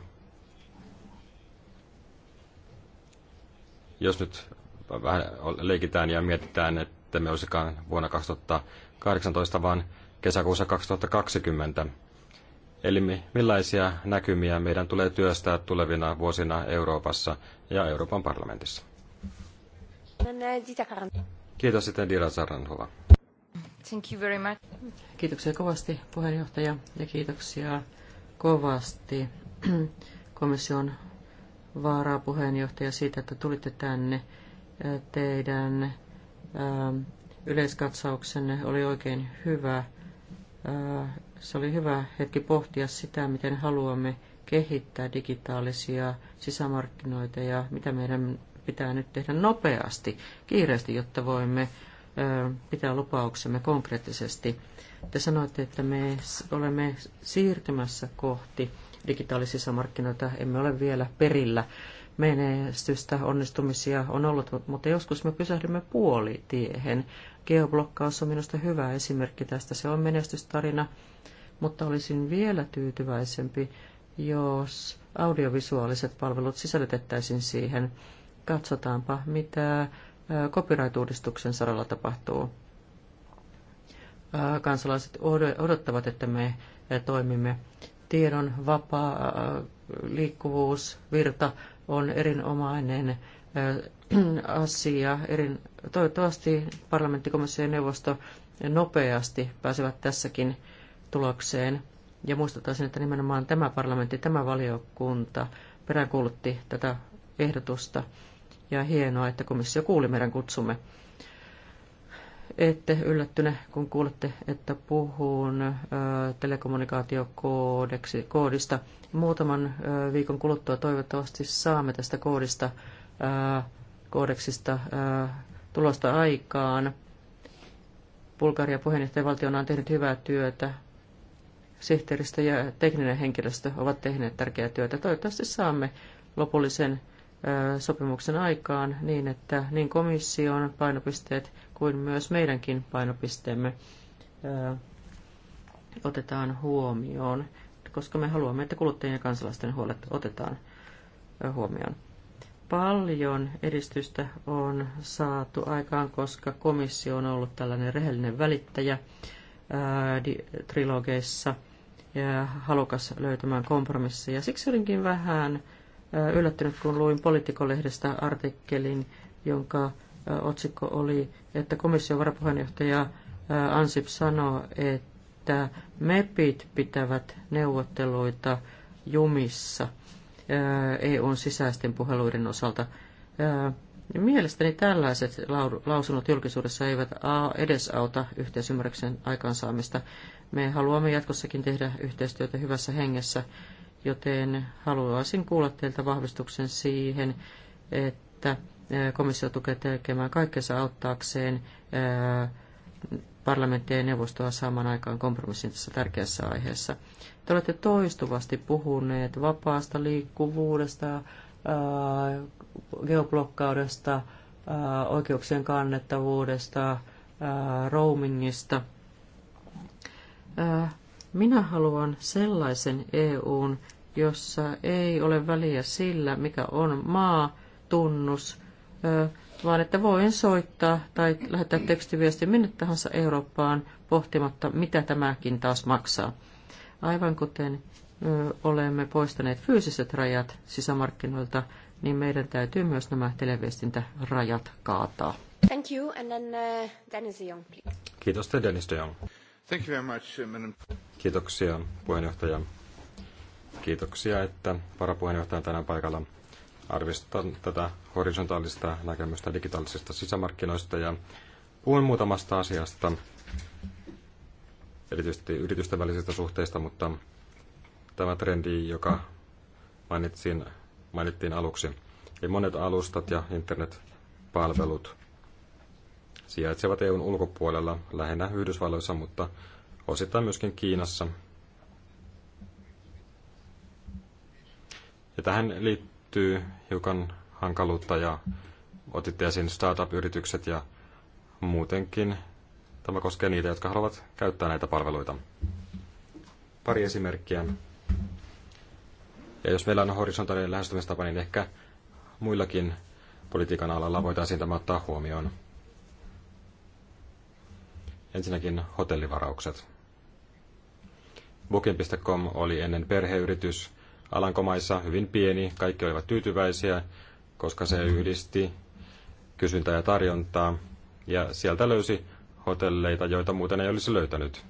jos nyt vähän leikitään ja mietitään, että me olisikaan vuonna 2018, vaan kesäkuussa 2020. Eli millaisia näkymiä meidän tulee työstää tulevina vuosina Euroopassa ja Euroopan parlamentissa? Kiitos sitten Dira Saranhova. Thank you very much. Kiitoksia kovasti puheenjohtaja ja kiitoksia kovasti [CLEARS THROAT] komission varapuheenjohtaja siitä, että tulitte tänne. Teidän ähm, yleiskatsauksenne oli oikein hyvä se oli hyvä hetki pohtia sitä, miten haluamme kehittää digitaalisia sisämarkkinoita ja mitä meidän pitää nyt tehdä nopeasti, kiireesti, jotta voimme pitää lupauksemme konkreettisesti. Te sanoitte, että me olemme siirtymässä kohti digitaalisia sisämarkkinoita, emme ole vielä perillä. Menestystä, onnistumisia on ollut, mutta joskus me pysähdymme puolitiehen. Geoblokkaus on minusta hyvä esimerkki tästä. Se on menestystarina, mutta olisin vielä tyytyväisempi, jos audiovisuaaliset palvelut sisällytettäisiin siihen. Katsotaanpa, mitä copyright-uudistuksen saralla tapahtuu. Kansalaiset odottavat, että me toimimme. Tiedon vapaa liikkuvuus, virta on erinomainen [CLEARS THROAT] asia. Erin, toivottavasti komissio ja neuvosto nopeasti pääsevät tässäkin tulokseen. Ja muistuttaisin, että nimenomaan tämä parlamentti, tämä valiokunta peräänkuulutti tätä ehdotusta. Ja hienoa, että komissio kuuli meidän kutsumme. Ette yllättyne, kun kuulette, että puhun ö, telekommunikaatiokoodista. Muutaman ö, viikon kuluttua toivottavasti saamme tästä koodista ö, koodeksista tulosta aikaan. Bulgaria valtio on tehnyt hyvää työtä. Sihteeristö ja tekninen henkilöstö ovat tehneet tärkeää työtä. Toivottavasti saamme lopullisen sopimuksen aikaan niin, että niin komission painopisteet kuin myös meidänkin painopisteemme otetaan huomioon, koska me haluamme, että kuluttajien ja kansalaisten huolet otetaan huomioon. Paljon edistystä on saatu aikaan, koska komissio on ollut tällainen rehellinen välittäjä ää, trilogeissa ja halukas löytämään kompromisseja. Siksi olinkin vähän ää, yllättynyt, kun luin Politikolehdestä artikkelin, jonka ää, otsikko oli, että komission varapuheenjohtaja ää, Ansip sanoi, että MEPit pitävät neuvotteluita jumissa – EUn sisäisten puheluiden osalta. Mielestäni tällaiset lausunnot julkisuudessa eivät edesauta yhteisymmärryksen aikaansaamista. Me haluamme jatkossakin tehdä yhteistyötä hyvässä hengessä, joten haluaisin kuulla teiltä vahvistuksen siihen, että komissio tukee tekemään kaikkensa auttaakseen parlamenttia ja neuvostoa saamaan aikaan kompromissin tässä tärkeässä aiheessa. Te olette toistuvasti puhuneet vapaasta liikkuvuudesta, äh, geoblokkaudesta, äh, oikeuksien kannettavuudesta, äh, roamingista. Minä haluan sellaisen EUn, jossa ei ole väliä sillä, mikä on maa, tunnus, vaan että voin soittaa tai lähettää tekstiviesti minne tahansa Eurooppaan pohtimatta, mitä tämäkin taas maksaa. Aivan kuten olemme poistaneet fyysiset rajat sisämarkkinoilta, niin meidän täytyy myös nämä televiestintärajat kaataa. Thank you, and then uh, Dennis Young, Kiitos te, Dennis Young. Thank you very much, uh, madam. Kiitoksia puheenjohtaja. Kiitoksia, että varapuheenjohtaja on tänään paikalla. Arvistan tätä horisontaalista näkemystä digitaalisista sisämarkkinoista ja puhun muutamasta asiasta, erityisesti yritysten välisistä suhteista, mutta tämä trendi, joka mainitsin, mainittiin aluksi, eli monet alustat ja internetpalvelut sijaitsevat EUn ulkopuolella, lähinnä Yhdysvalloissa, mutta osittain myöskin Kiinassa. Ja tähän liittyy hiukan hankaluutta ja otitte esiin startup-yritykset ja muutenkin Tämä koskee niitä, jotka haluavat käyttää näitä palveluita. Pari esimerkkiä. Ja jos meillä on horisontaalinen lähestymistapa, niin ehkä muillakin politiikan alalla voitaisiin tämä ottaa huomioon. Ensinnäkin hotellivaraukset. Booking.com oli ennen perheyritys Alankomaissa hyvin pieni, kaikki olivat tyytyväisiä, koska se yhdisti kysyntää ja tarjontaa, ja sieltä löysi hotelleita, joita muuten ei olisi löytänyt.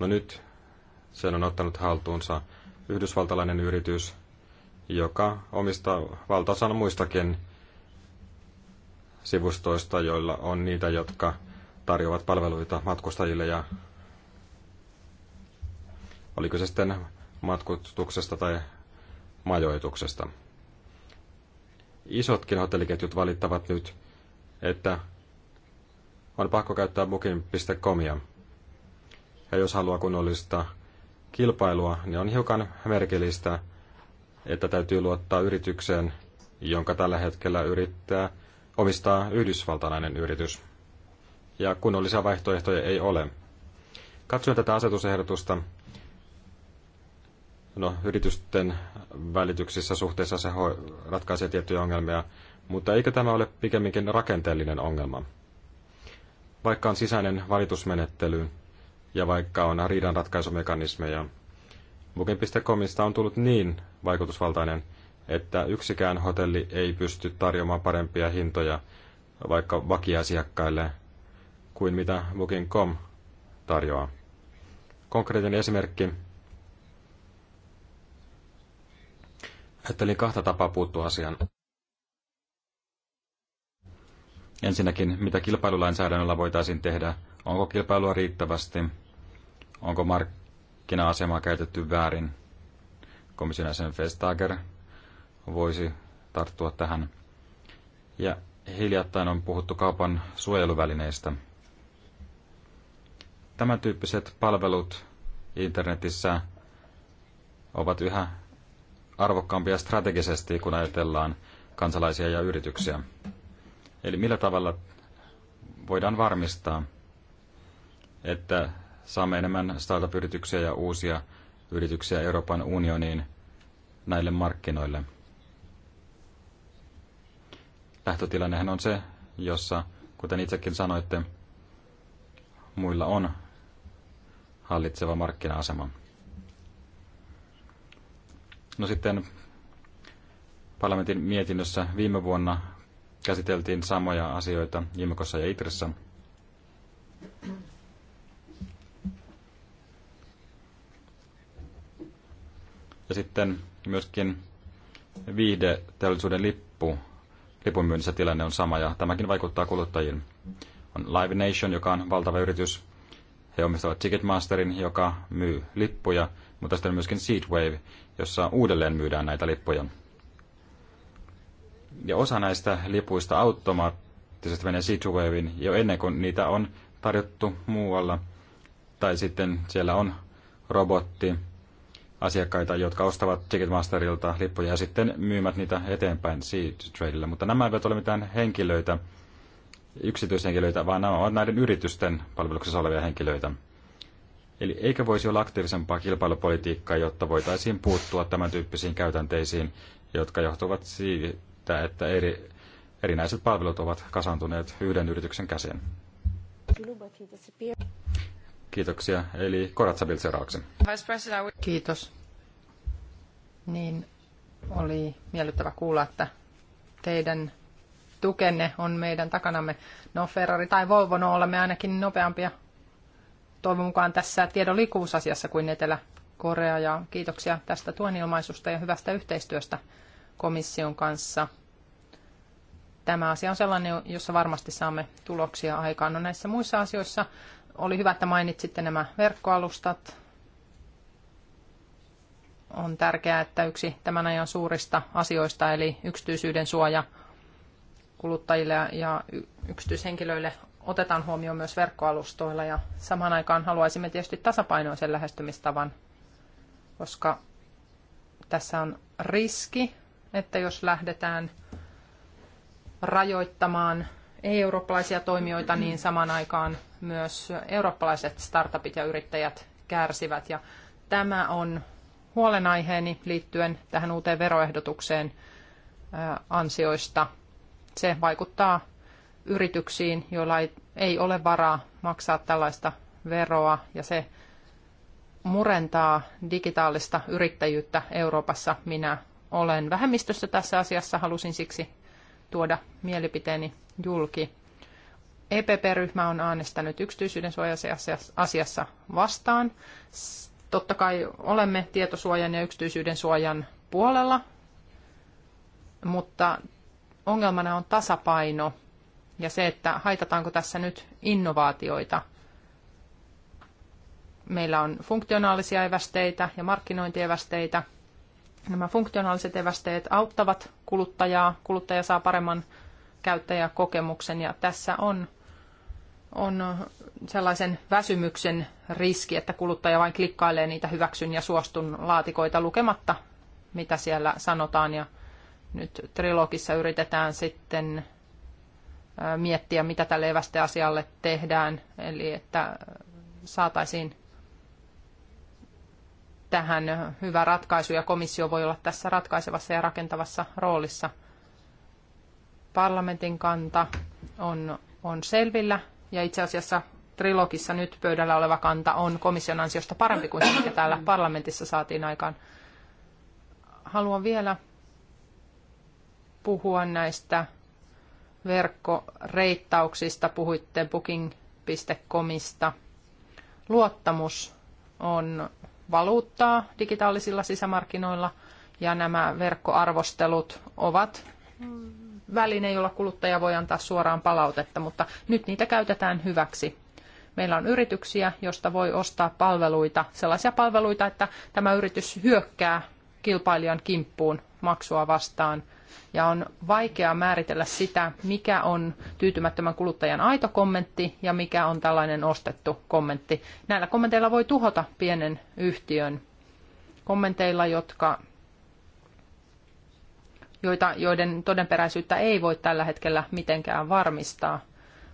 No nyt sen on ottanut haltuunsa yhdysvaltalainen yritys, joka omista valtaosan muistakin sivustoista, joilla on niitä, jotka tarjoavat palveluita matkustajille ja oliko se sitten matkustuksesta tai majoituksesta isotkin hotelliketjut valittavat nyt, että on pakko käyttää booking.comia. Ja jos haluaa kunnollista kilpailua, niin on hiukan merkillistä, että täytyy luottaa yritykseen, jonka tällä hetkellä yrittää omistaa yhdysvaltalainen yritys. Ja kunnollisia vaihtoehtoja ei ole. Katsoin tätä asetusehdotusta No, yritysten välityksissä suhteessa se ratkaisee tiettyjä ongelmia, mutta eikö tämä ole pikemminkin rakenteellinen ongelma? Vaikka on sisäinen valitusmenettely ja vaikka on riidanratkaisumekanismeja, Booking.comista on tullut niin vaikutusvaltainen, että yksikään hotelli ei pysty tarjoamaan parempia hintoja vaikka vakiasiakkaille kuin mitä Booking.com tarjoaa. Konkreettinen esimerkki että oli kahta tapaa puuttua asiaan. Ensinnäkin, mitä kilpailulainsäädännöllä voitaisiin tehdä? Onko kilpailua riittävästi? Onko markkina-asemaa käytetty väärin? Komission jäsen Vestager voisi tarttua tähän. Ja hiljattain on puhuttu kaupan suojeluvälineistä. Tämän tyyppiset palvelut internetissä ovat yhä arvokkaampia strategisesti, kun ajatellaan kansalaisia ja yrityksiä. Eli millä tavalla voidaan varmistaa, että saamme enemmän startup-yrityksiä ja uusia yrityksiä Euroopan unioniin näille markkinoille. Lähtötilannehän on se, jossa, kuten itsekin sanoitte, muilla on hallitseva markkina-asema. No sitten parlamentin mietinnössä viime vuonna käsiteltiin samoja asioita Ilmekossa ja Itressä. Ja sitten myöskin viihdeteollisuuden lippu, lipun tilanne on sama ja tämäkin vaikuttaa kuluttajiin. On Live Nation, joka on valtava yritys. He omistavat Ticketmasterin, joka myy lippuja mutta sitten myöskin Seedwave, jossa uudelleen myydään näitä lippuja. Ja osa näistä lipuista automaattisesti menee Seedwavein jo ennen kuin niitä on tarjottu muualla. Tai sitten siellä on robotti, asiakkaita, jotka ostavat Ticketmasterilta lippuja ja sitten myymät niitä eteenpäin Seedtradeille. Mutta nämä eivät ole mitään henkilöitä, yksityishenkilöitä, vaan nämä ovat näiden yritysten palveluksessa olevia henkilöitä. Eli eikä voisi olla aktiivisempaa kilpailupolitiikkaa, jotta voitaisiin puuttua tämän tyyppisiin käytänteisiin, jotka johtuvat siitä, että eri, erinäiset palvelut ovat kasantuneet yhden yrityksen käsien. Kiitoksia. Eli Koratsabil seuraavaksi. Kiitos. Niin oli miellyttävä kuulla, että teidän tukenne on meidän takanamme. No Ferrari tai Volvo, no olemme ainakin nopeampia toivon mukaan tässä tiedon liikkuvuusasiassa kuin Etelä-Korea. Ja kiitoksia tästä tuen ilmaisusta ja hyvästä yhteistyöstä komission kanssa. Tämä asia on sellainen, jossa varmasti saamme tuloksia aikaan. No näissä muissa asioissa oli hyvä, että mainitsitte nämä verkkoalustat. On tärkeää, että yksi tämän ajan suurista asioista, eli yksityisyyden suoja kuluttajille ja yksityishenkilöille otetaan huomioon myös verkkoalustoilla ja samaan aikaan haluaisimme tietysti tasapainoisen lähestymistavan, koska tässä on riski, että jos lähdetään rajoittamaan ei-eurooppalaisia toimijoita, niin samaan aikaan myös eurooppalaiset startupit ja yrittäjät kärsivät. Ja tämä on huolenaiheeni liittyen tähän uuteen veroehdotukseen ansioista. Se vaikuttaa yrityksiin, joilla ei ole varaa maksaa tällaista veroa ja se murentaa digitaalista yrittäjyyttä Euroopassa. Minä olen vähemmistössä tässä asiassa, halusin siksi tuoda mielipiteeni julki. EPP-ryhmä on äänestänyt yksityisyyden asiassa vastaan. Totta kai olemme tietosuojan ja yksityisyyden suojan puolella, mutta ongelmana on tasapaino ja se, että haitataanko tässä nyt innovaatioita. Meillä on funktionaalisia evästeitä ja markkinointievästeitä. Nämä funktionaaliset evästeet auttavat kuluttajaa. Kuluttaja saa paremman käyttäjäkokemuksen ja tässä on, on sellaisen väsymyksen riski, että kuluttaja vain klikkailee niitä hyväksyn ja suostun laatikoita lukematta, mitä siellä sanotaan ja nyt trilogissa yritetään sitten miettiä, mitä tälle asialle tehdään, eli että saataisiin tähän hyvä ratkaisu ja komissio voi olla tässä ratkaisevassa ja rakentavassa roolissa. Parlamentin kanta on, on selvillä ja itse asiassa trilogissa nyt pöydällä oleva kanta on komission ansiosta parempi kuin se, mikä täällä parlamentissa saatiin aikaan. Haluan vielä puhua näistä verkkoreittauksista, puhuitte booking.comista. Luottamus on valuuttaa digitaalisilla sisämarkkinoilla ja nämä verkkoarvostelut ovat väline, jolla kuluttaja voi antaa suoraan palautetta, mutta nyt niitä käytetään hyväksi. Meillä on yrityksiä, joista voi ostaa palveluita, sellaisia palveluita, että tämä yritys hyökkää kilpailijan kimppuun maksua vastaan – ja on vaikea määritellä sitä, mikä on tyytymättömän kuluttajan aito kommentti ja mikä on tällainen ostettu kommentti. Näillä kommenteilla voi tuhota pienen yhtiön kommenteilla, jotka, joita, joiden todenperäisyyttä ei voi tällä hetkellä mitenkään varmistaa.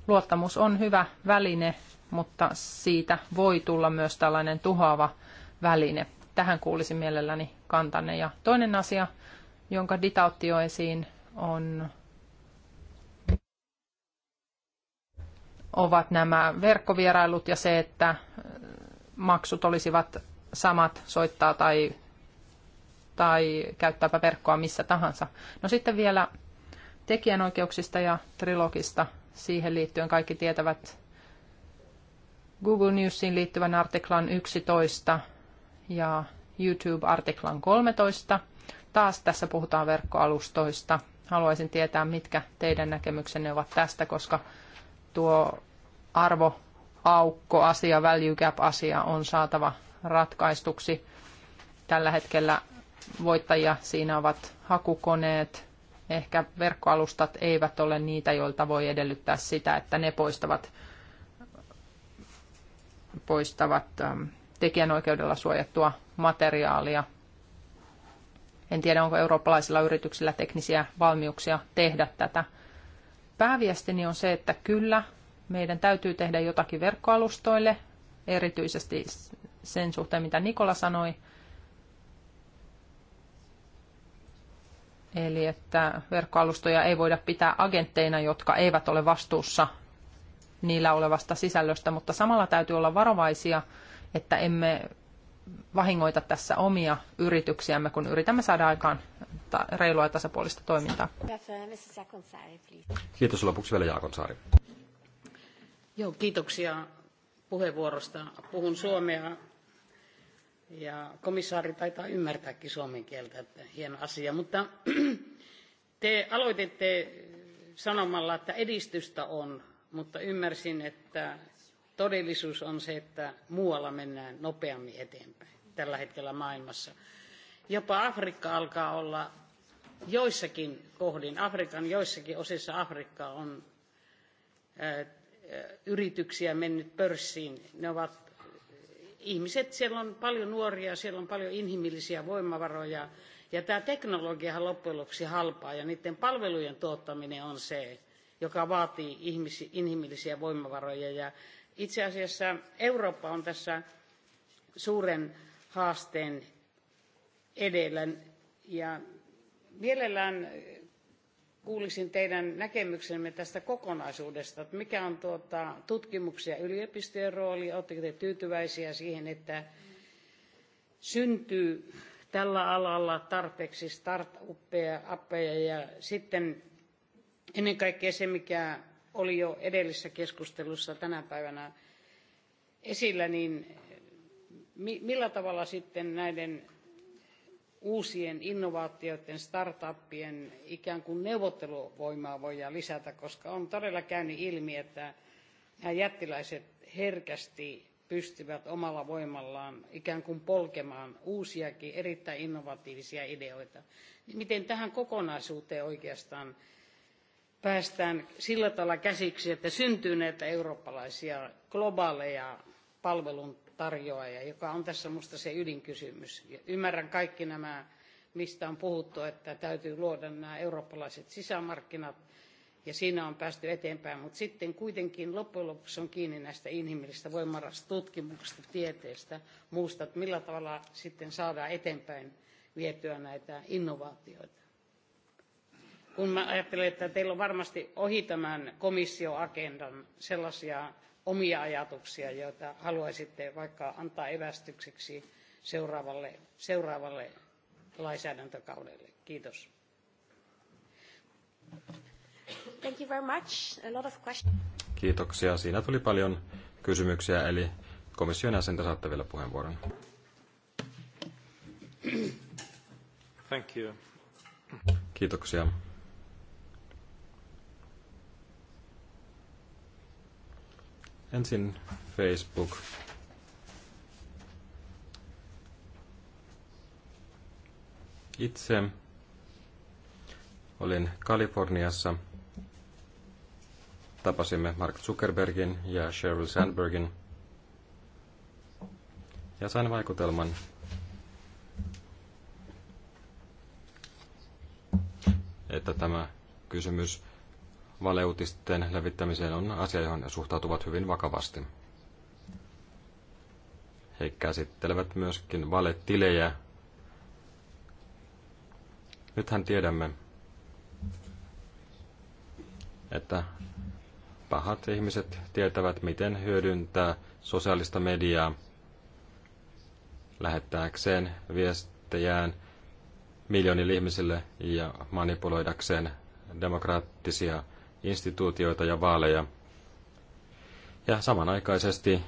Luottamus on hyvä väline, mutta siitä voi tulla myös tällainen tuhoava väline. Tähän kuulisin mielelläni kantanne. Ja toinen asia – jonka Dita on, ovat nämä verkkovierailut ja se, että maksut olisivat samat soittaa tai, tai käyttääpä verkkoa missä tahansa. No sitten vielä tekijänoikeuksista ja trilogista. Siihen liittyen kaikki tietävät Google Newsiin liittyvän artiklan 11 ja YouTube-artiklan 13. Taas tässä puhutaan verkkoalustoista. Haluaisin tietää, mitkä teidän näkemyksenne ovat tästä, koska tuo arvo aukko asia, value gap asia on saatava ratkaistuksi. Tällä hetkellä voittajia siinä ovat hakukoneet. Ehkä verkkoalustat eivät ole niitä, joilta voi edellyttää sitä, että ne poistavat, poistavat tekijänoikeudella suojattua materiaalia en tiedä, onko eurooppalaisilla yrityksillä teknisiä valmiuksia tehdä tätä. Pääviestini on se, että kyllä, meidän täytyy tehdä jotakin verkkoalustoille, erityisesti sen suhteen, mitä Nikola sanoi. Eli että verkkoalustoja ei voida pitää agentteina, jotka eivät ole vastuussa niillä olevasta sisällöstä, mutta samalla täytyy olla varovaisia, että emme vahingoita tässä omia yrityksiämme, kun yritämme saada aikaan reilua ja tasapuolista toimintaa. Kiitos lopuksi vielä Jaakonsaari. Joo, kiitoksia puheenvuorosta. Puhun suomea ja komissaari taitaa ymmärtääkin suomen kieltä, että hieno asia. Mutta [CLEARS THROAT] te aloititte sanomalla, että edistystä on, mutta ymmärsin, että todellisuus on se, että muualla mennään nopeammin eteenpäin tällä hetkellä maailmassa. Jopa Afrikka alkaa olla joissakin kohdin, Afrikan joissakin osissa Afrikkaa on ää, yrityksiä mennyt pörssiin. Ne ovat ihmiset, siellä on paljon nuoria, siellä on paljon inhimillisiä voimavaroja. Ja tämä teknologiahan loppujen lopuksi halpaa ja niiden palvelujen tuottaminen on se, joka vaatii ihmisi, inhimillisiä voimavaroja. Ja itse asiassa Eurooppa on tässä suuren haasteen edellä ja mielellään kuulisin teidän näkemyksenne tästä kokonaisuudesta, että mikä on tuota, tutkimuksia yliopistojen rooli, oletteko te tyytyväisiä siihen, että syntyy tällä alalla tarpeeksi start-uppeja, appeja ja sitten ennen kaikkea se, mikä oli jo edellisessä keskustelussa tänä päivänä esillä, niin millä tavalla sitten näiden uusien innovaatioiden, startuppien ikään kuin neuvotteluvoimaa voidaan lisätä, koska on todella käynyt ilmi, että nämä jättiläiset herkästi pystyvät omalla voimallaan ikään kuin polkemaan uusiakin erittäin innovatiivisia ideoita. Niin miten tähän kokonaisuuteen oikeastaan päästään sillä tavalla käsiksi, että syntyy näitä eurooppalaisia globaaleja palveluntarjoajia, joka on tässä minusta se ydinkysymys. Ja ymmärrän kaikki nämä, mistä on puhuttu, että täytyy luoda nämä eurooppalaiset sisämarkkinat, ja siinä on päästy eteenpäin, mutta sitten kuitenkin loppujen lopuksi on kiinni näistä inhimillisistä voimarasta tutkimuksesta, tieteestä, muusta, että millä tavalla sitten saadaan eteenpäin vietyä näitä innovaatioita kun mä ajattelen, että teillä on varmasti ohi tämän komissioagendan sellaisia omia ajatuksia, joita haluaisitte vaikka antaa evästykseksi seuraavalle, seuraavalle lainsäädäntökaudelle. Kiitos. Thank you very much. A lot of questions. Kiitoksia. Siinä tuli paljon kysymyksiä, eli komission jäsentä saatte vielä puheenvuoron. Thank you. Kiitoksia. Ensin Facebook. Itse olin Kaliforniassa. Tapasimme Mark Zuckerbergin ja Sheryl Sandbergin. Ja sain vaikutelman, että tämä kysymys valeutisten levittämiseen on asia, johon suhtautuvat hyvin vakavasti. He käsittelevät myöskin valetilejä. Nythän tiedämme, että pahat ihmiset tietävät, miten hyödyntää sosiaalista mediaa lähettääkseen viestejään miljoonille ihmisille ja manipuloidakseen demokraattisia instituutioita ja vaaleja. Ja samanaikaisesti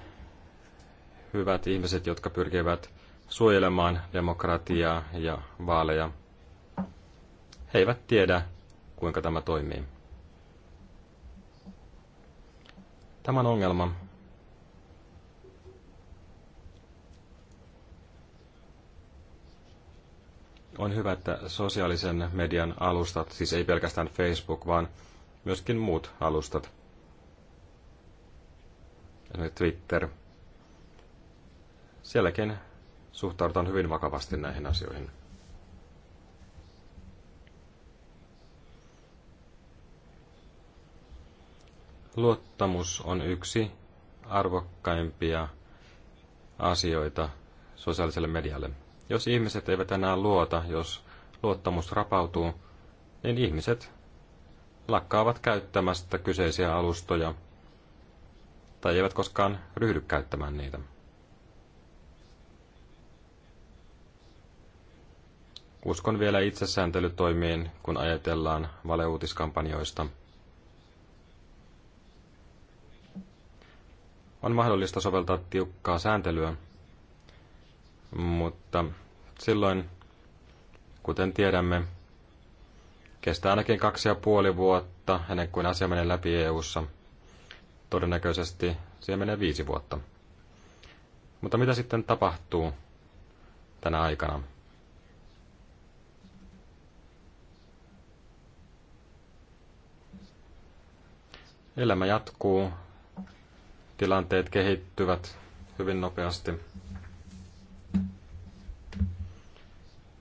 hyvät ihmiset, jotka pyrkivät suojelemaan demokratiaa ja vaaleja, he eivät tiedä, kuinka tämä toimii. Tämän ongelman on hyvä, että sosiaalisen median alustat, siis ei pelkästään Facebook, vaan myöskin muut alustat. Esimerkiksi Twitter. Sielläkin suhtaudutaan hyvin vakavasti näihin asioihin. Luottamus on yksi arvokkaimpia asioita sosiaaliselle medialle. Jos ihmiset eivät enää luota, jos luottamus rapautuu, niin ihmiset lakkaavat käyttämästä kyseisiä alustoja tai eivät koskaan ryhdy käyttämään niitä. Uskon vielä itsesääntelytoimiin, kun ajatellaan valeuutiskampanjoista. On mahdollista soveltaa tiukkaa sääntelyä, mutta silloin, kuten tiedämme, Kestää ainakin kaksi ja puoli vuotta ennen kuin asia menee läpi EU-ssa. Todennäköisesti siihen menee viisi vuotta. Mutta mitä sitten tapahtuu tänä aikana? Elämä jatkuu, tilanteet kehittyvät hyvin nopeasti.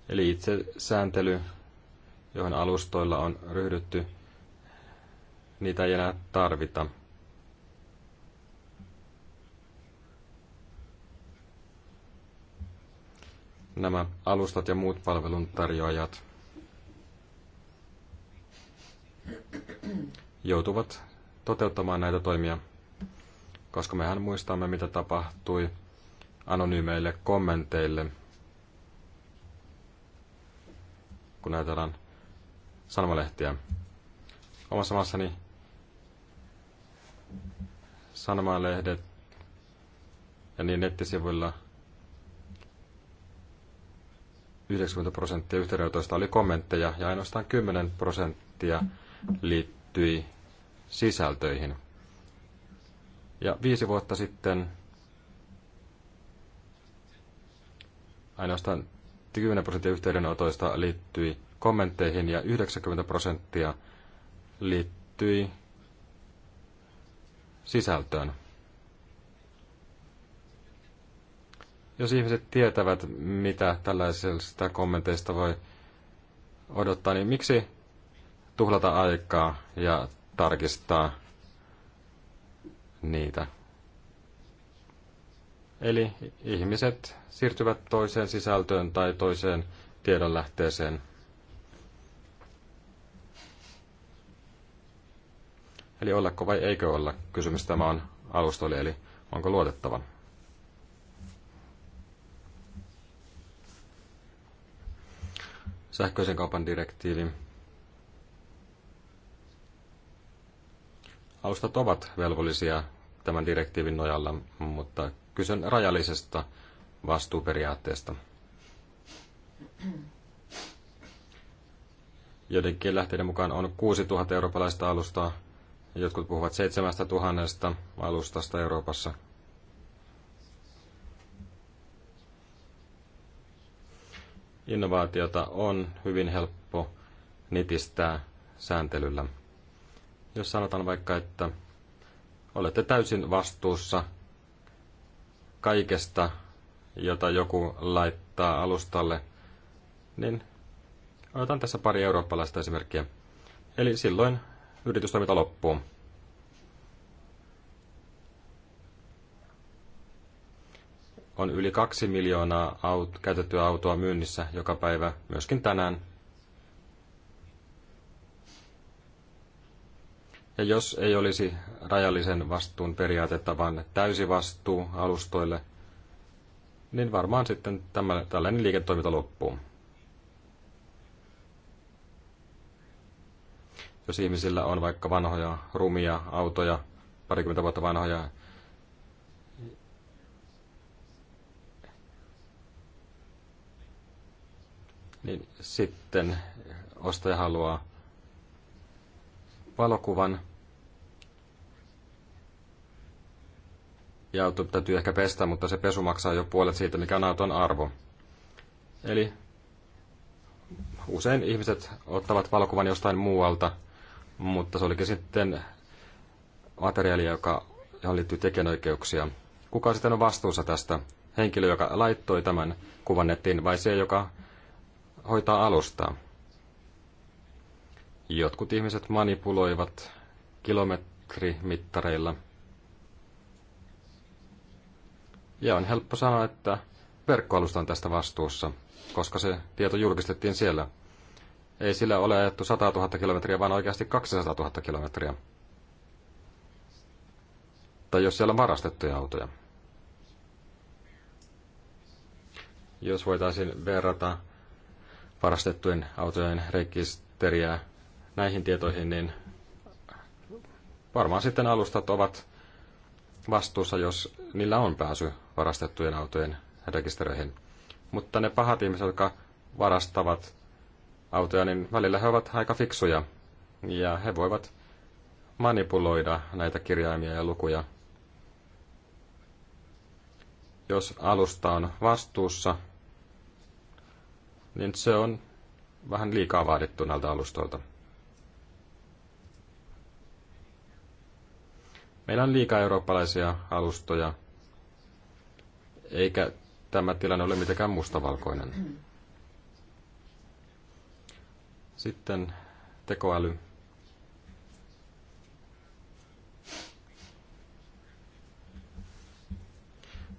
Eli itse sääntely johon alustoilla on ryhdytty, niitä ei enää tarvita. Nämä alustat ja muut palveluntarjoajat joutuvat toteuttamaan näitä toimia, koska mehän muistamme, mitä tapahtui anonyymeille kommenteille, kun ajatellaan sanomalehtiä. Omassa maassani sanomalehdet ja niin nettisivuilla 90 prosenttia yhteydenotoista oli kommentteja ja ainoastaan 10 prosenttia liittyi sisältöihin. Ja viisi vuotta sitten ainoastaan 10 prosenttia yhteydenotoista liittyi kommentteihin ja 90 prosenttia liittyi sisältöön. Jos ihmiset tietävät, mitä tällaisista kommenteista voi odottaa, niin miksi tuhlata aikaa ja tarkistaa niitä? Eli ihmiset siirtyvät toiseen sisältöön tai toiseen tiedonlähteeseen – Eli ollako vai eikö olla? Kysymys tämä on alustoille, eli onko luotettava? Sähköisen kaupan direktiivi. Alustat ovat velvollisia tämän direktiivin nojalla, mutta kyse on rajallisesta vastuuperiaatteesta. Joidenkin lähteiden mukaan on 6000 eurooppalaista alustaa, Jotkut puhuvat seitsemästä tuhannesta alustasta Euroopassa. Innovaatiota on hyvin helppo nitistää sääntelyllä. Jos sanotaan vaikka, että olette täysin vastuussa kaikesta, jota joku laittaa alustalle, niin otan tässä pari eurooppalaista esimerkkiä. Eli silloin yritystoiminta loppuu On yli kaksi miljoonaa aut- käytettyä autoa myynnissä joka päivä, myöskin tänään. Ja jos ei olisi rajallisen vastuun periaatetta, vaan täysi vastuu alustoille, niin varmaan sitten tämä, tällainen liiketoiminta loppuu. Jos ihmisillä on vaikka vanhoja, rumia autoja, parikymmentä vuotta vanhoja, niin sitten ostaja haluaa valokuvan. Ja auto täytyy ehkä pestä, mutta se pesu maksaa jo puolet siitä, mikä on auton arvo. Eli usein ihmiset ottavat valokuvan jostain muualta mutta se olikin sitten materiaali, joka, johon liittyy tekijänoikeuksia. Kuka sitten on vastuussa tästä? Henkilö, joka laittoi tämän kuvan nettiin, vai se, joka hoitaa alustaa? Jotkut ihmiset manipuloivat kilometrimittareilla. Ja on helppo sanoa, että verkkoalusta on tästä vastuussa, koska se tieto julkistettiin siellä – ei sillä ole ajettu 100 000 kilometriä, vaan oikeasti 200 000 kilometriä. Tai jos siellä on varastettuja autoja. Jos voitaisiin verrata varastettujen autojen rekisteriä näihin tietoihin, niin varmaan sitten alustat ovat vastuussa, jos niillä on pääsy varastettujen autojen rekistereihin. Mutta ne pahat ihmiset, jotka varastavat autoja, niin välillä he ovat aika fiksuja ja he voivat manipuloida näitä kirjaimia ja lukuja. Jos alusta on vastuussa, niin se on vähän liikaa vaadittu näiltä alustoilta. Meillä on liikaa eurooppalaisia alustoja, eikä tämä tilanne ole mitenkään mustavalkoinen. Sitten tekoäly.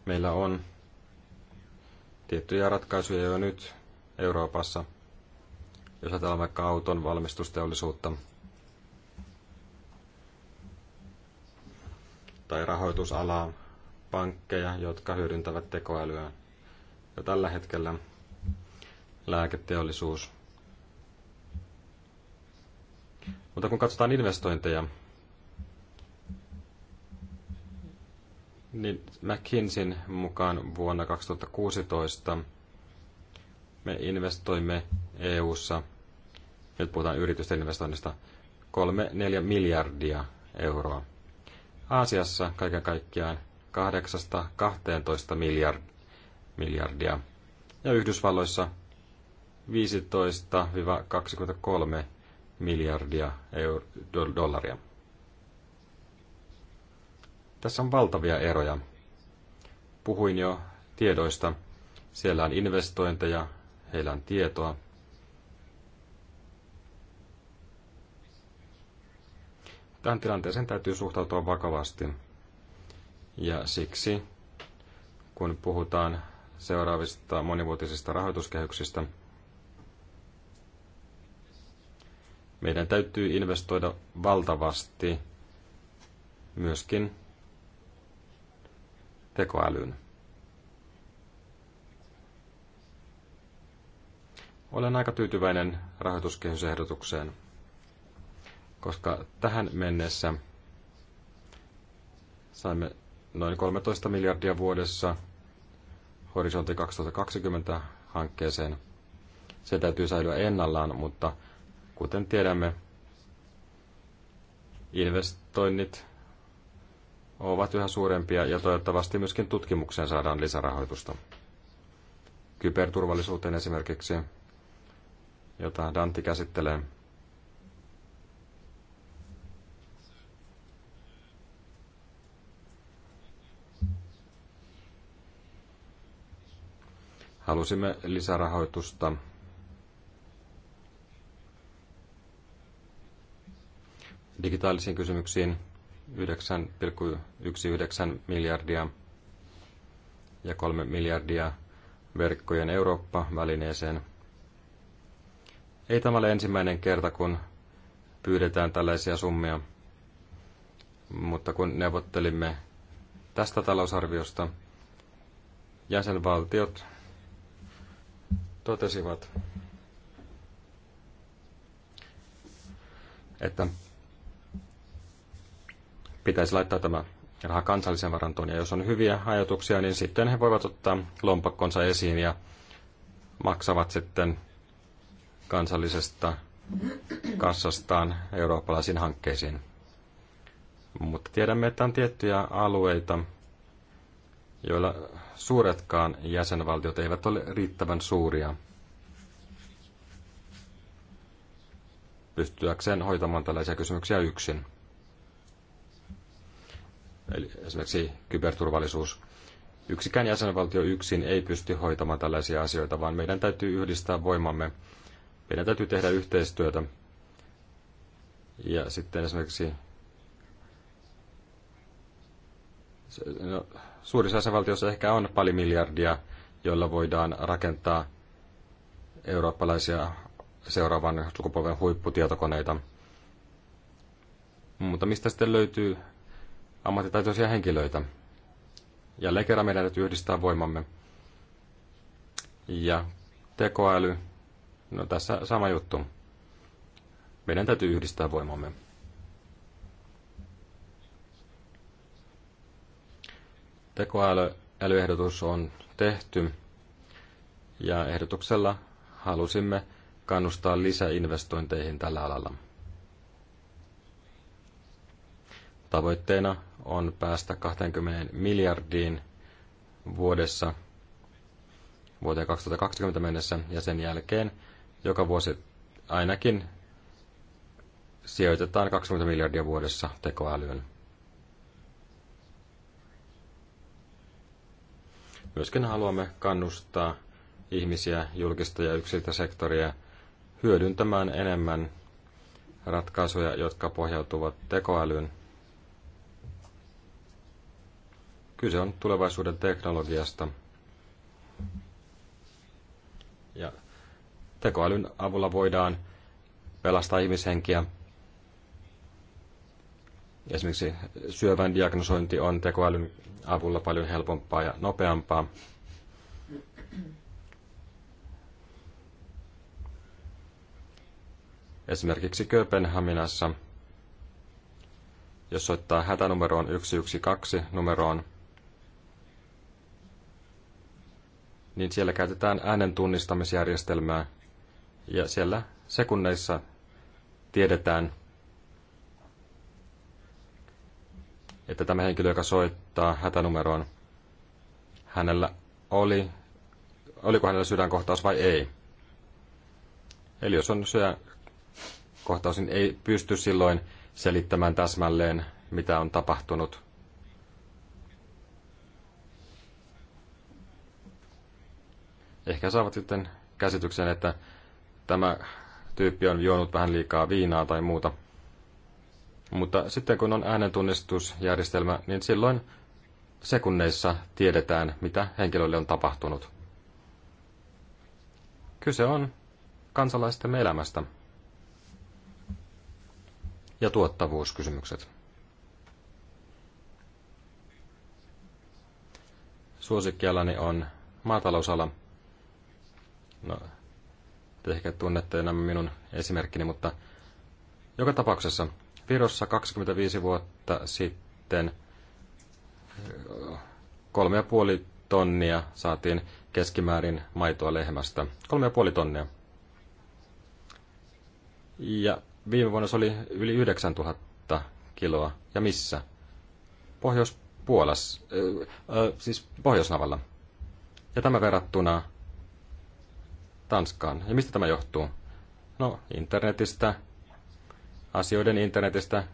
Meillä on tiettyjä ratkaisuja jo nyt Euroopassa. Jos ajatellaan vaikka auton valmistusteollisuutta tai rahoitusalaa, pankkeja, jotka hyödyntävät tekoälyä. Ja tällä hetkellä lääketeollisuus Mutta kun katsotaan investointeja, niin McKinseyn mukaan vuonna 2016 me investoimme EU:ssa nyt puhutaan yritysten investoinnista, 3-4 miljardia euroa. Aasiassa kaiken kaikkiaan 8-12 miljard, miljardia ja Yhdysvalloissa 15-23 miljardia euro, dollaria. Tässä on valtavia eroja. Puhuin jo tiedoista. Siellä on investointeja, heillä on tietoa. Tähän tilanteeseen täytyy suhtautua vakavasti. Ja siksi, kun puhutaan seuraavista monivuotisista rahoituskehyksistä – Meidän täytyy investoida valtavasti myöskin tekoälyyn. Olen aika tyytyväinen rahoituskehysehdotukseen, koska tähän mennessä saimme noin 13 miljardia vuodessa horisontti 2020 hankkeeseen. Se täytyy säilyä ennallaan, mutta Kuten tiedämme, investoinnit ovat yhä suurempia ja toivottavasti myöskin tutkimukseen saadaan lisärahoitusta. Kyberturvallisuuteen esimerkiksi, jota Dantti käsittelee. Halusimme lisärahoitusta digitaalisiin kysymyksiin 9,19 miljardia ja 3 miljardia verkkojen Eurooppa-välineeseen. Ei tämä ole ensimmäinen kerta, kun pyydetään tällaisia summia, mutta kun neuvottelimme tästä talousarviosta, jäsenvaltiot totesivat, että pitäisi laittaa tämä raha kansalliseen varantoon. Ja jos on hyviä ajatuksia, niin sitten he voivat ottaa lompakkonsa esiin ja maksavat sitten kansallisesta kassastaan eurooppalaisiin hankkeisiin. Mutta tiedämme, että on tiettyjä alueita, joilla suuretkaan jäsenvaltiot eivät ole riittävän suuria pystyäkseen hoitamaan tällaisia kysymyksiä yksin eli esimerkiksi kyberturvallisuus. Yksikään jäsenvaltio yksin ei pysty hoitamaan tällaisia asioita, vaan meidän täytyy yhdistää voimamme. Meidän täytyy tehdä yhteistyötä. Ja sitten esimerkiksi no, suurissa jäsenvaltioissa ehkä on pari miljardia, joilla voidaan rakentaa eurooppalaisia seuraavan sukupolven huipputietokoneita. Mutta mistä sitten löytyy ammattitaitoisia henkilöitä. Jälleen kerran meidän täytyy yhdistää voimamme. Ja tekoäly, no tässä sama juttu. Meidän täytyy yhdistää voimamme. Tekoälyehdotus on tehty ja ehdotuksella halusimme kannustaa lisäinvestointeihin tällä alalla. Tavoitteena on päästä 20 miljardiin vuodessa vuoteen 2020 mennessä ja sen jälkeen joka vuosi ainakin sijoitetaan 20 miljardia vuodessa tekoälyyn. Myöskin haluamme kannustaa ihmisiä, julkista ja yksityistä sektoria hyödyntämään enemmän ratkaisuja, jotka pohjautuvat tekoälyyn Kyse on tulevaisuuden teknologiasta. Ja tekoälyn avulla voidaan pelastaa ihmishenkiä. Esimerkiksi syövän diagnosointi on tekoälyn avulla paljon helpompaa ja nopeampaa. Esimerkiksi Kööpenhaminassa, jos soittaa hätänumeroon 112 numeroon, niin siellä käytetään äänen tunnistamisjärjestelmää ja siellä sekunneissa tiedetään, että tämä henkilö, joka soittaa hätänumeroon, hänellä oli, oliko hänellä sydänkohtaus vai ei. Eli jos on sydänkohtaus, niin ei pysty silloin selittämään täsmälleen, mitä on tapahtunut. Ehkä saavat sitten käsityksen, että tämä tyyppi on juonut vähän liikaa viinaa tai muuta. Mutta sitten kun on äänentunnistusjärjestelmä, niin silloin sekunneissa tiedetään, mitä henkilölle on tapahtunut. Kyse on kansalaisten elämästä ja tuottavuuskysymykset. Suosikkialani on maatalousala – No, te ehkä tunnette enää minun esimerkkini, mutta joka tapauksessa Virossa 25 vuotta sitten kolme ja puoli tonnia saatiin keskimäärin maitoa lehmästä. Kolme ja puoli tonnia. Ja viime vuonna se oli yli 9000 kiloa. Ja missä? Pohjois-Puolassa, äh, äh, siis Pohjoisnavalla. Ja tämä verrattuna Tanskaan. Ja mistä tämä johtuu? No, internetistä, asioiden internetistä,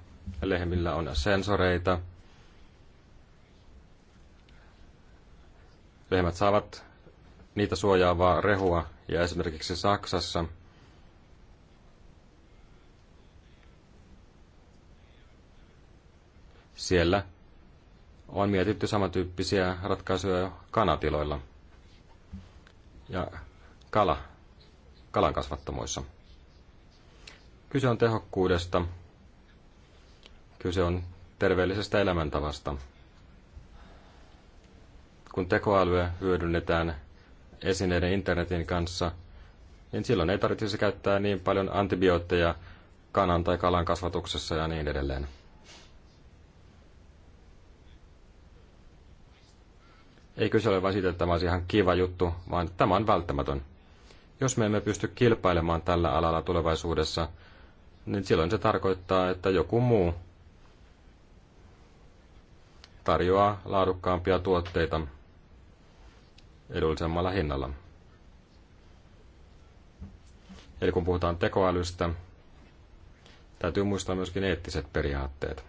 lehmillä on sensoreita. Lehmät saavat niitä suojaavaa rehua ja esimerkiksi Saksassa siellä on mietitty samantyyppisiä ratkaisuja jo kanatiloilla. Ja kala kalankasvattamoissa. Kyse on tehokkuudesta, kyse on terveellisestä elämäntavasta. Kun tekoälyä hyödynnetään esineiden internetin kanssa, niin silloin ei tarvitsisi käyttää niin paljon antibiootteja kanan tai kalan kasvatuksessa ja niin edelleen. Ei kyse ole vain siitä, että tämä olisi ihan kiva juttu, vaan tämä on välttämätön. Jos me emme pysty kilpailemaan tällä alalla tulevaisuudessa, niin silloin se tarkoittaa, että joku muu tarjoaa laadukkaampia tuotteita edullisemmalla hinnalla. Eli kun puhutaan tekoälystä, täytyy muistaa myöskin eettiset periaatteet.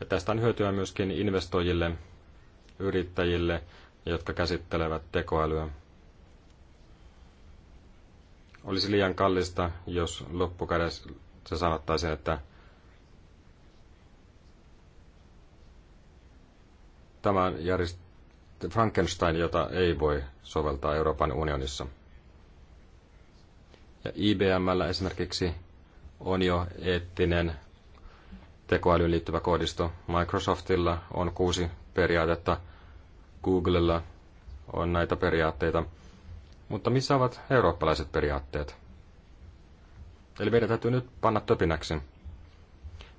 Ja tästä on hyötyä myöskin investoijille, yrittäjille, jotka käsittelevät tekoälyä. Olisi liian kallista, jos loppukädessä sanottaisiin, että tämä järjest- Frankenstein, jota ei voi soveltaa Euroopan unionissa. Ja IBMllä esimerkiksi on jo eettinen tekoälyyn liittyvä koodisto. Microsoftilla on kuusi periaatetta, Googlella on näitä periaatteita. Mutta missä ovat eurooppalaiset periaatteet? Eli meidän täytyy nyt panna töpinäksi.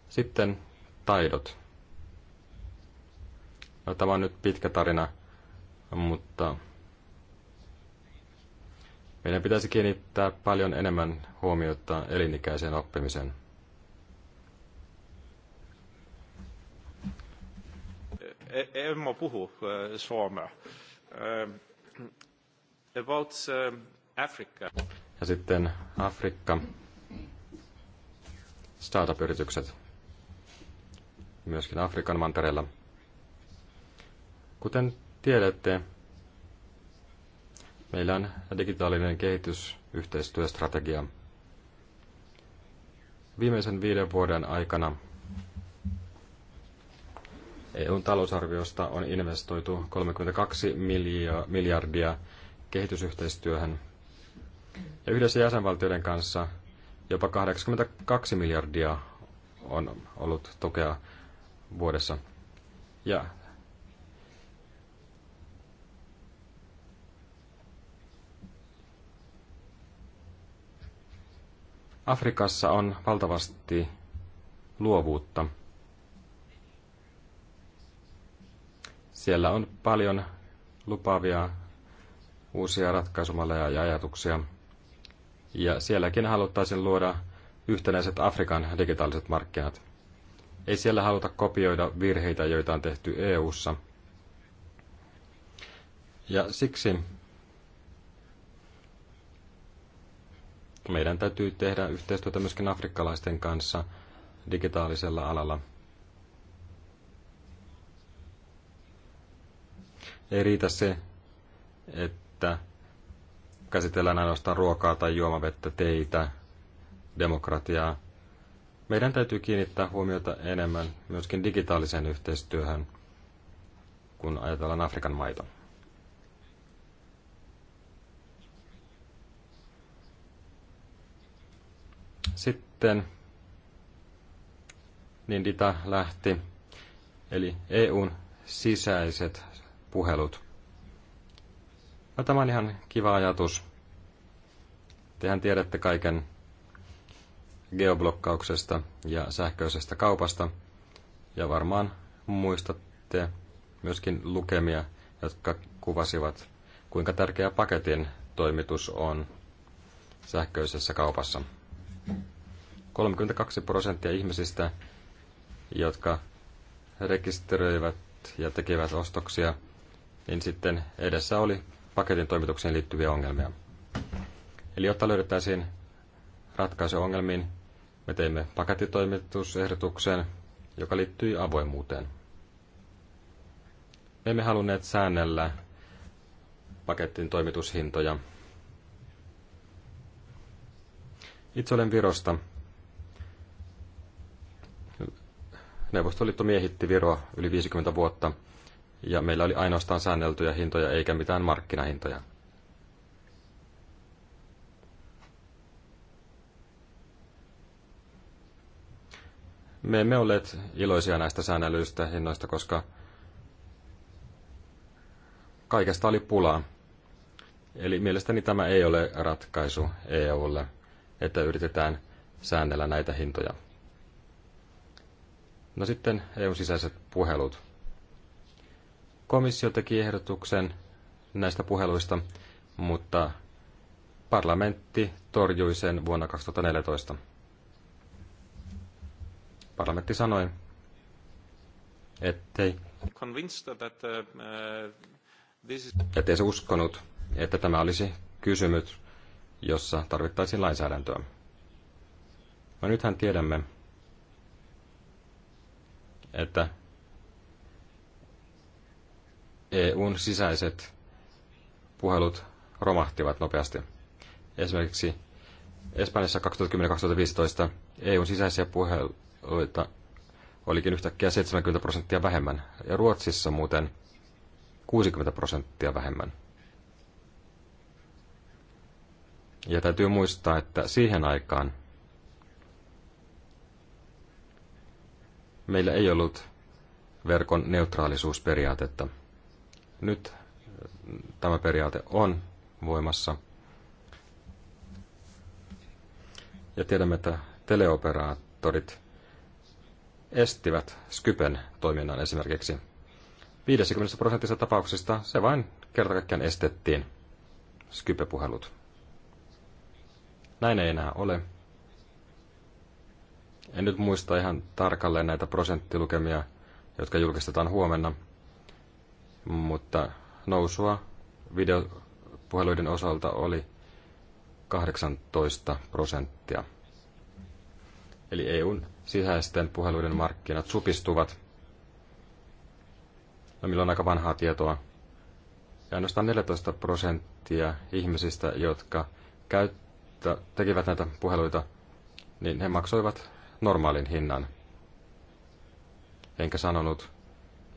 Sitten taidot. No, tämä on nyt pitkä tarina, mutta meidän pitäisi kiinnittää paljon enemmän huomiota elinikäiseen oppimiseen. En puhu e, suomea. E, About um, Africa. Ja sitten Afrikka. Startup-yritykset. Myöskin Afrikan mantereella. Kuten tiedätte, meillä on digitaalinen kehitysyhteistyöstrategia. Viimeisen viiden vuoden aikana EUn talousarviosta on investoitu 32 miljardia kehitysyhteistyöhön. Ja yhdessä jäsenvaltioiden kanssa jopa 82 miljardia on ollut tukea vuodessa. Ja Afrikassa on valtavasti luovuutta. Siellä on paljon lupaavia uusia ratkaisumalleja ja ajatuksia. Ja sielläkin haluttaisiin luoda yhtenäiset Afrikan digitaaliset markkinat. Ei siellä haluta kopioida virheitä, joita on tehty EU:ssa. Ja siksi meidän täytyy tehdä yhteistyötä myöskin afrikkalaisten kanssa digitaalisella alalla. Ei riitä se, että että käsitellään ainoastaan ruokaa tai juomavettä, teitä, demokratiaa. Meidän täytyy kiinnittää huomiota enemmän myöskin digitaaliseen yhteistyöhön, kun ajatellaan Afrikan maita. Sitten niin Dita lähti, eli EUn sisäiset puhelut – No, tämä on ihan kiva ajatus. Tehän tiedätte kaiken geoblokkauksesta ja sähköisestä kaupasta. Ja varmaan muistatte myöskin lukemia, jotka kuvasivat, kuinka tärkeä paketin toimitus on sähköisessä kaupassa. 32 prosenttia ihmisistä, jotka rekisteröivät ja tekivät ostoksia, niin sitten edessä oli paketin toimitukseen liittyviä ongelmia. Eli jotta löydettäisiin ratkaisu ongelmiin, me teimme paketitoimitusehdotuksen, joka liittyy avoimuuteen. Me emme halunneet säännellä paketin toimitushintoja. Itse olen Virosta. Neuvostoliitto miehitti Viroa yli 50 vuotta – ja meillä oli ainoastaan säänneltyjä hintoja eikä mitään markkinahintoja. Me emme olleet iloisia näistä säännellyistä hinnoista, koska kaikesta oli pulaa. Eli mielestäni tämä ei ole ratkaisu EUlle, että yritetään säännellä näitä hintoja. No sitten eu sisäiset puhelut. Komissio teki ehdotuksen näistä puheluista, mutta parlamentti torjui sen vuonna 2014. Parlamentti sanoi, ettei, uh, uh, ettei se uskonut, että tämä olisi kysymys, jossa tarvittaisiin lainsäädäntöä. No nythän tiedämme, että EUn sisäiset puhelut romahtivat nopeasti. Esimerkiksi Espanjassa 2010-2015 EUn sisäisiä puheluita olikin yhtäkkiä 70 prosenttia vähemmän, ja Ruotsissa muuten 60 prosenttia vähemmän. Ja täytyy muistaa, että siihen aikaan meillä ei ollut verkon neutraalisuusperiaatetta – nyt äh, tämä periaate on voimassa. Ja tiedämme, että teleoperaattorit estivät Skypen toiminnan esimerkiksi. 50 prosentissa tapauksista se vain kertakaikkiaan estettiin, Skype-puhelut. Näin ei enää ole. En nyt muista ihan tarkalleen näitä prosenttilukemia, jotka julkistetaan huomenna – mutta nousua videopuheluiden osalta oli 18 prosenttia. Eli EUn sisäisten puheluiden markkinat supistuvat. No, meillä on aika vanhaa tietoa. Ja ainoastaan 14 prosenttia ihmisistä, jotka käyttä, tekivät näitä puheluita, niin he maksoivat normaalin hinnan. Enkä sanonut,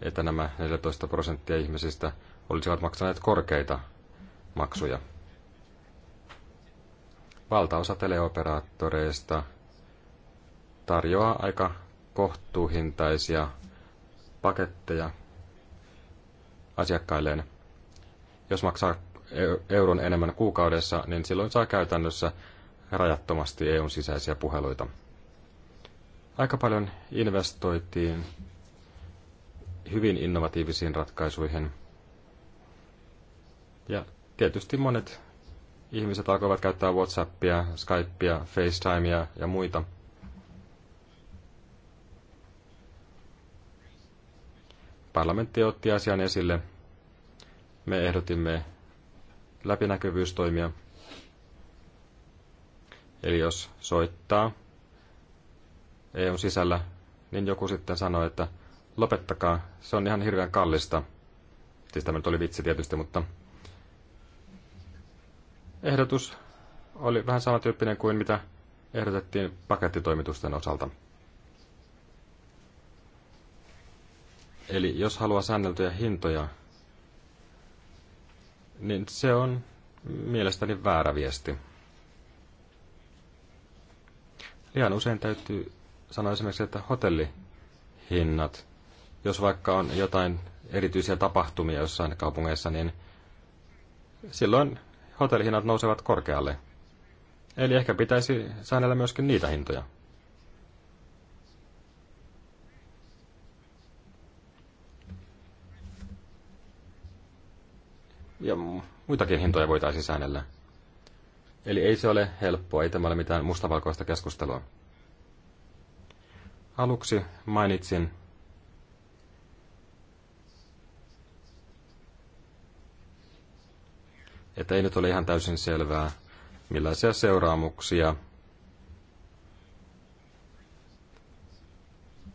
että nämä 14 prosenttia ihmisistä olisivat maksaneet korkeita maksuja. Valtaosa teleoperaattoreista tarjoaa aika kohtuuhintaisia paketteja asiakkailleen. Jos maksaa euron enemmän kuukaudessa, niin silloin saa käytännössä rajattomasti EUn sisäisiä puheluita. Aika paljon investoitiin hyvin innovatiivisiin ratkaisuihin. Ja tietysti monet ihmiset alkoivat käyttää WhatsAppia, Skypea, FaceTimea ja muita. Parlamentti otti asian esille. Me ehdotimme läpinäkyvyystoimia. Eli jos soittaa EUn sisällä, niin joku sitten sanoo, että – lopettakaa, se on ihan hirveän kallista. Siis tämä nyt oli vitsi tietysti, mutta ehdotus oli vähän samantyyppinen kuin mitä ehdotettiin pakettitoimitusten osalta. Eli jos haluaa säänneltyjä hintoja, niin se on mielestäni väärä viesti. Liian usein täytyy sanoa esimerkiksi, että hotellihinnat jos vaikka on jotain erityisiä tapahtumia jossain kaupungeissa, niin silloin hotellihinnat nousevat korkealle. Eli ehkä pitäisi säännellä myöskin niitä hintoja. Ja muitakin hintoja voitaisiin säännellä. Eli ei se ole helppoa, ei tämä ole mitään mustavalkoista keskustelua. Aluksi mainitsin että ei nyt ole ihan täysin selvää, millaisia seuraamuksia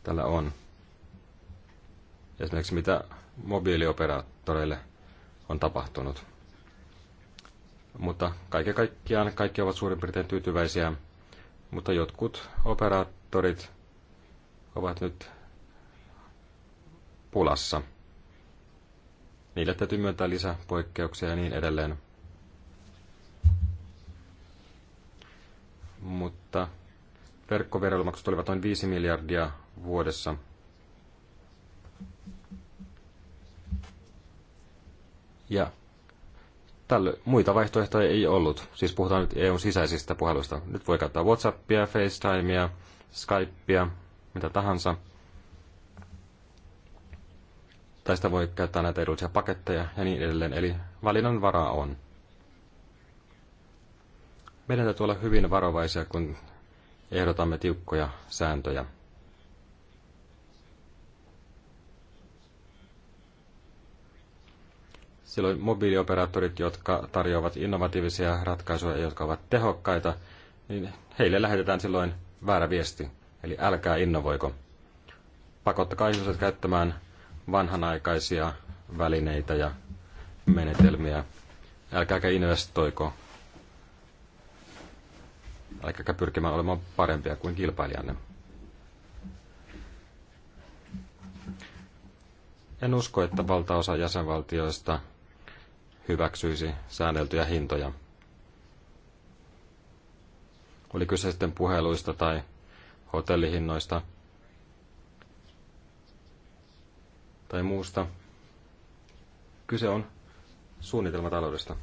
tällä on. Esimerkiksi mitä mobiilioperaattoreille on tapahtunut. Mutta kaiken kaikkiaan kaikki ovat suurin piirtein tyytyväisiä, mutta jotkut operaattorit ovat nyt pulassa. Niille täytyy myöntää lisäpoikkeuksia ja niin edelleen. mutta verkkoverolumaksut olivat noin 5 miljardia vuodessa. Ja tälle muita vaihtoehtoja ei ollut. Siis puhutaan nyt EUn sisäisistä puheluista. Nyt voi käyttää Whatsappia, FaceTimea, Skypea, mitä tahansa. Tai sitä voi käyttää näitä edullisia paketteja ja niin edelleen. Eli valinnan varaa on. Meidän täytyy olla hyvin varovaisia, kun ehdotamme tiukkoja sääntöjä. Silloin mobiilioperaattorit, jotka tarjoavat innovatiivisia ratkaisuja, jotka ovat tehokkaita, niin heille lähetetään silloin väärä viesti. Eli älkää innovoiko. Pakottakaa ihmiset käyttämään vanhanaikaisia välineitä ja menetelmiä. Älkääkä investoiko älkääkä pyrkimään olemaan parempia kuin kilpailijanne. En usko, että valtaosa jäsenvaltioista hyväksyisi säänneltyjä hintoja. Oli kyse sitten puheluista tai hotellihinnoista tai muusta. Kyse on suunnitelmataloudesta.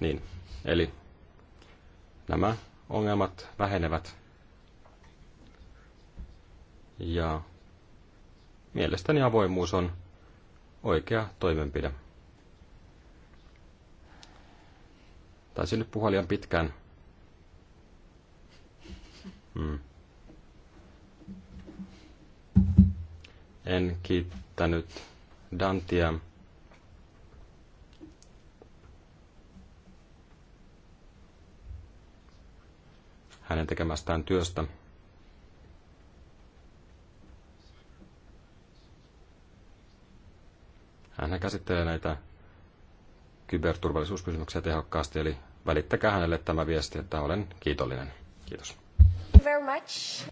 Niin, eli nämä ongelmat vähenevät. Ja mielestäni avoimuus on oikea toimenpide. Taisin nyt puhua liian pitkään. Hmm. En kiittänyt Dantia hänen tekemästään työstä. Hän käsittelee näitä kyberturvallisuuskysymyksiä tehokkaasti, eli välittäkää hänelle tämä viesti, että olen kiitollinen. Kiitos. Very much.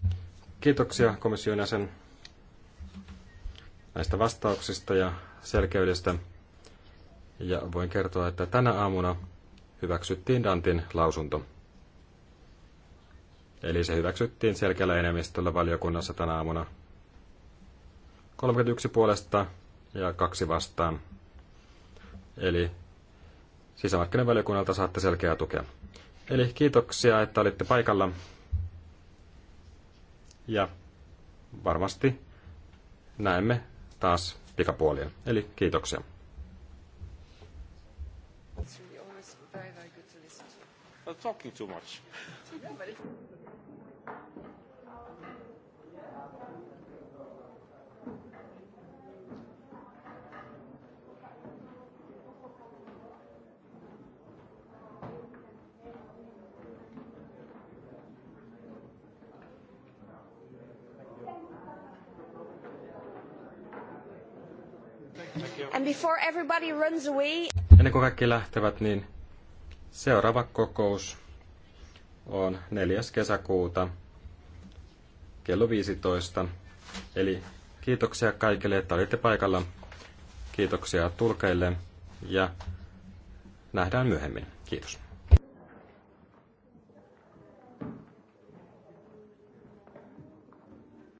Kiitoksia komission jäsen näistä vastauksista ja selkeydestä. Ja voin kertoa, että tänä aamuna hyväksyttiin Dantin lausunto. Eli se hyväksyttiin selkeällä enemmistöllä valiokunnassa tänä aamuna. 31 puolesta ja kaksi vastaan. Eli sisämarkkinavaliokunnalta saatte selkeää tukea. Eli kiitoksia, että olitte paikalla. Ja varmasti näemme taas pikapuolien. Eli kiitoksia. I'm talking too much. And before everybody runs away... Ennen kuin kaikki lähtevät, niin seuraava kokous on 4. kesäkuuta kello 15. Eli kiitoksia kaikille, että olitte paikalla. Kiitoksia tulkeille ja nähdään myöhemmin. Kiitos.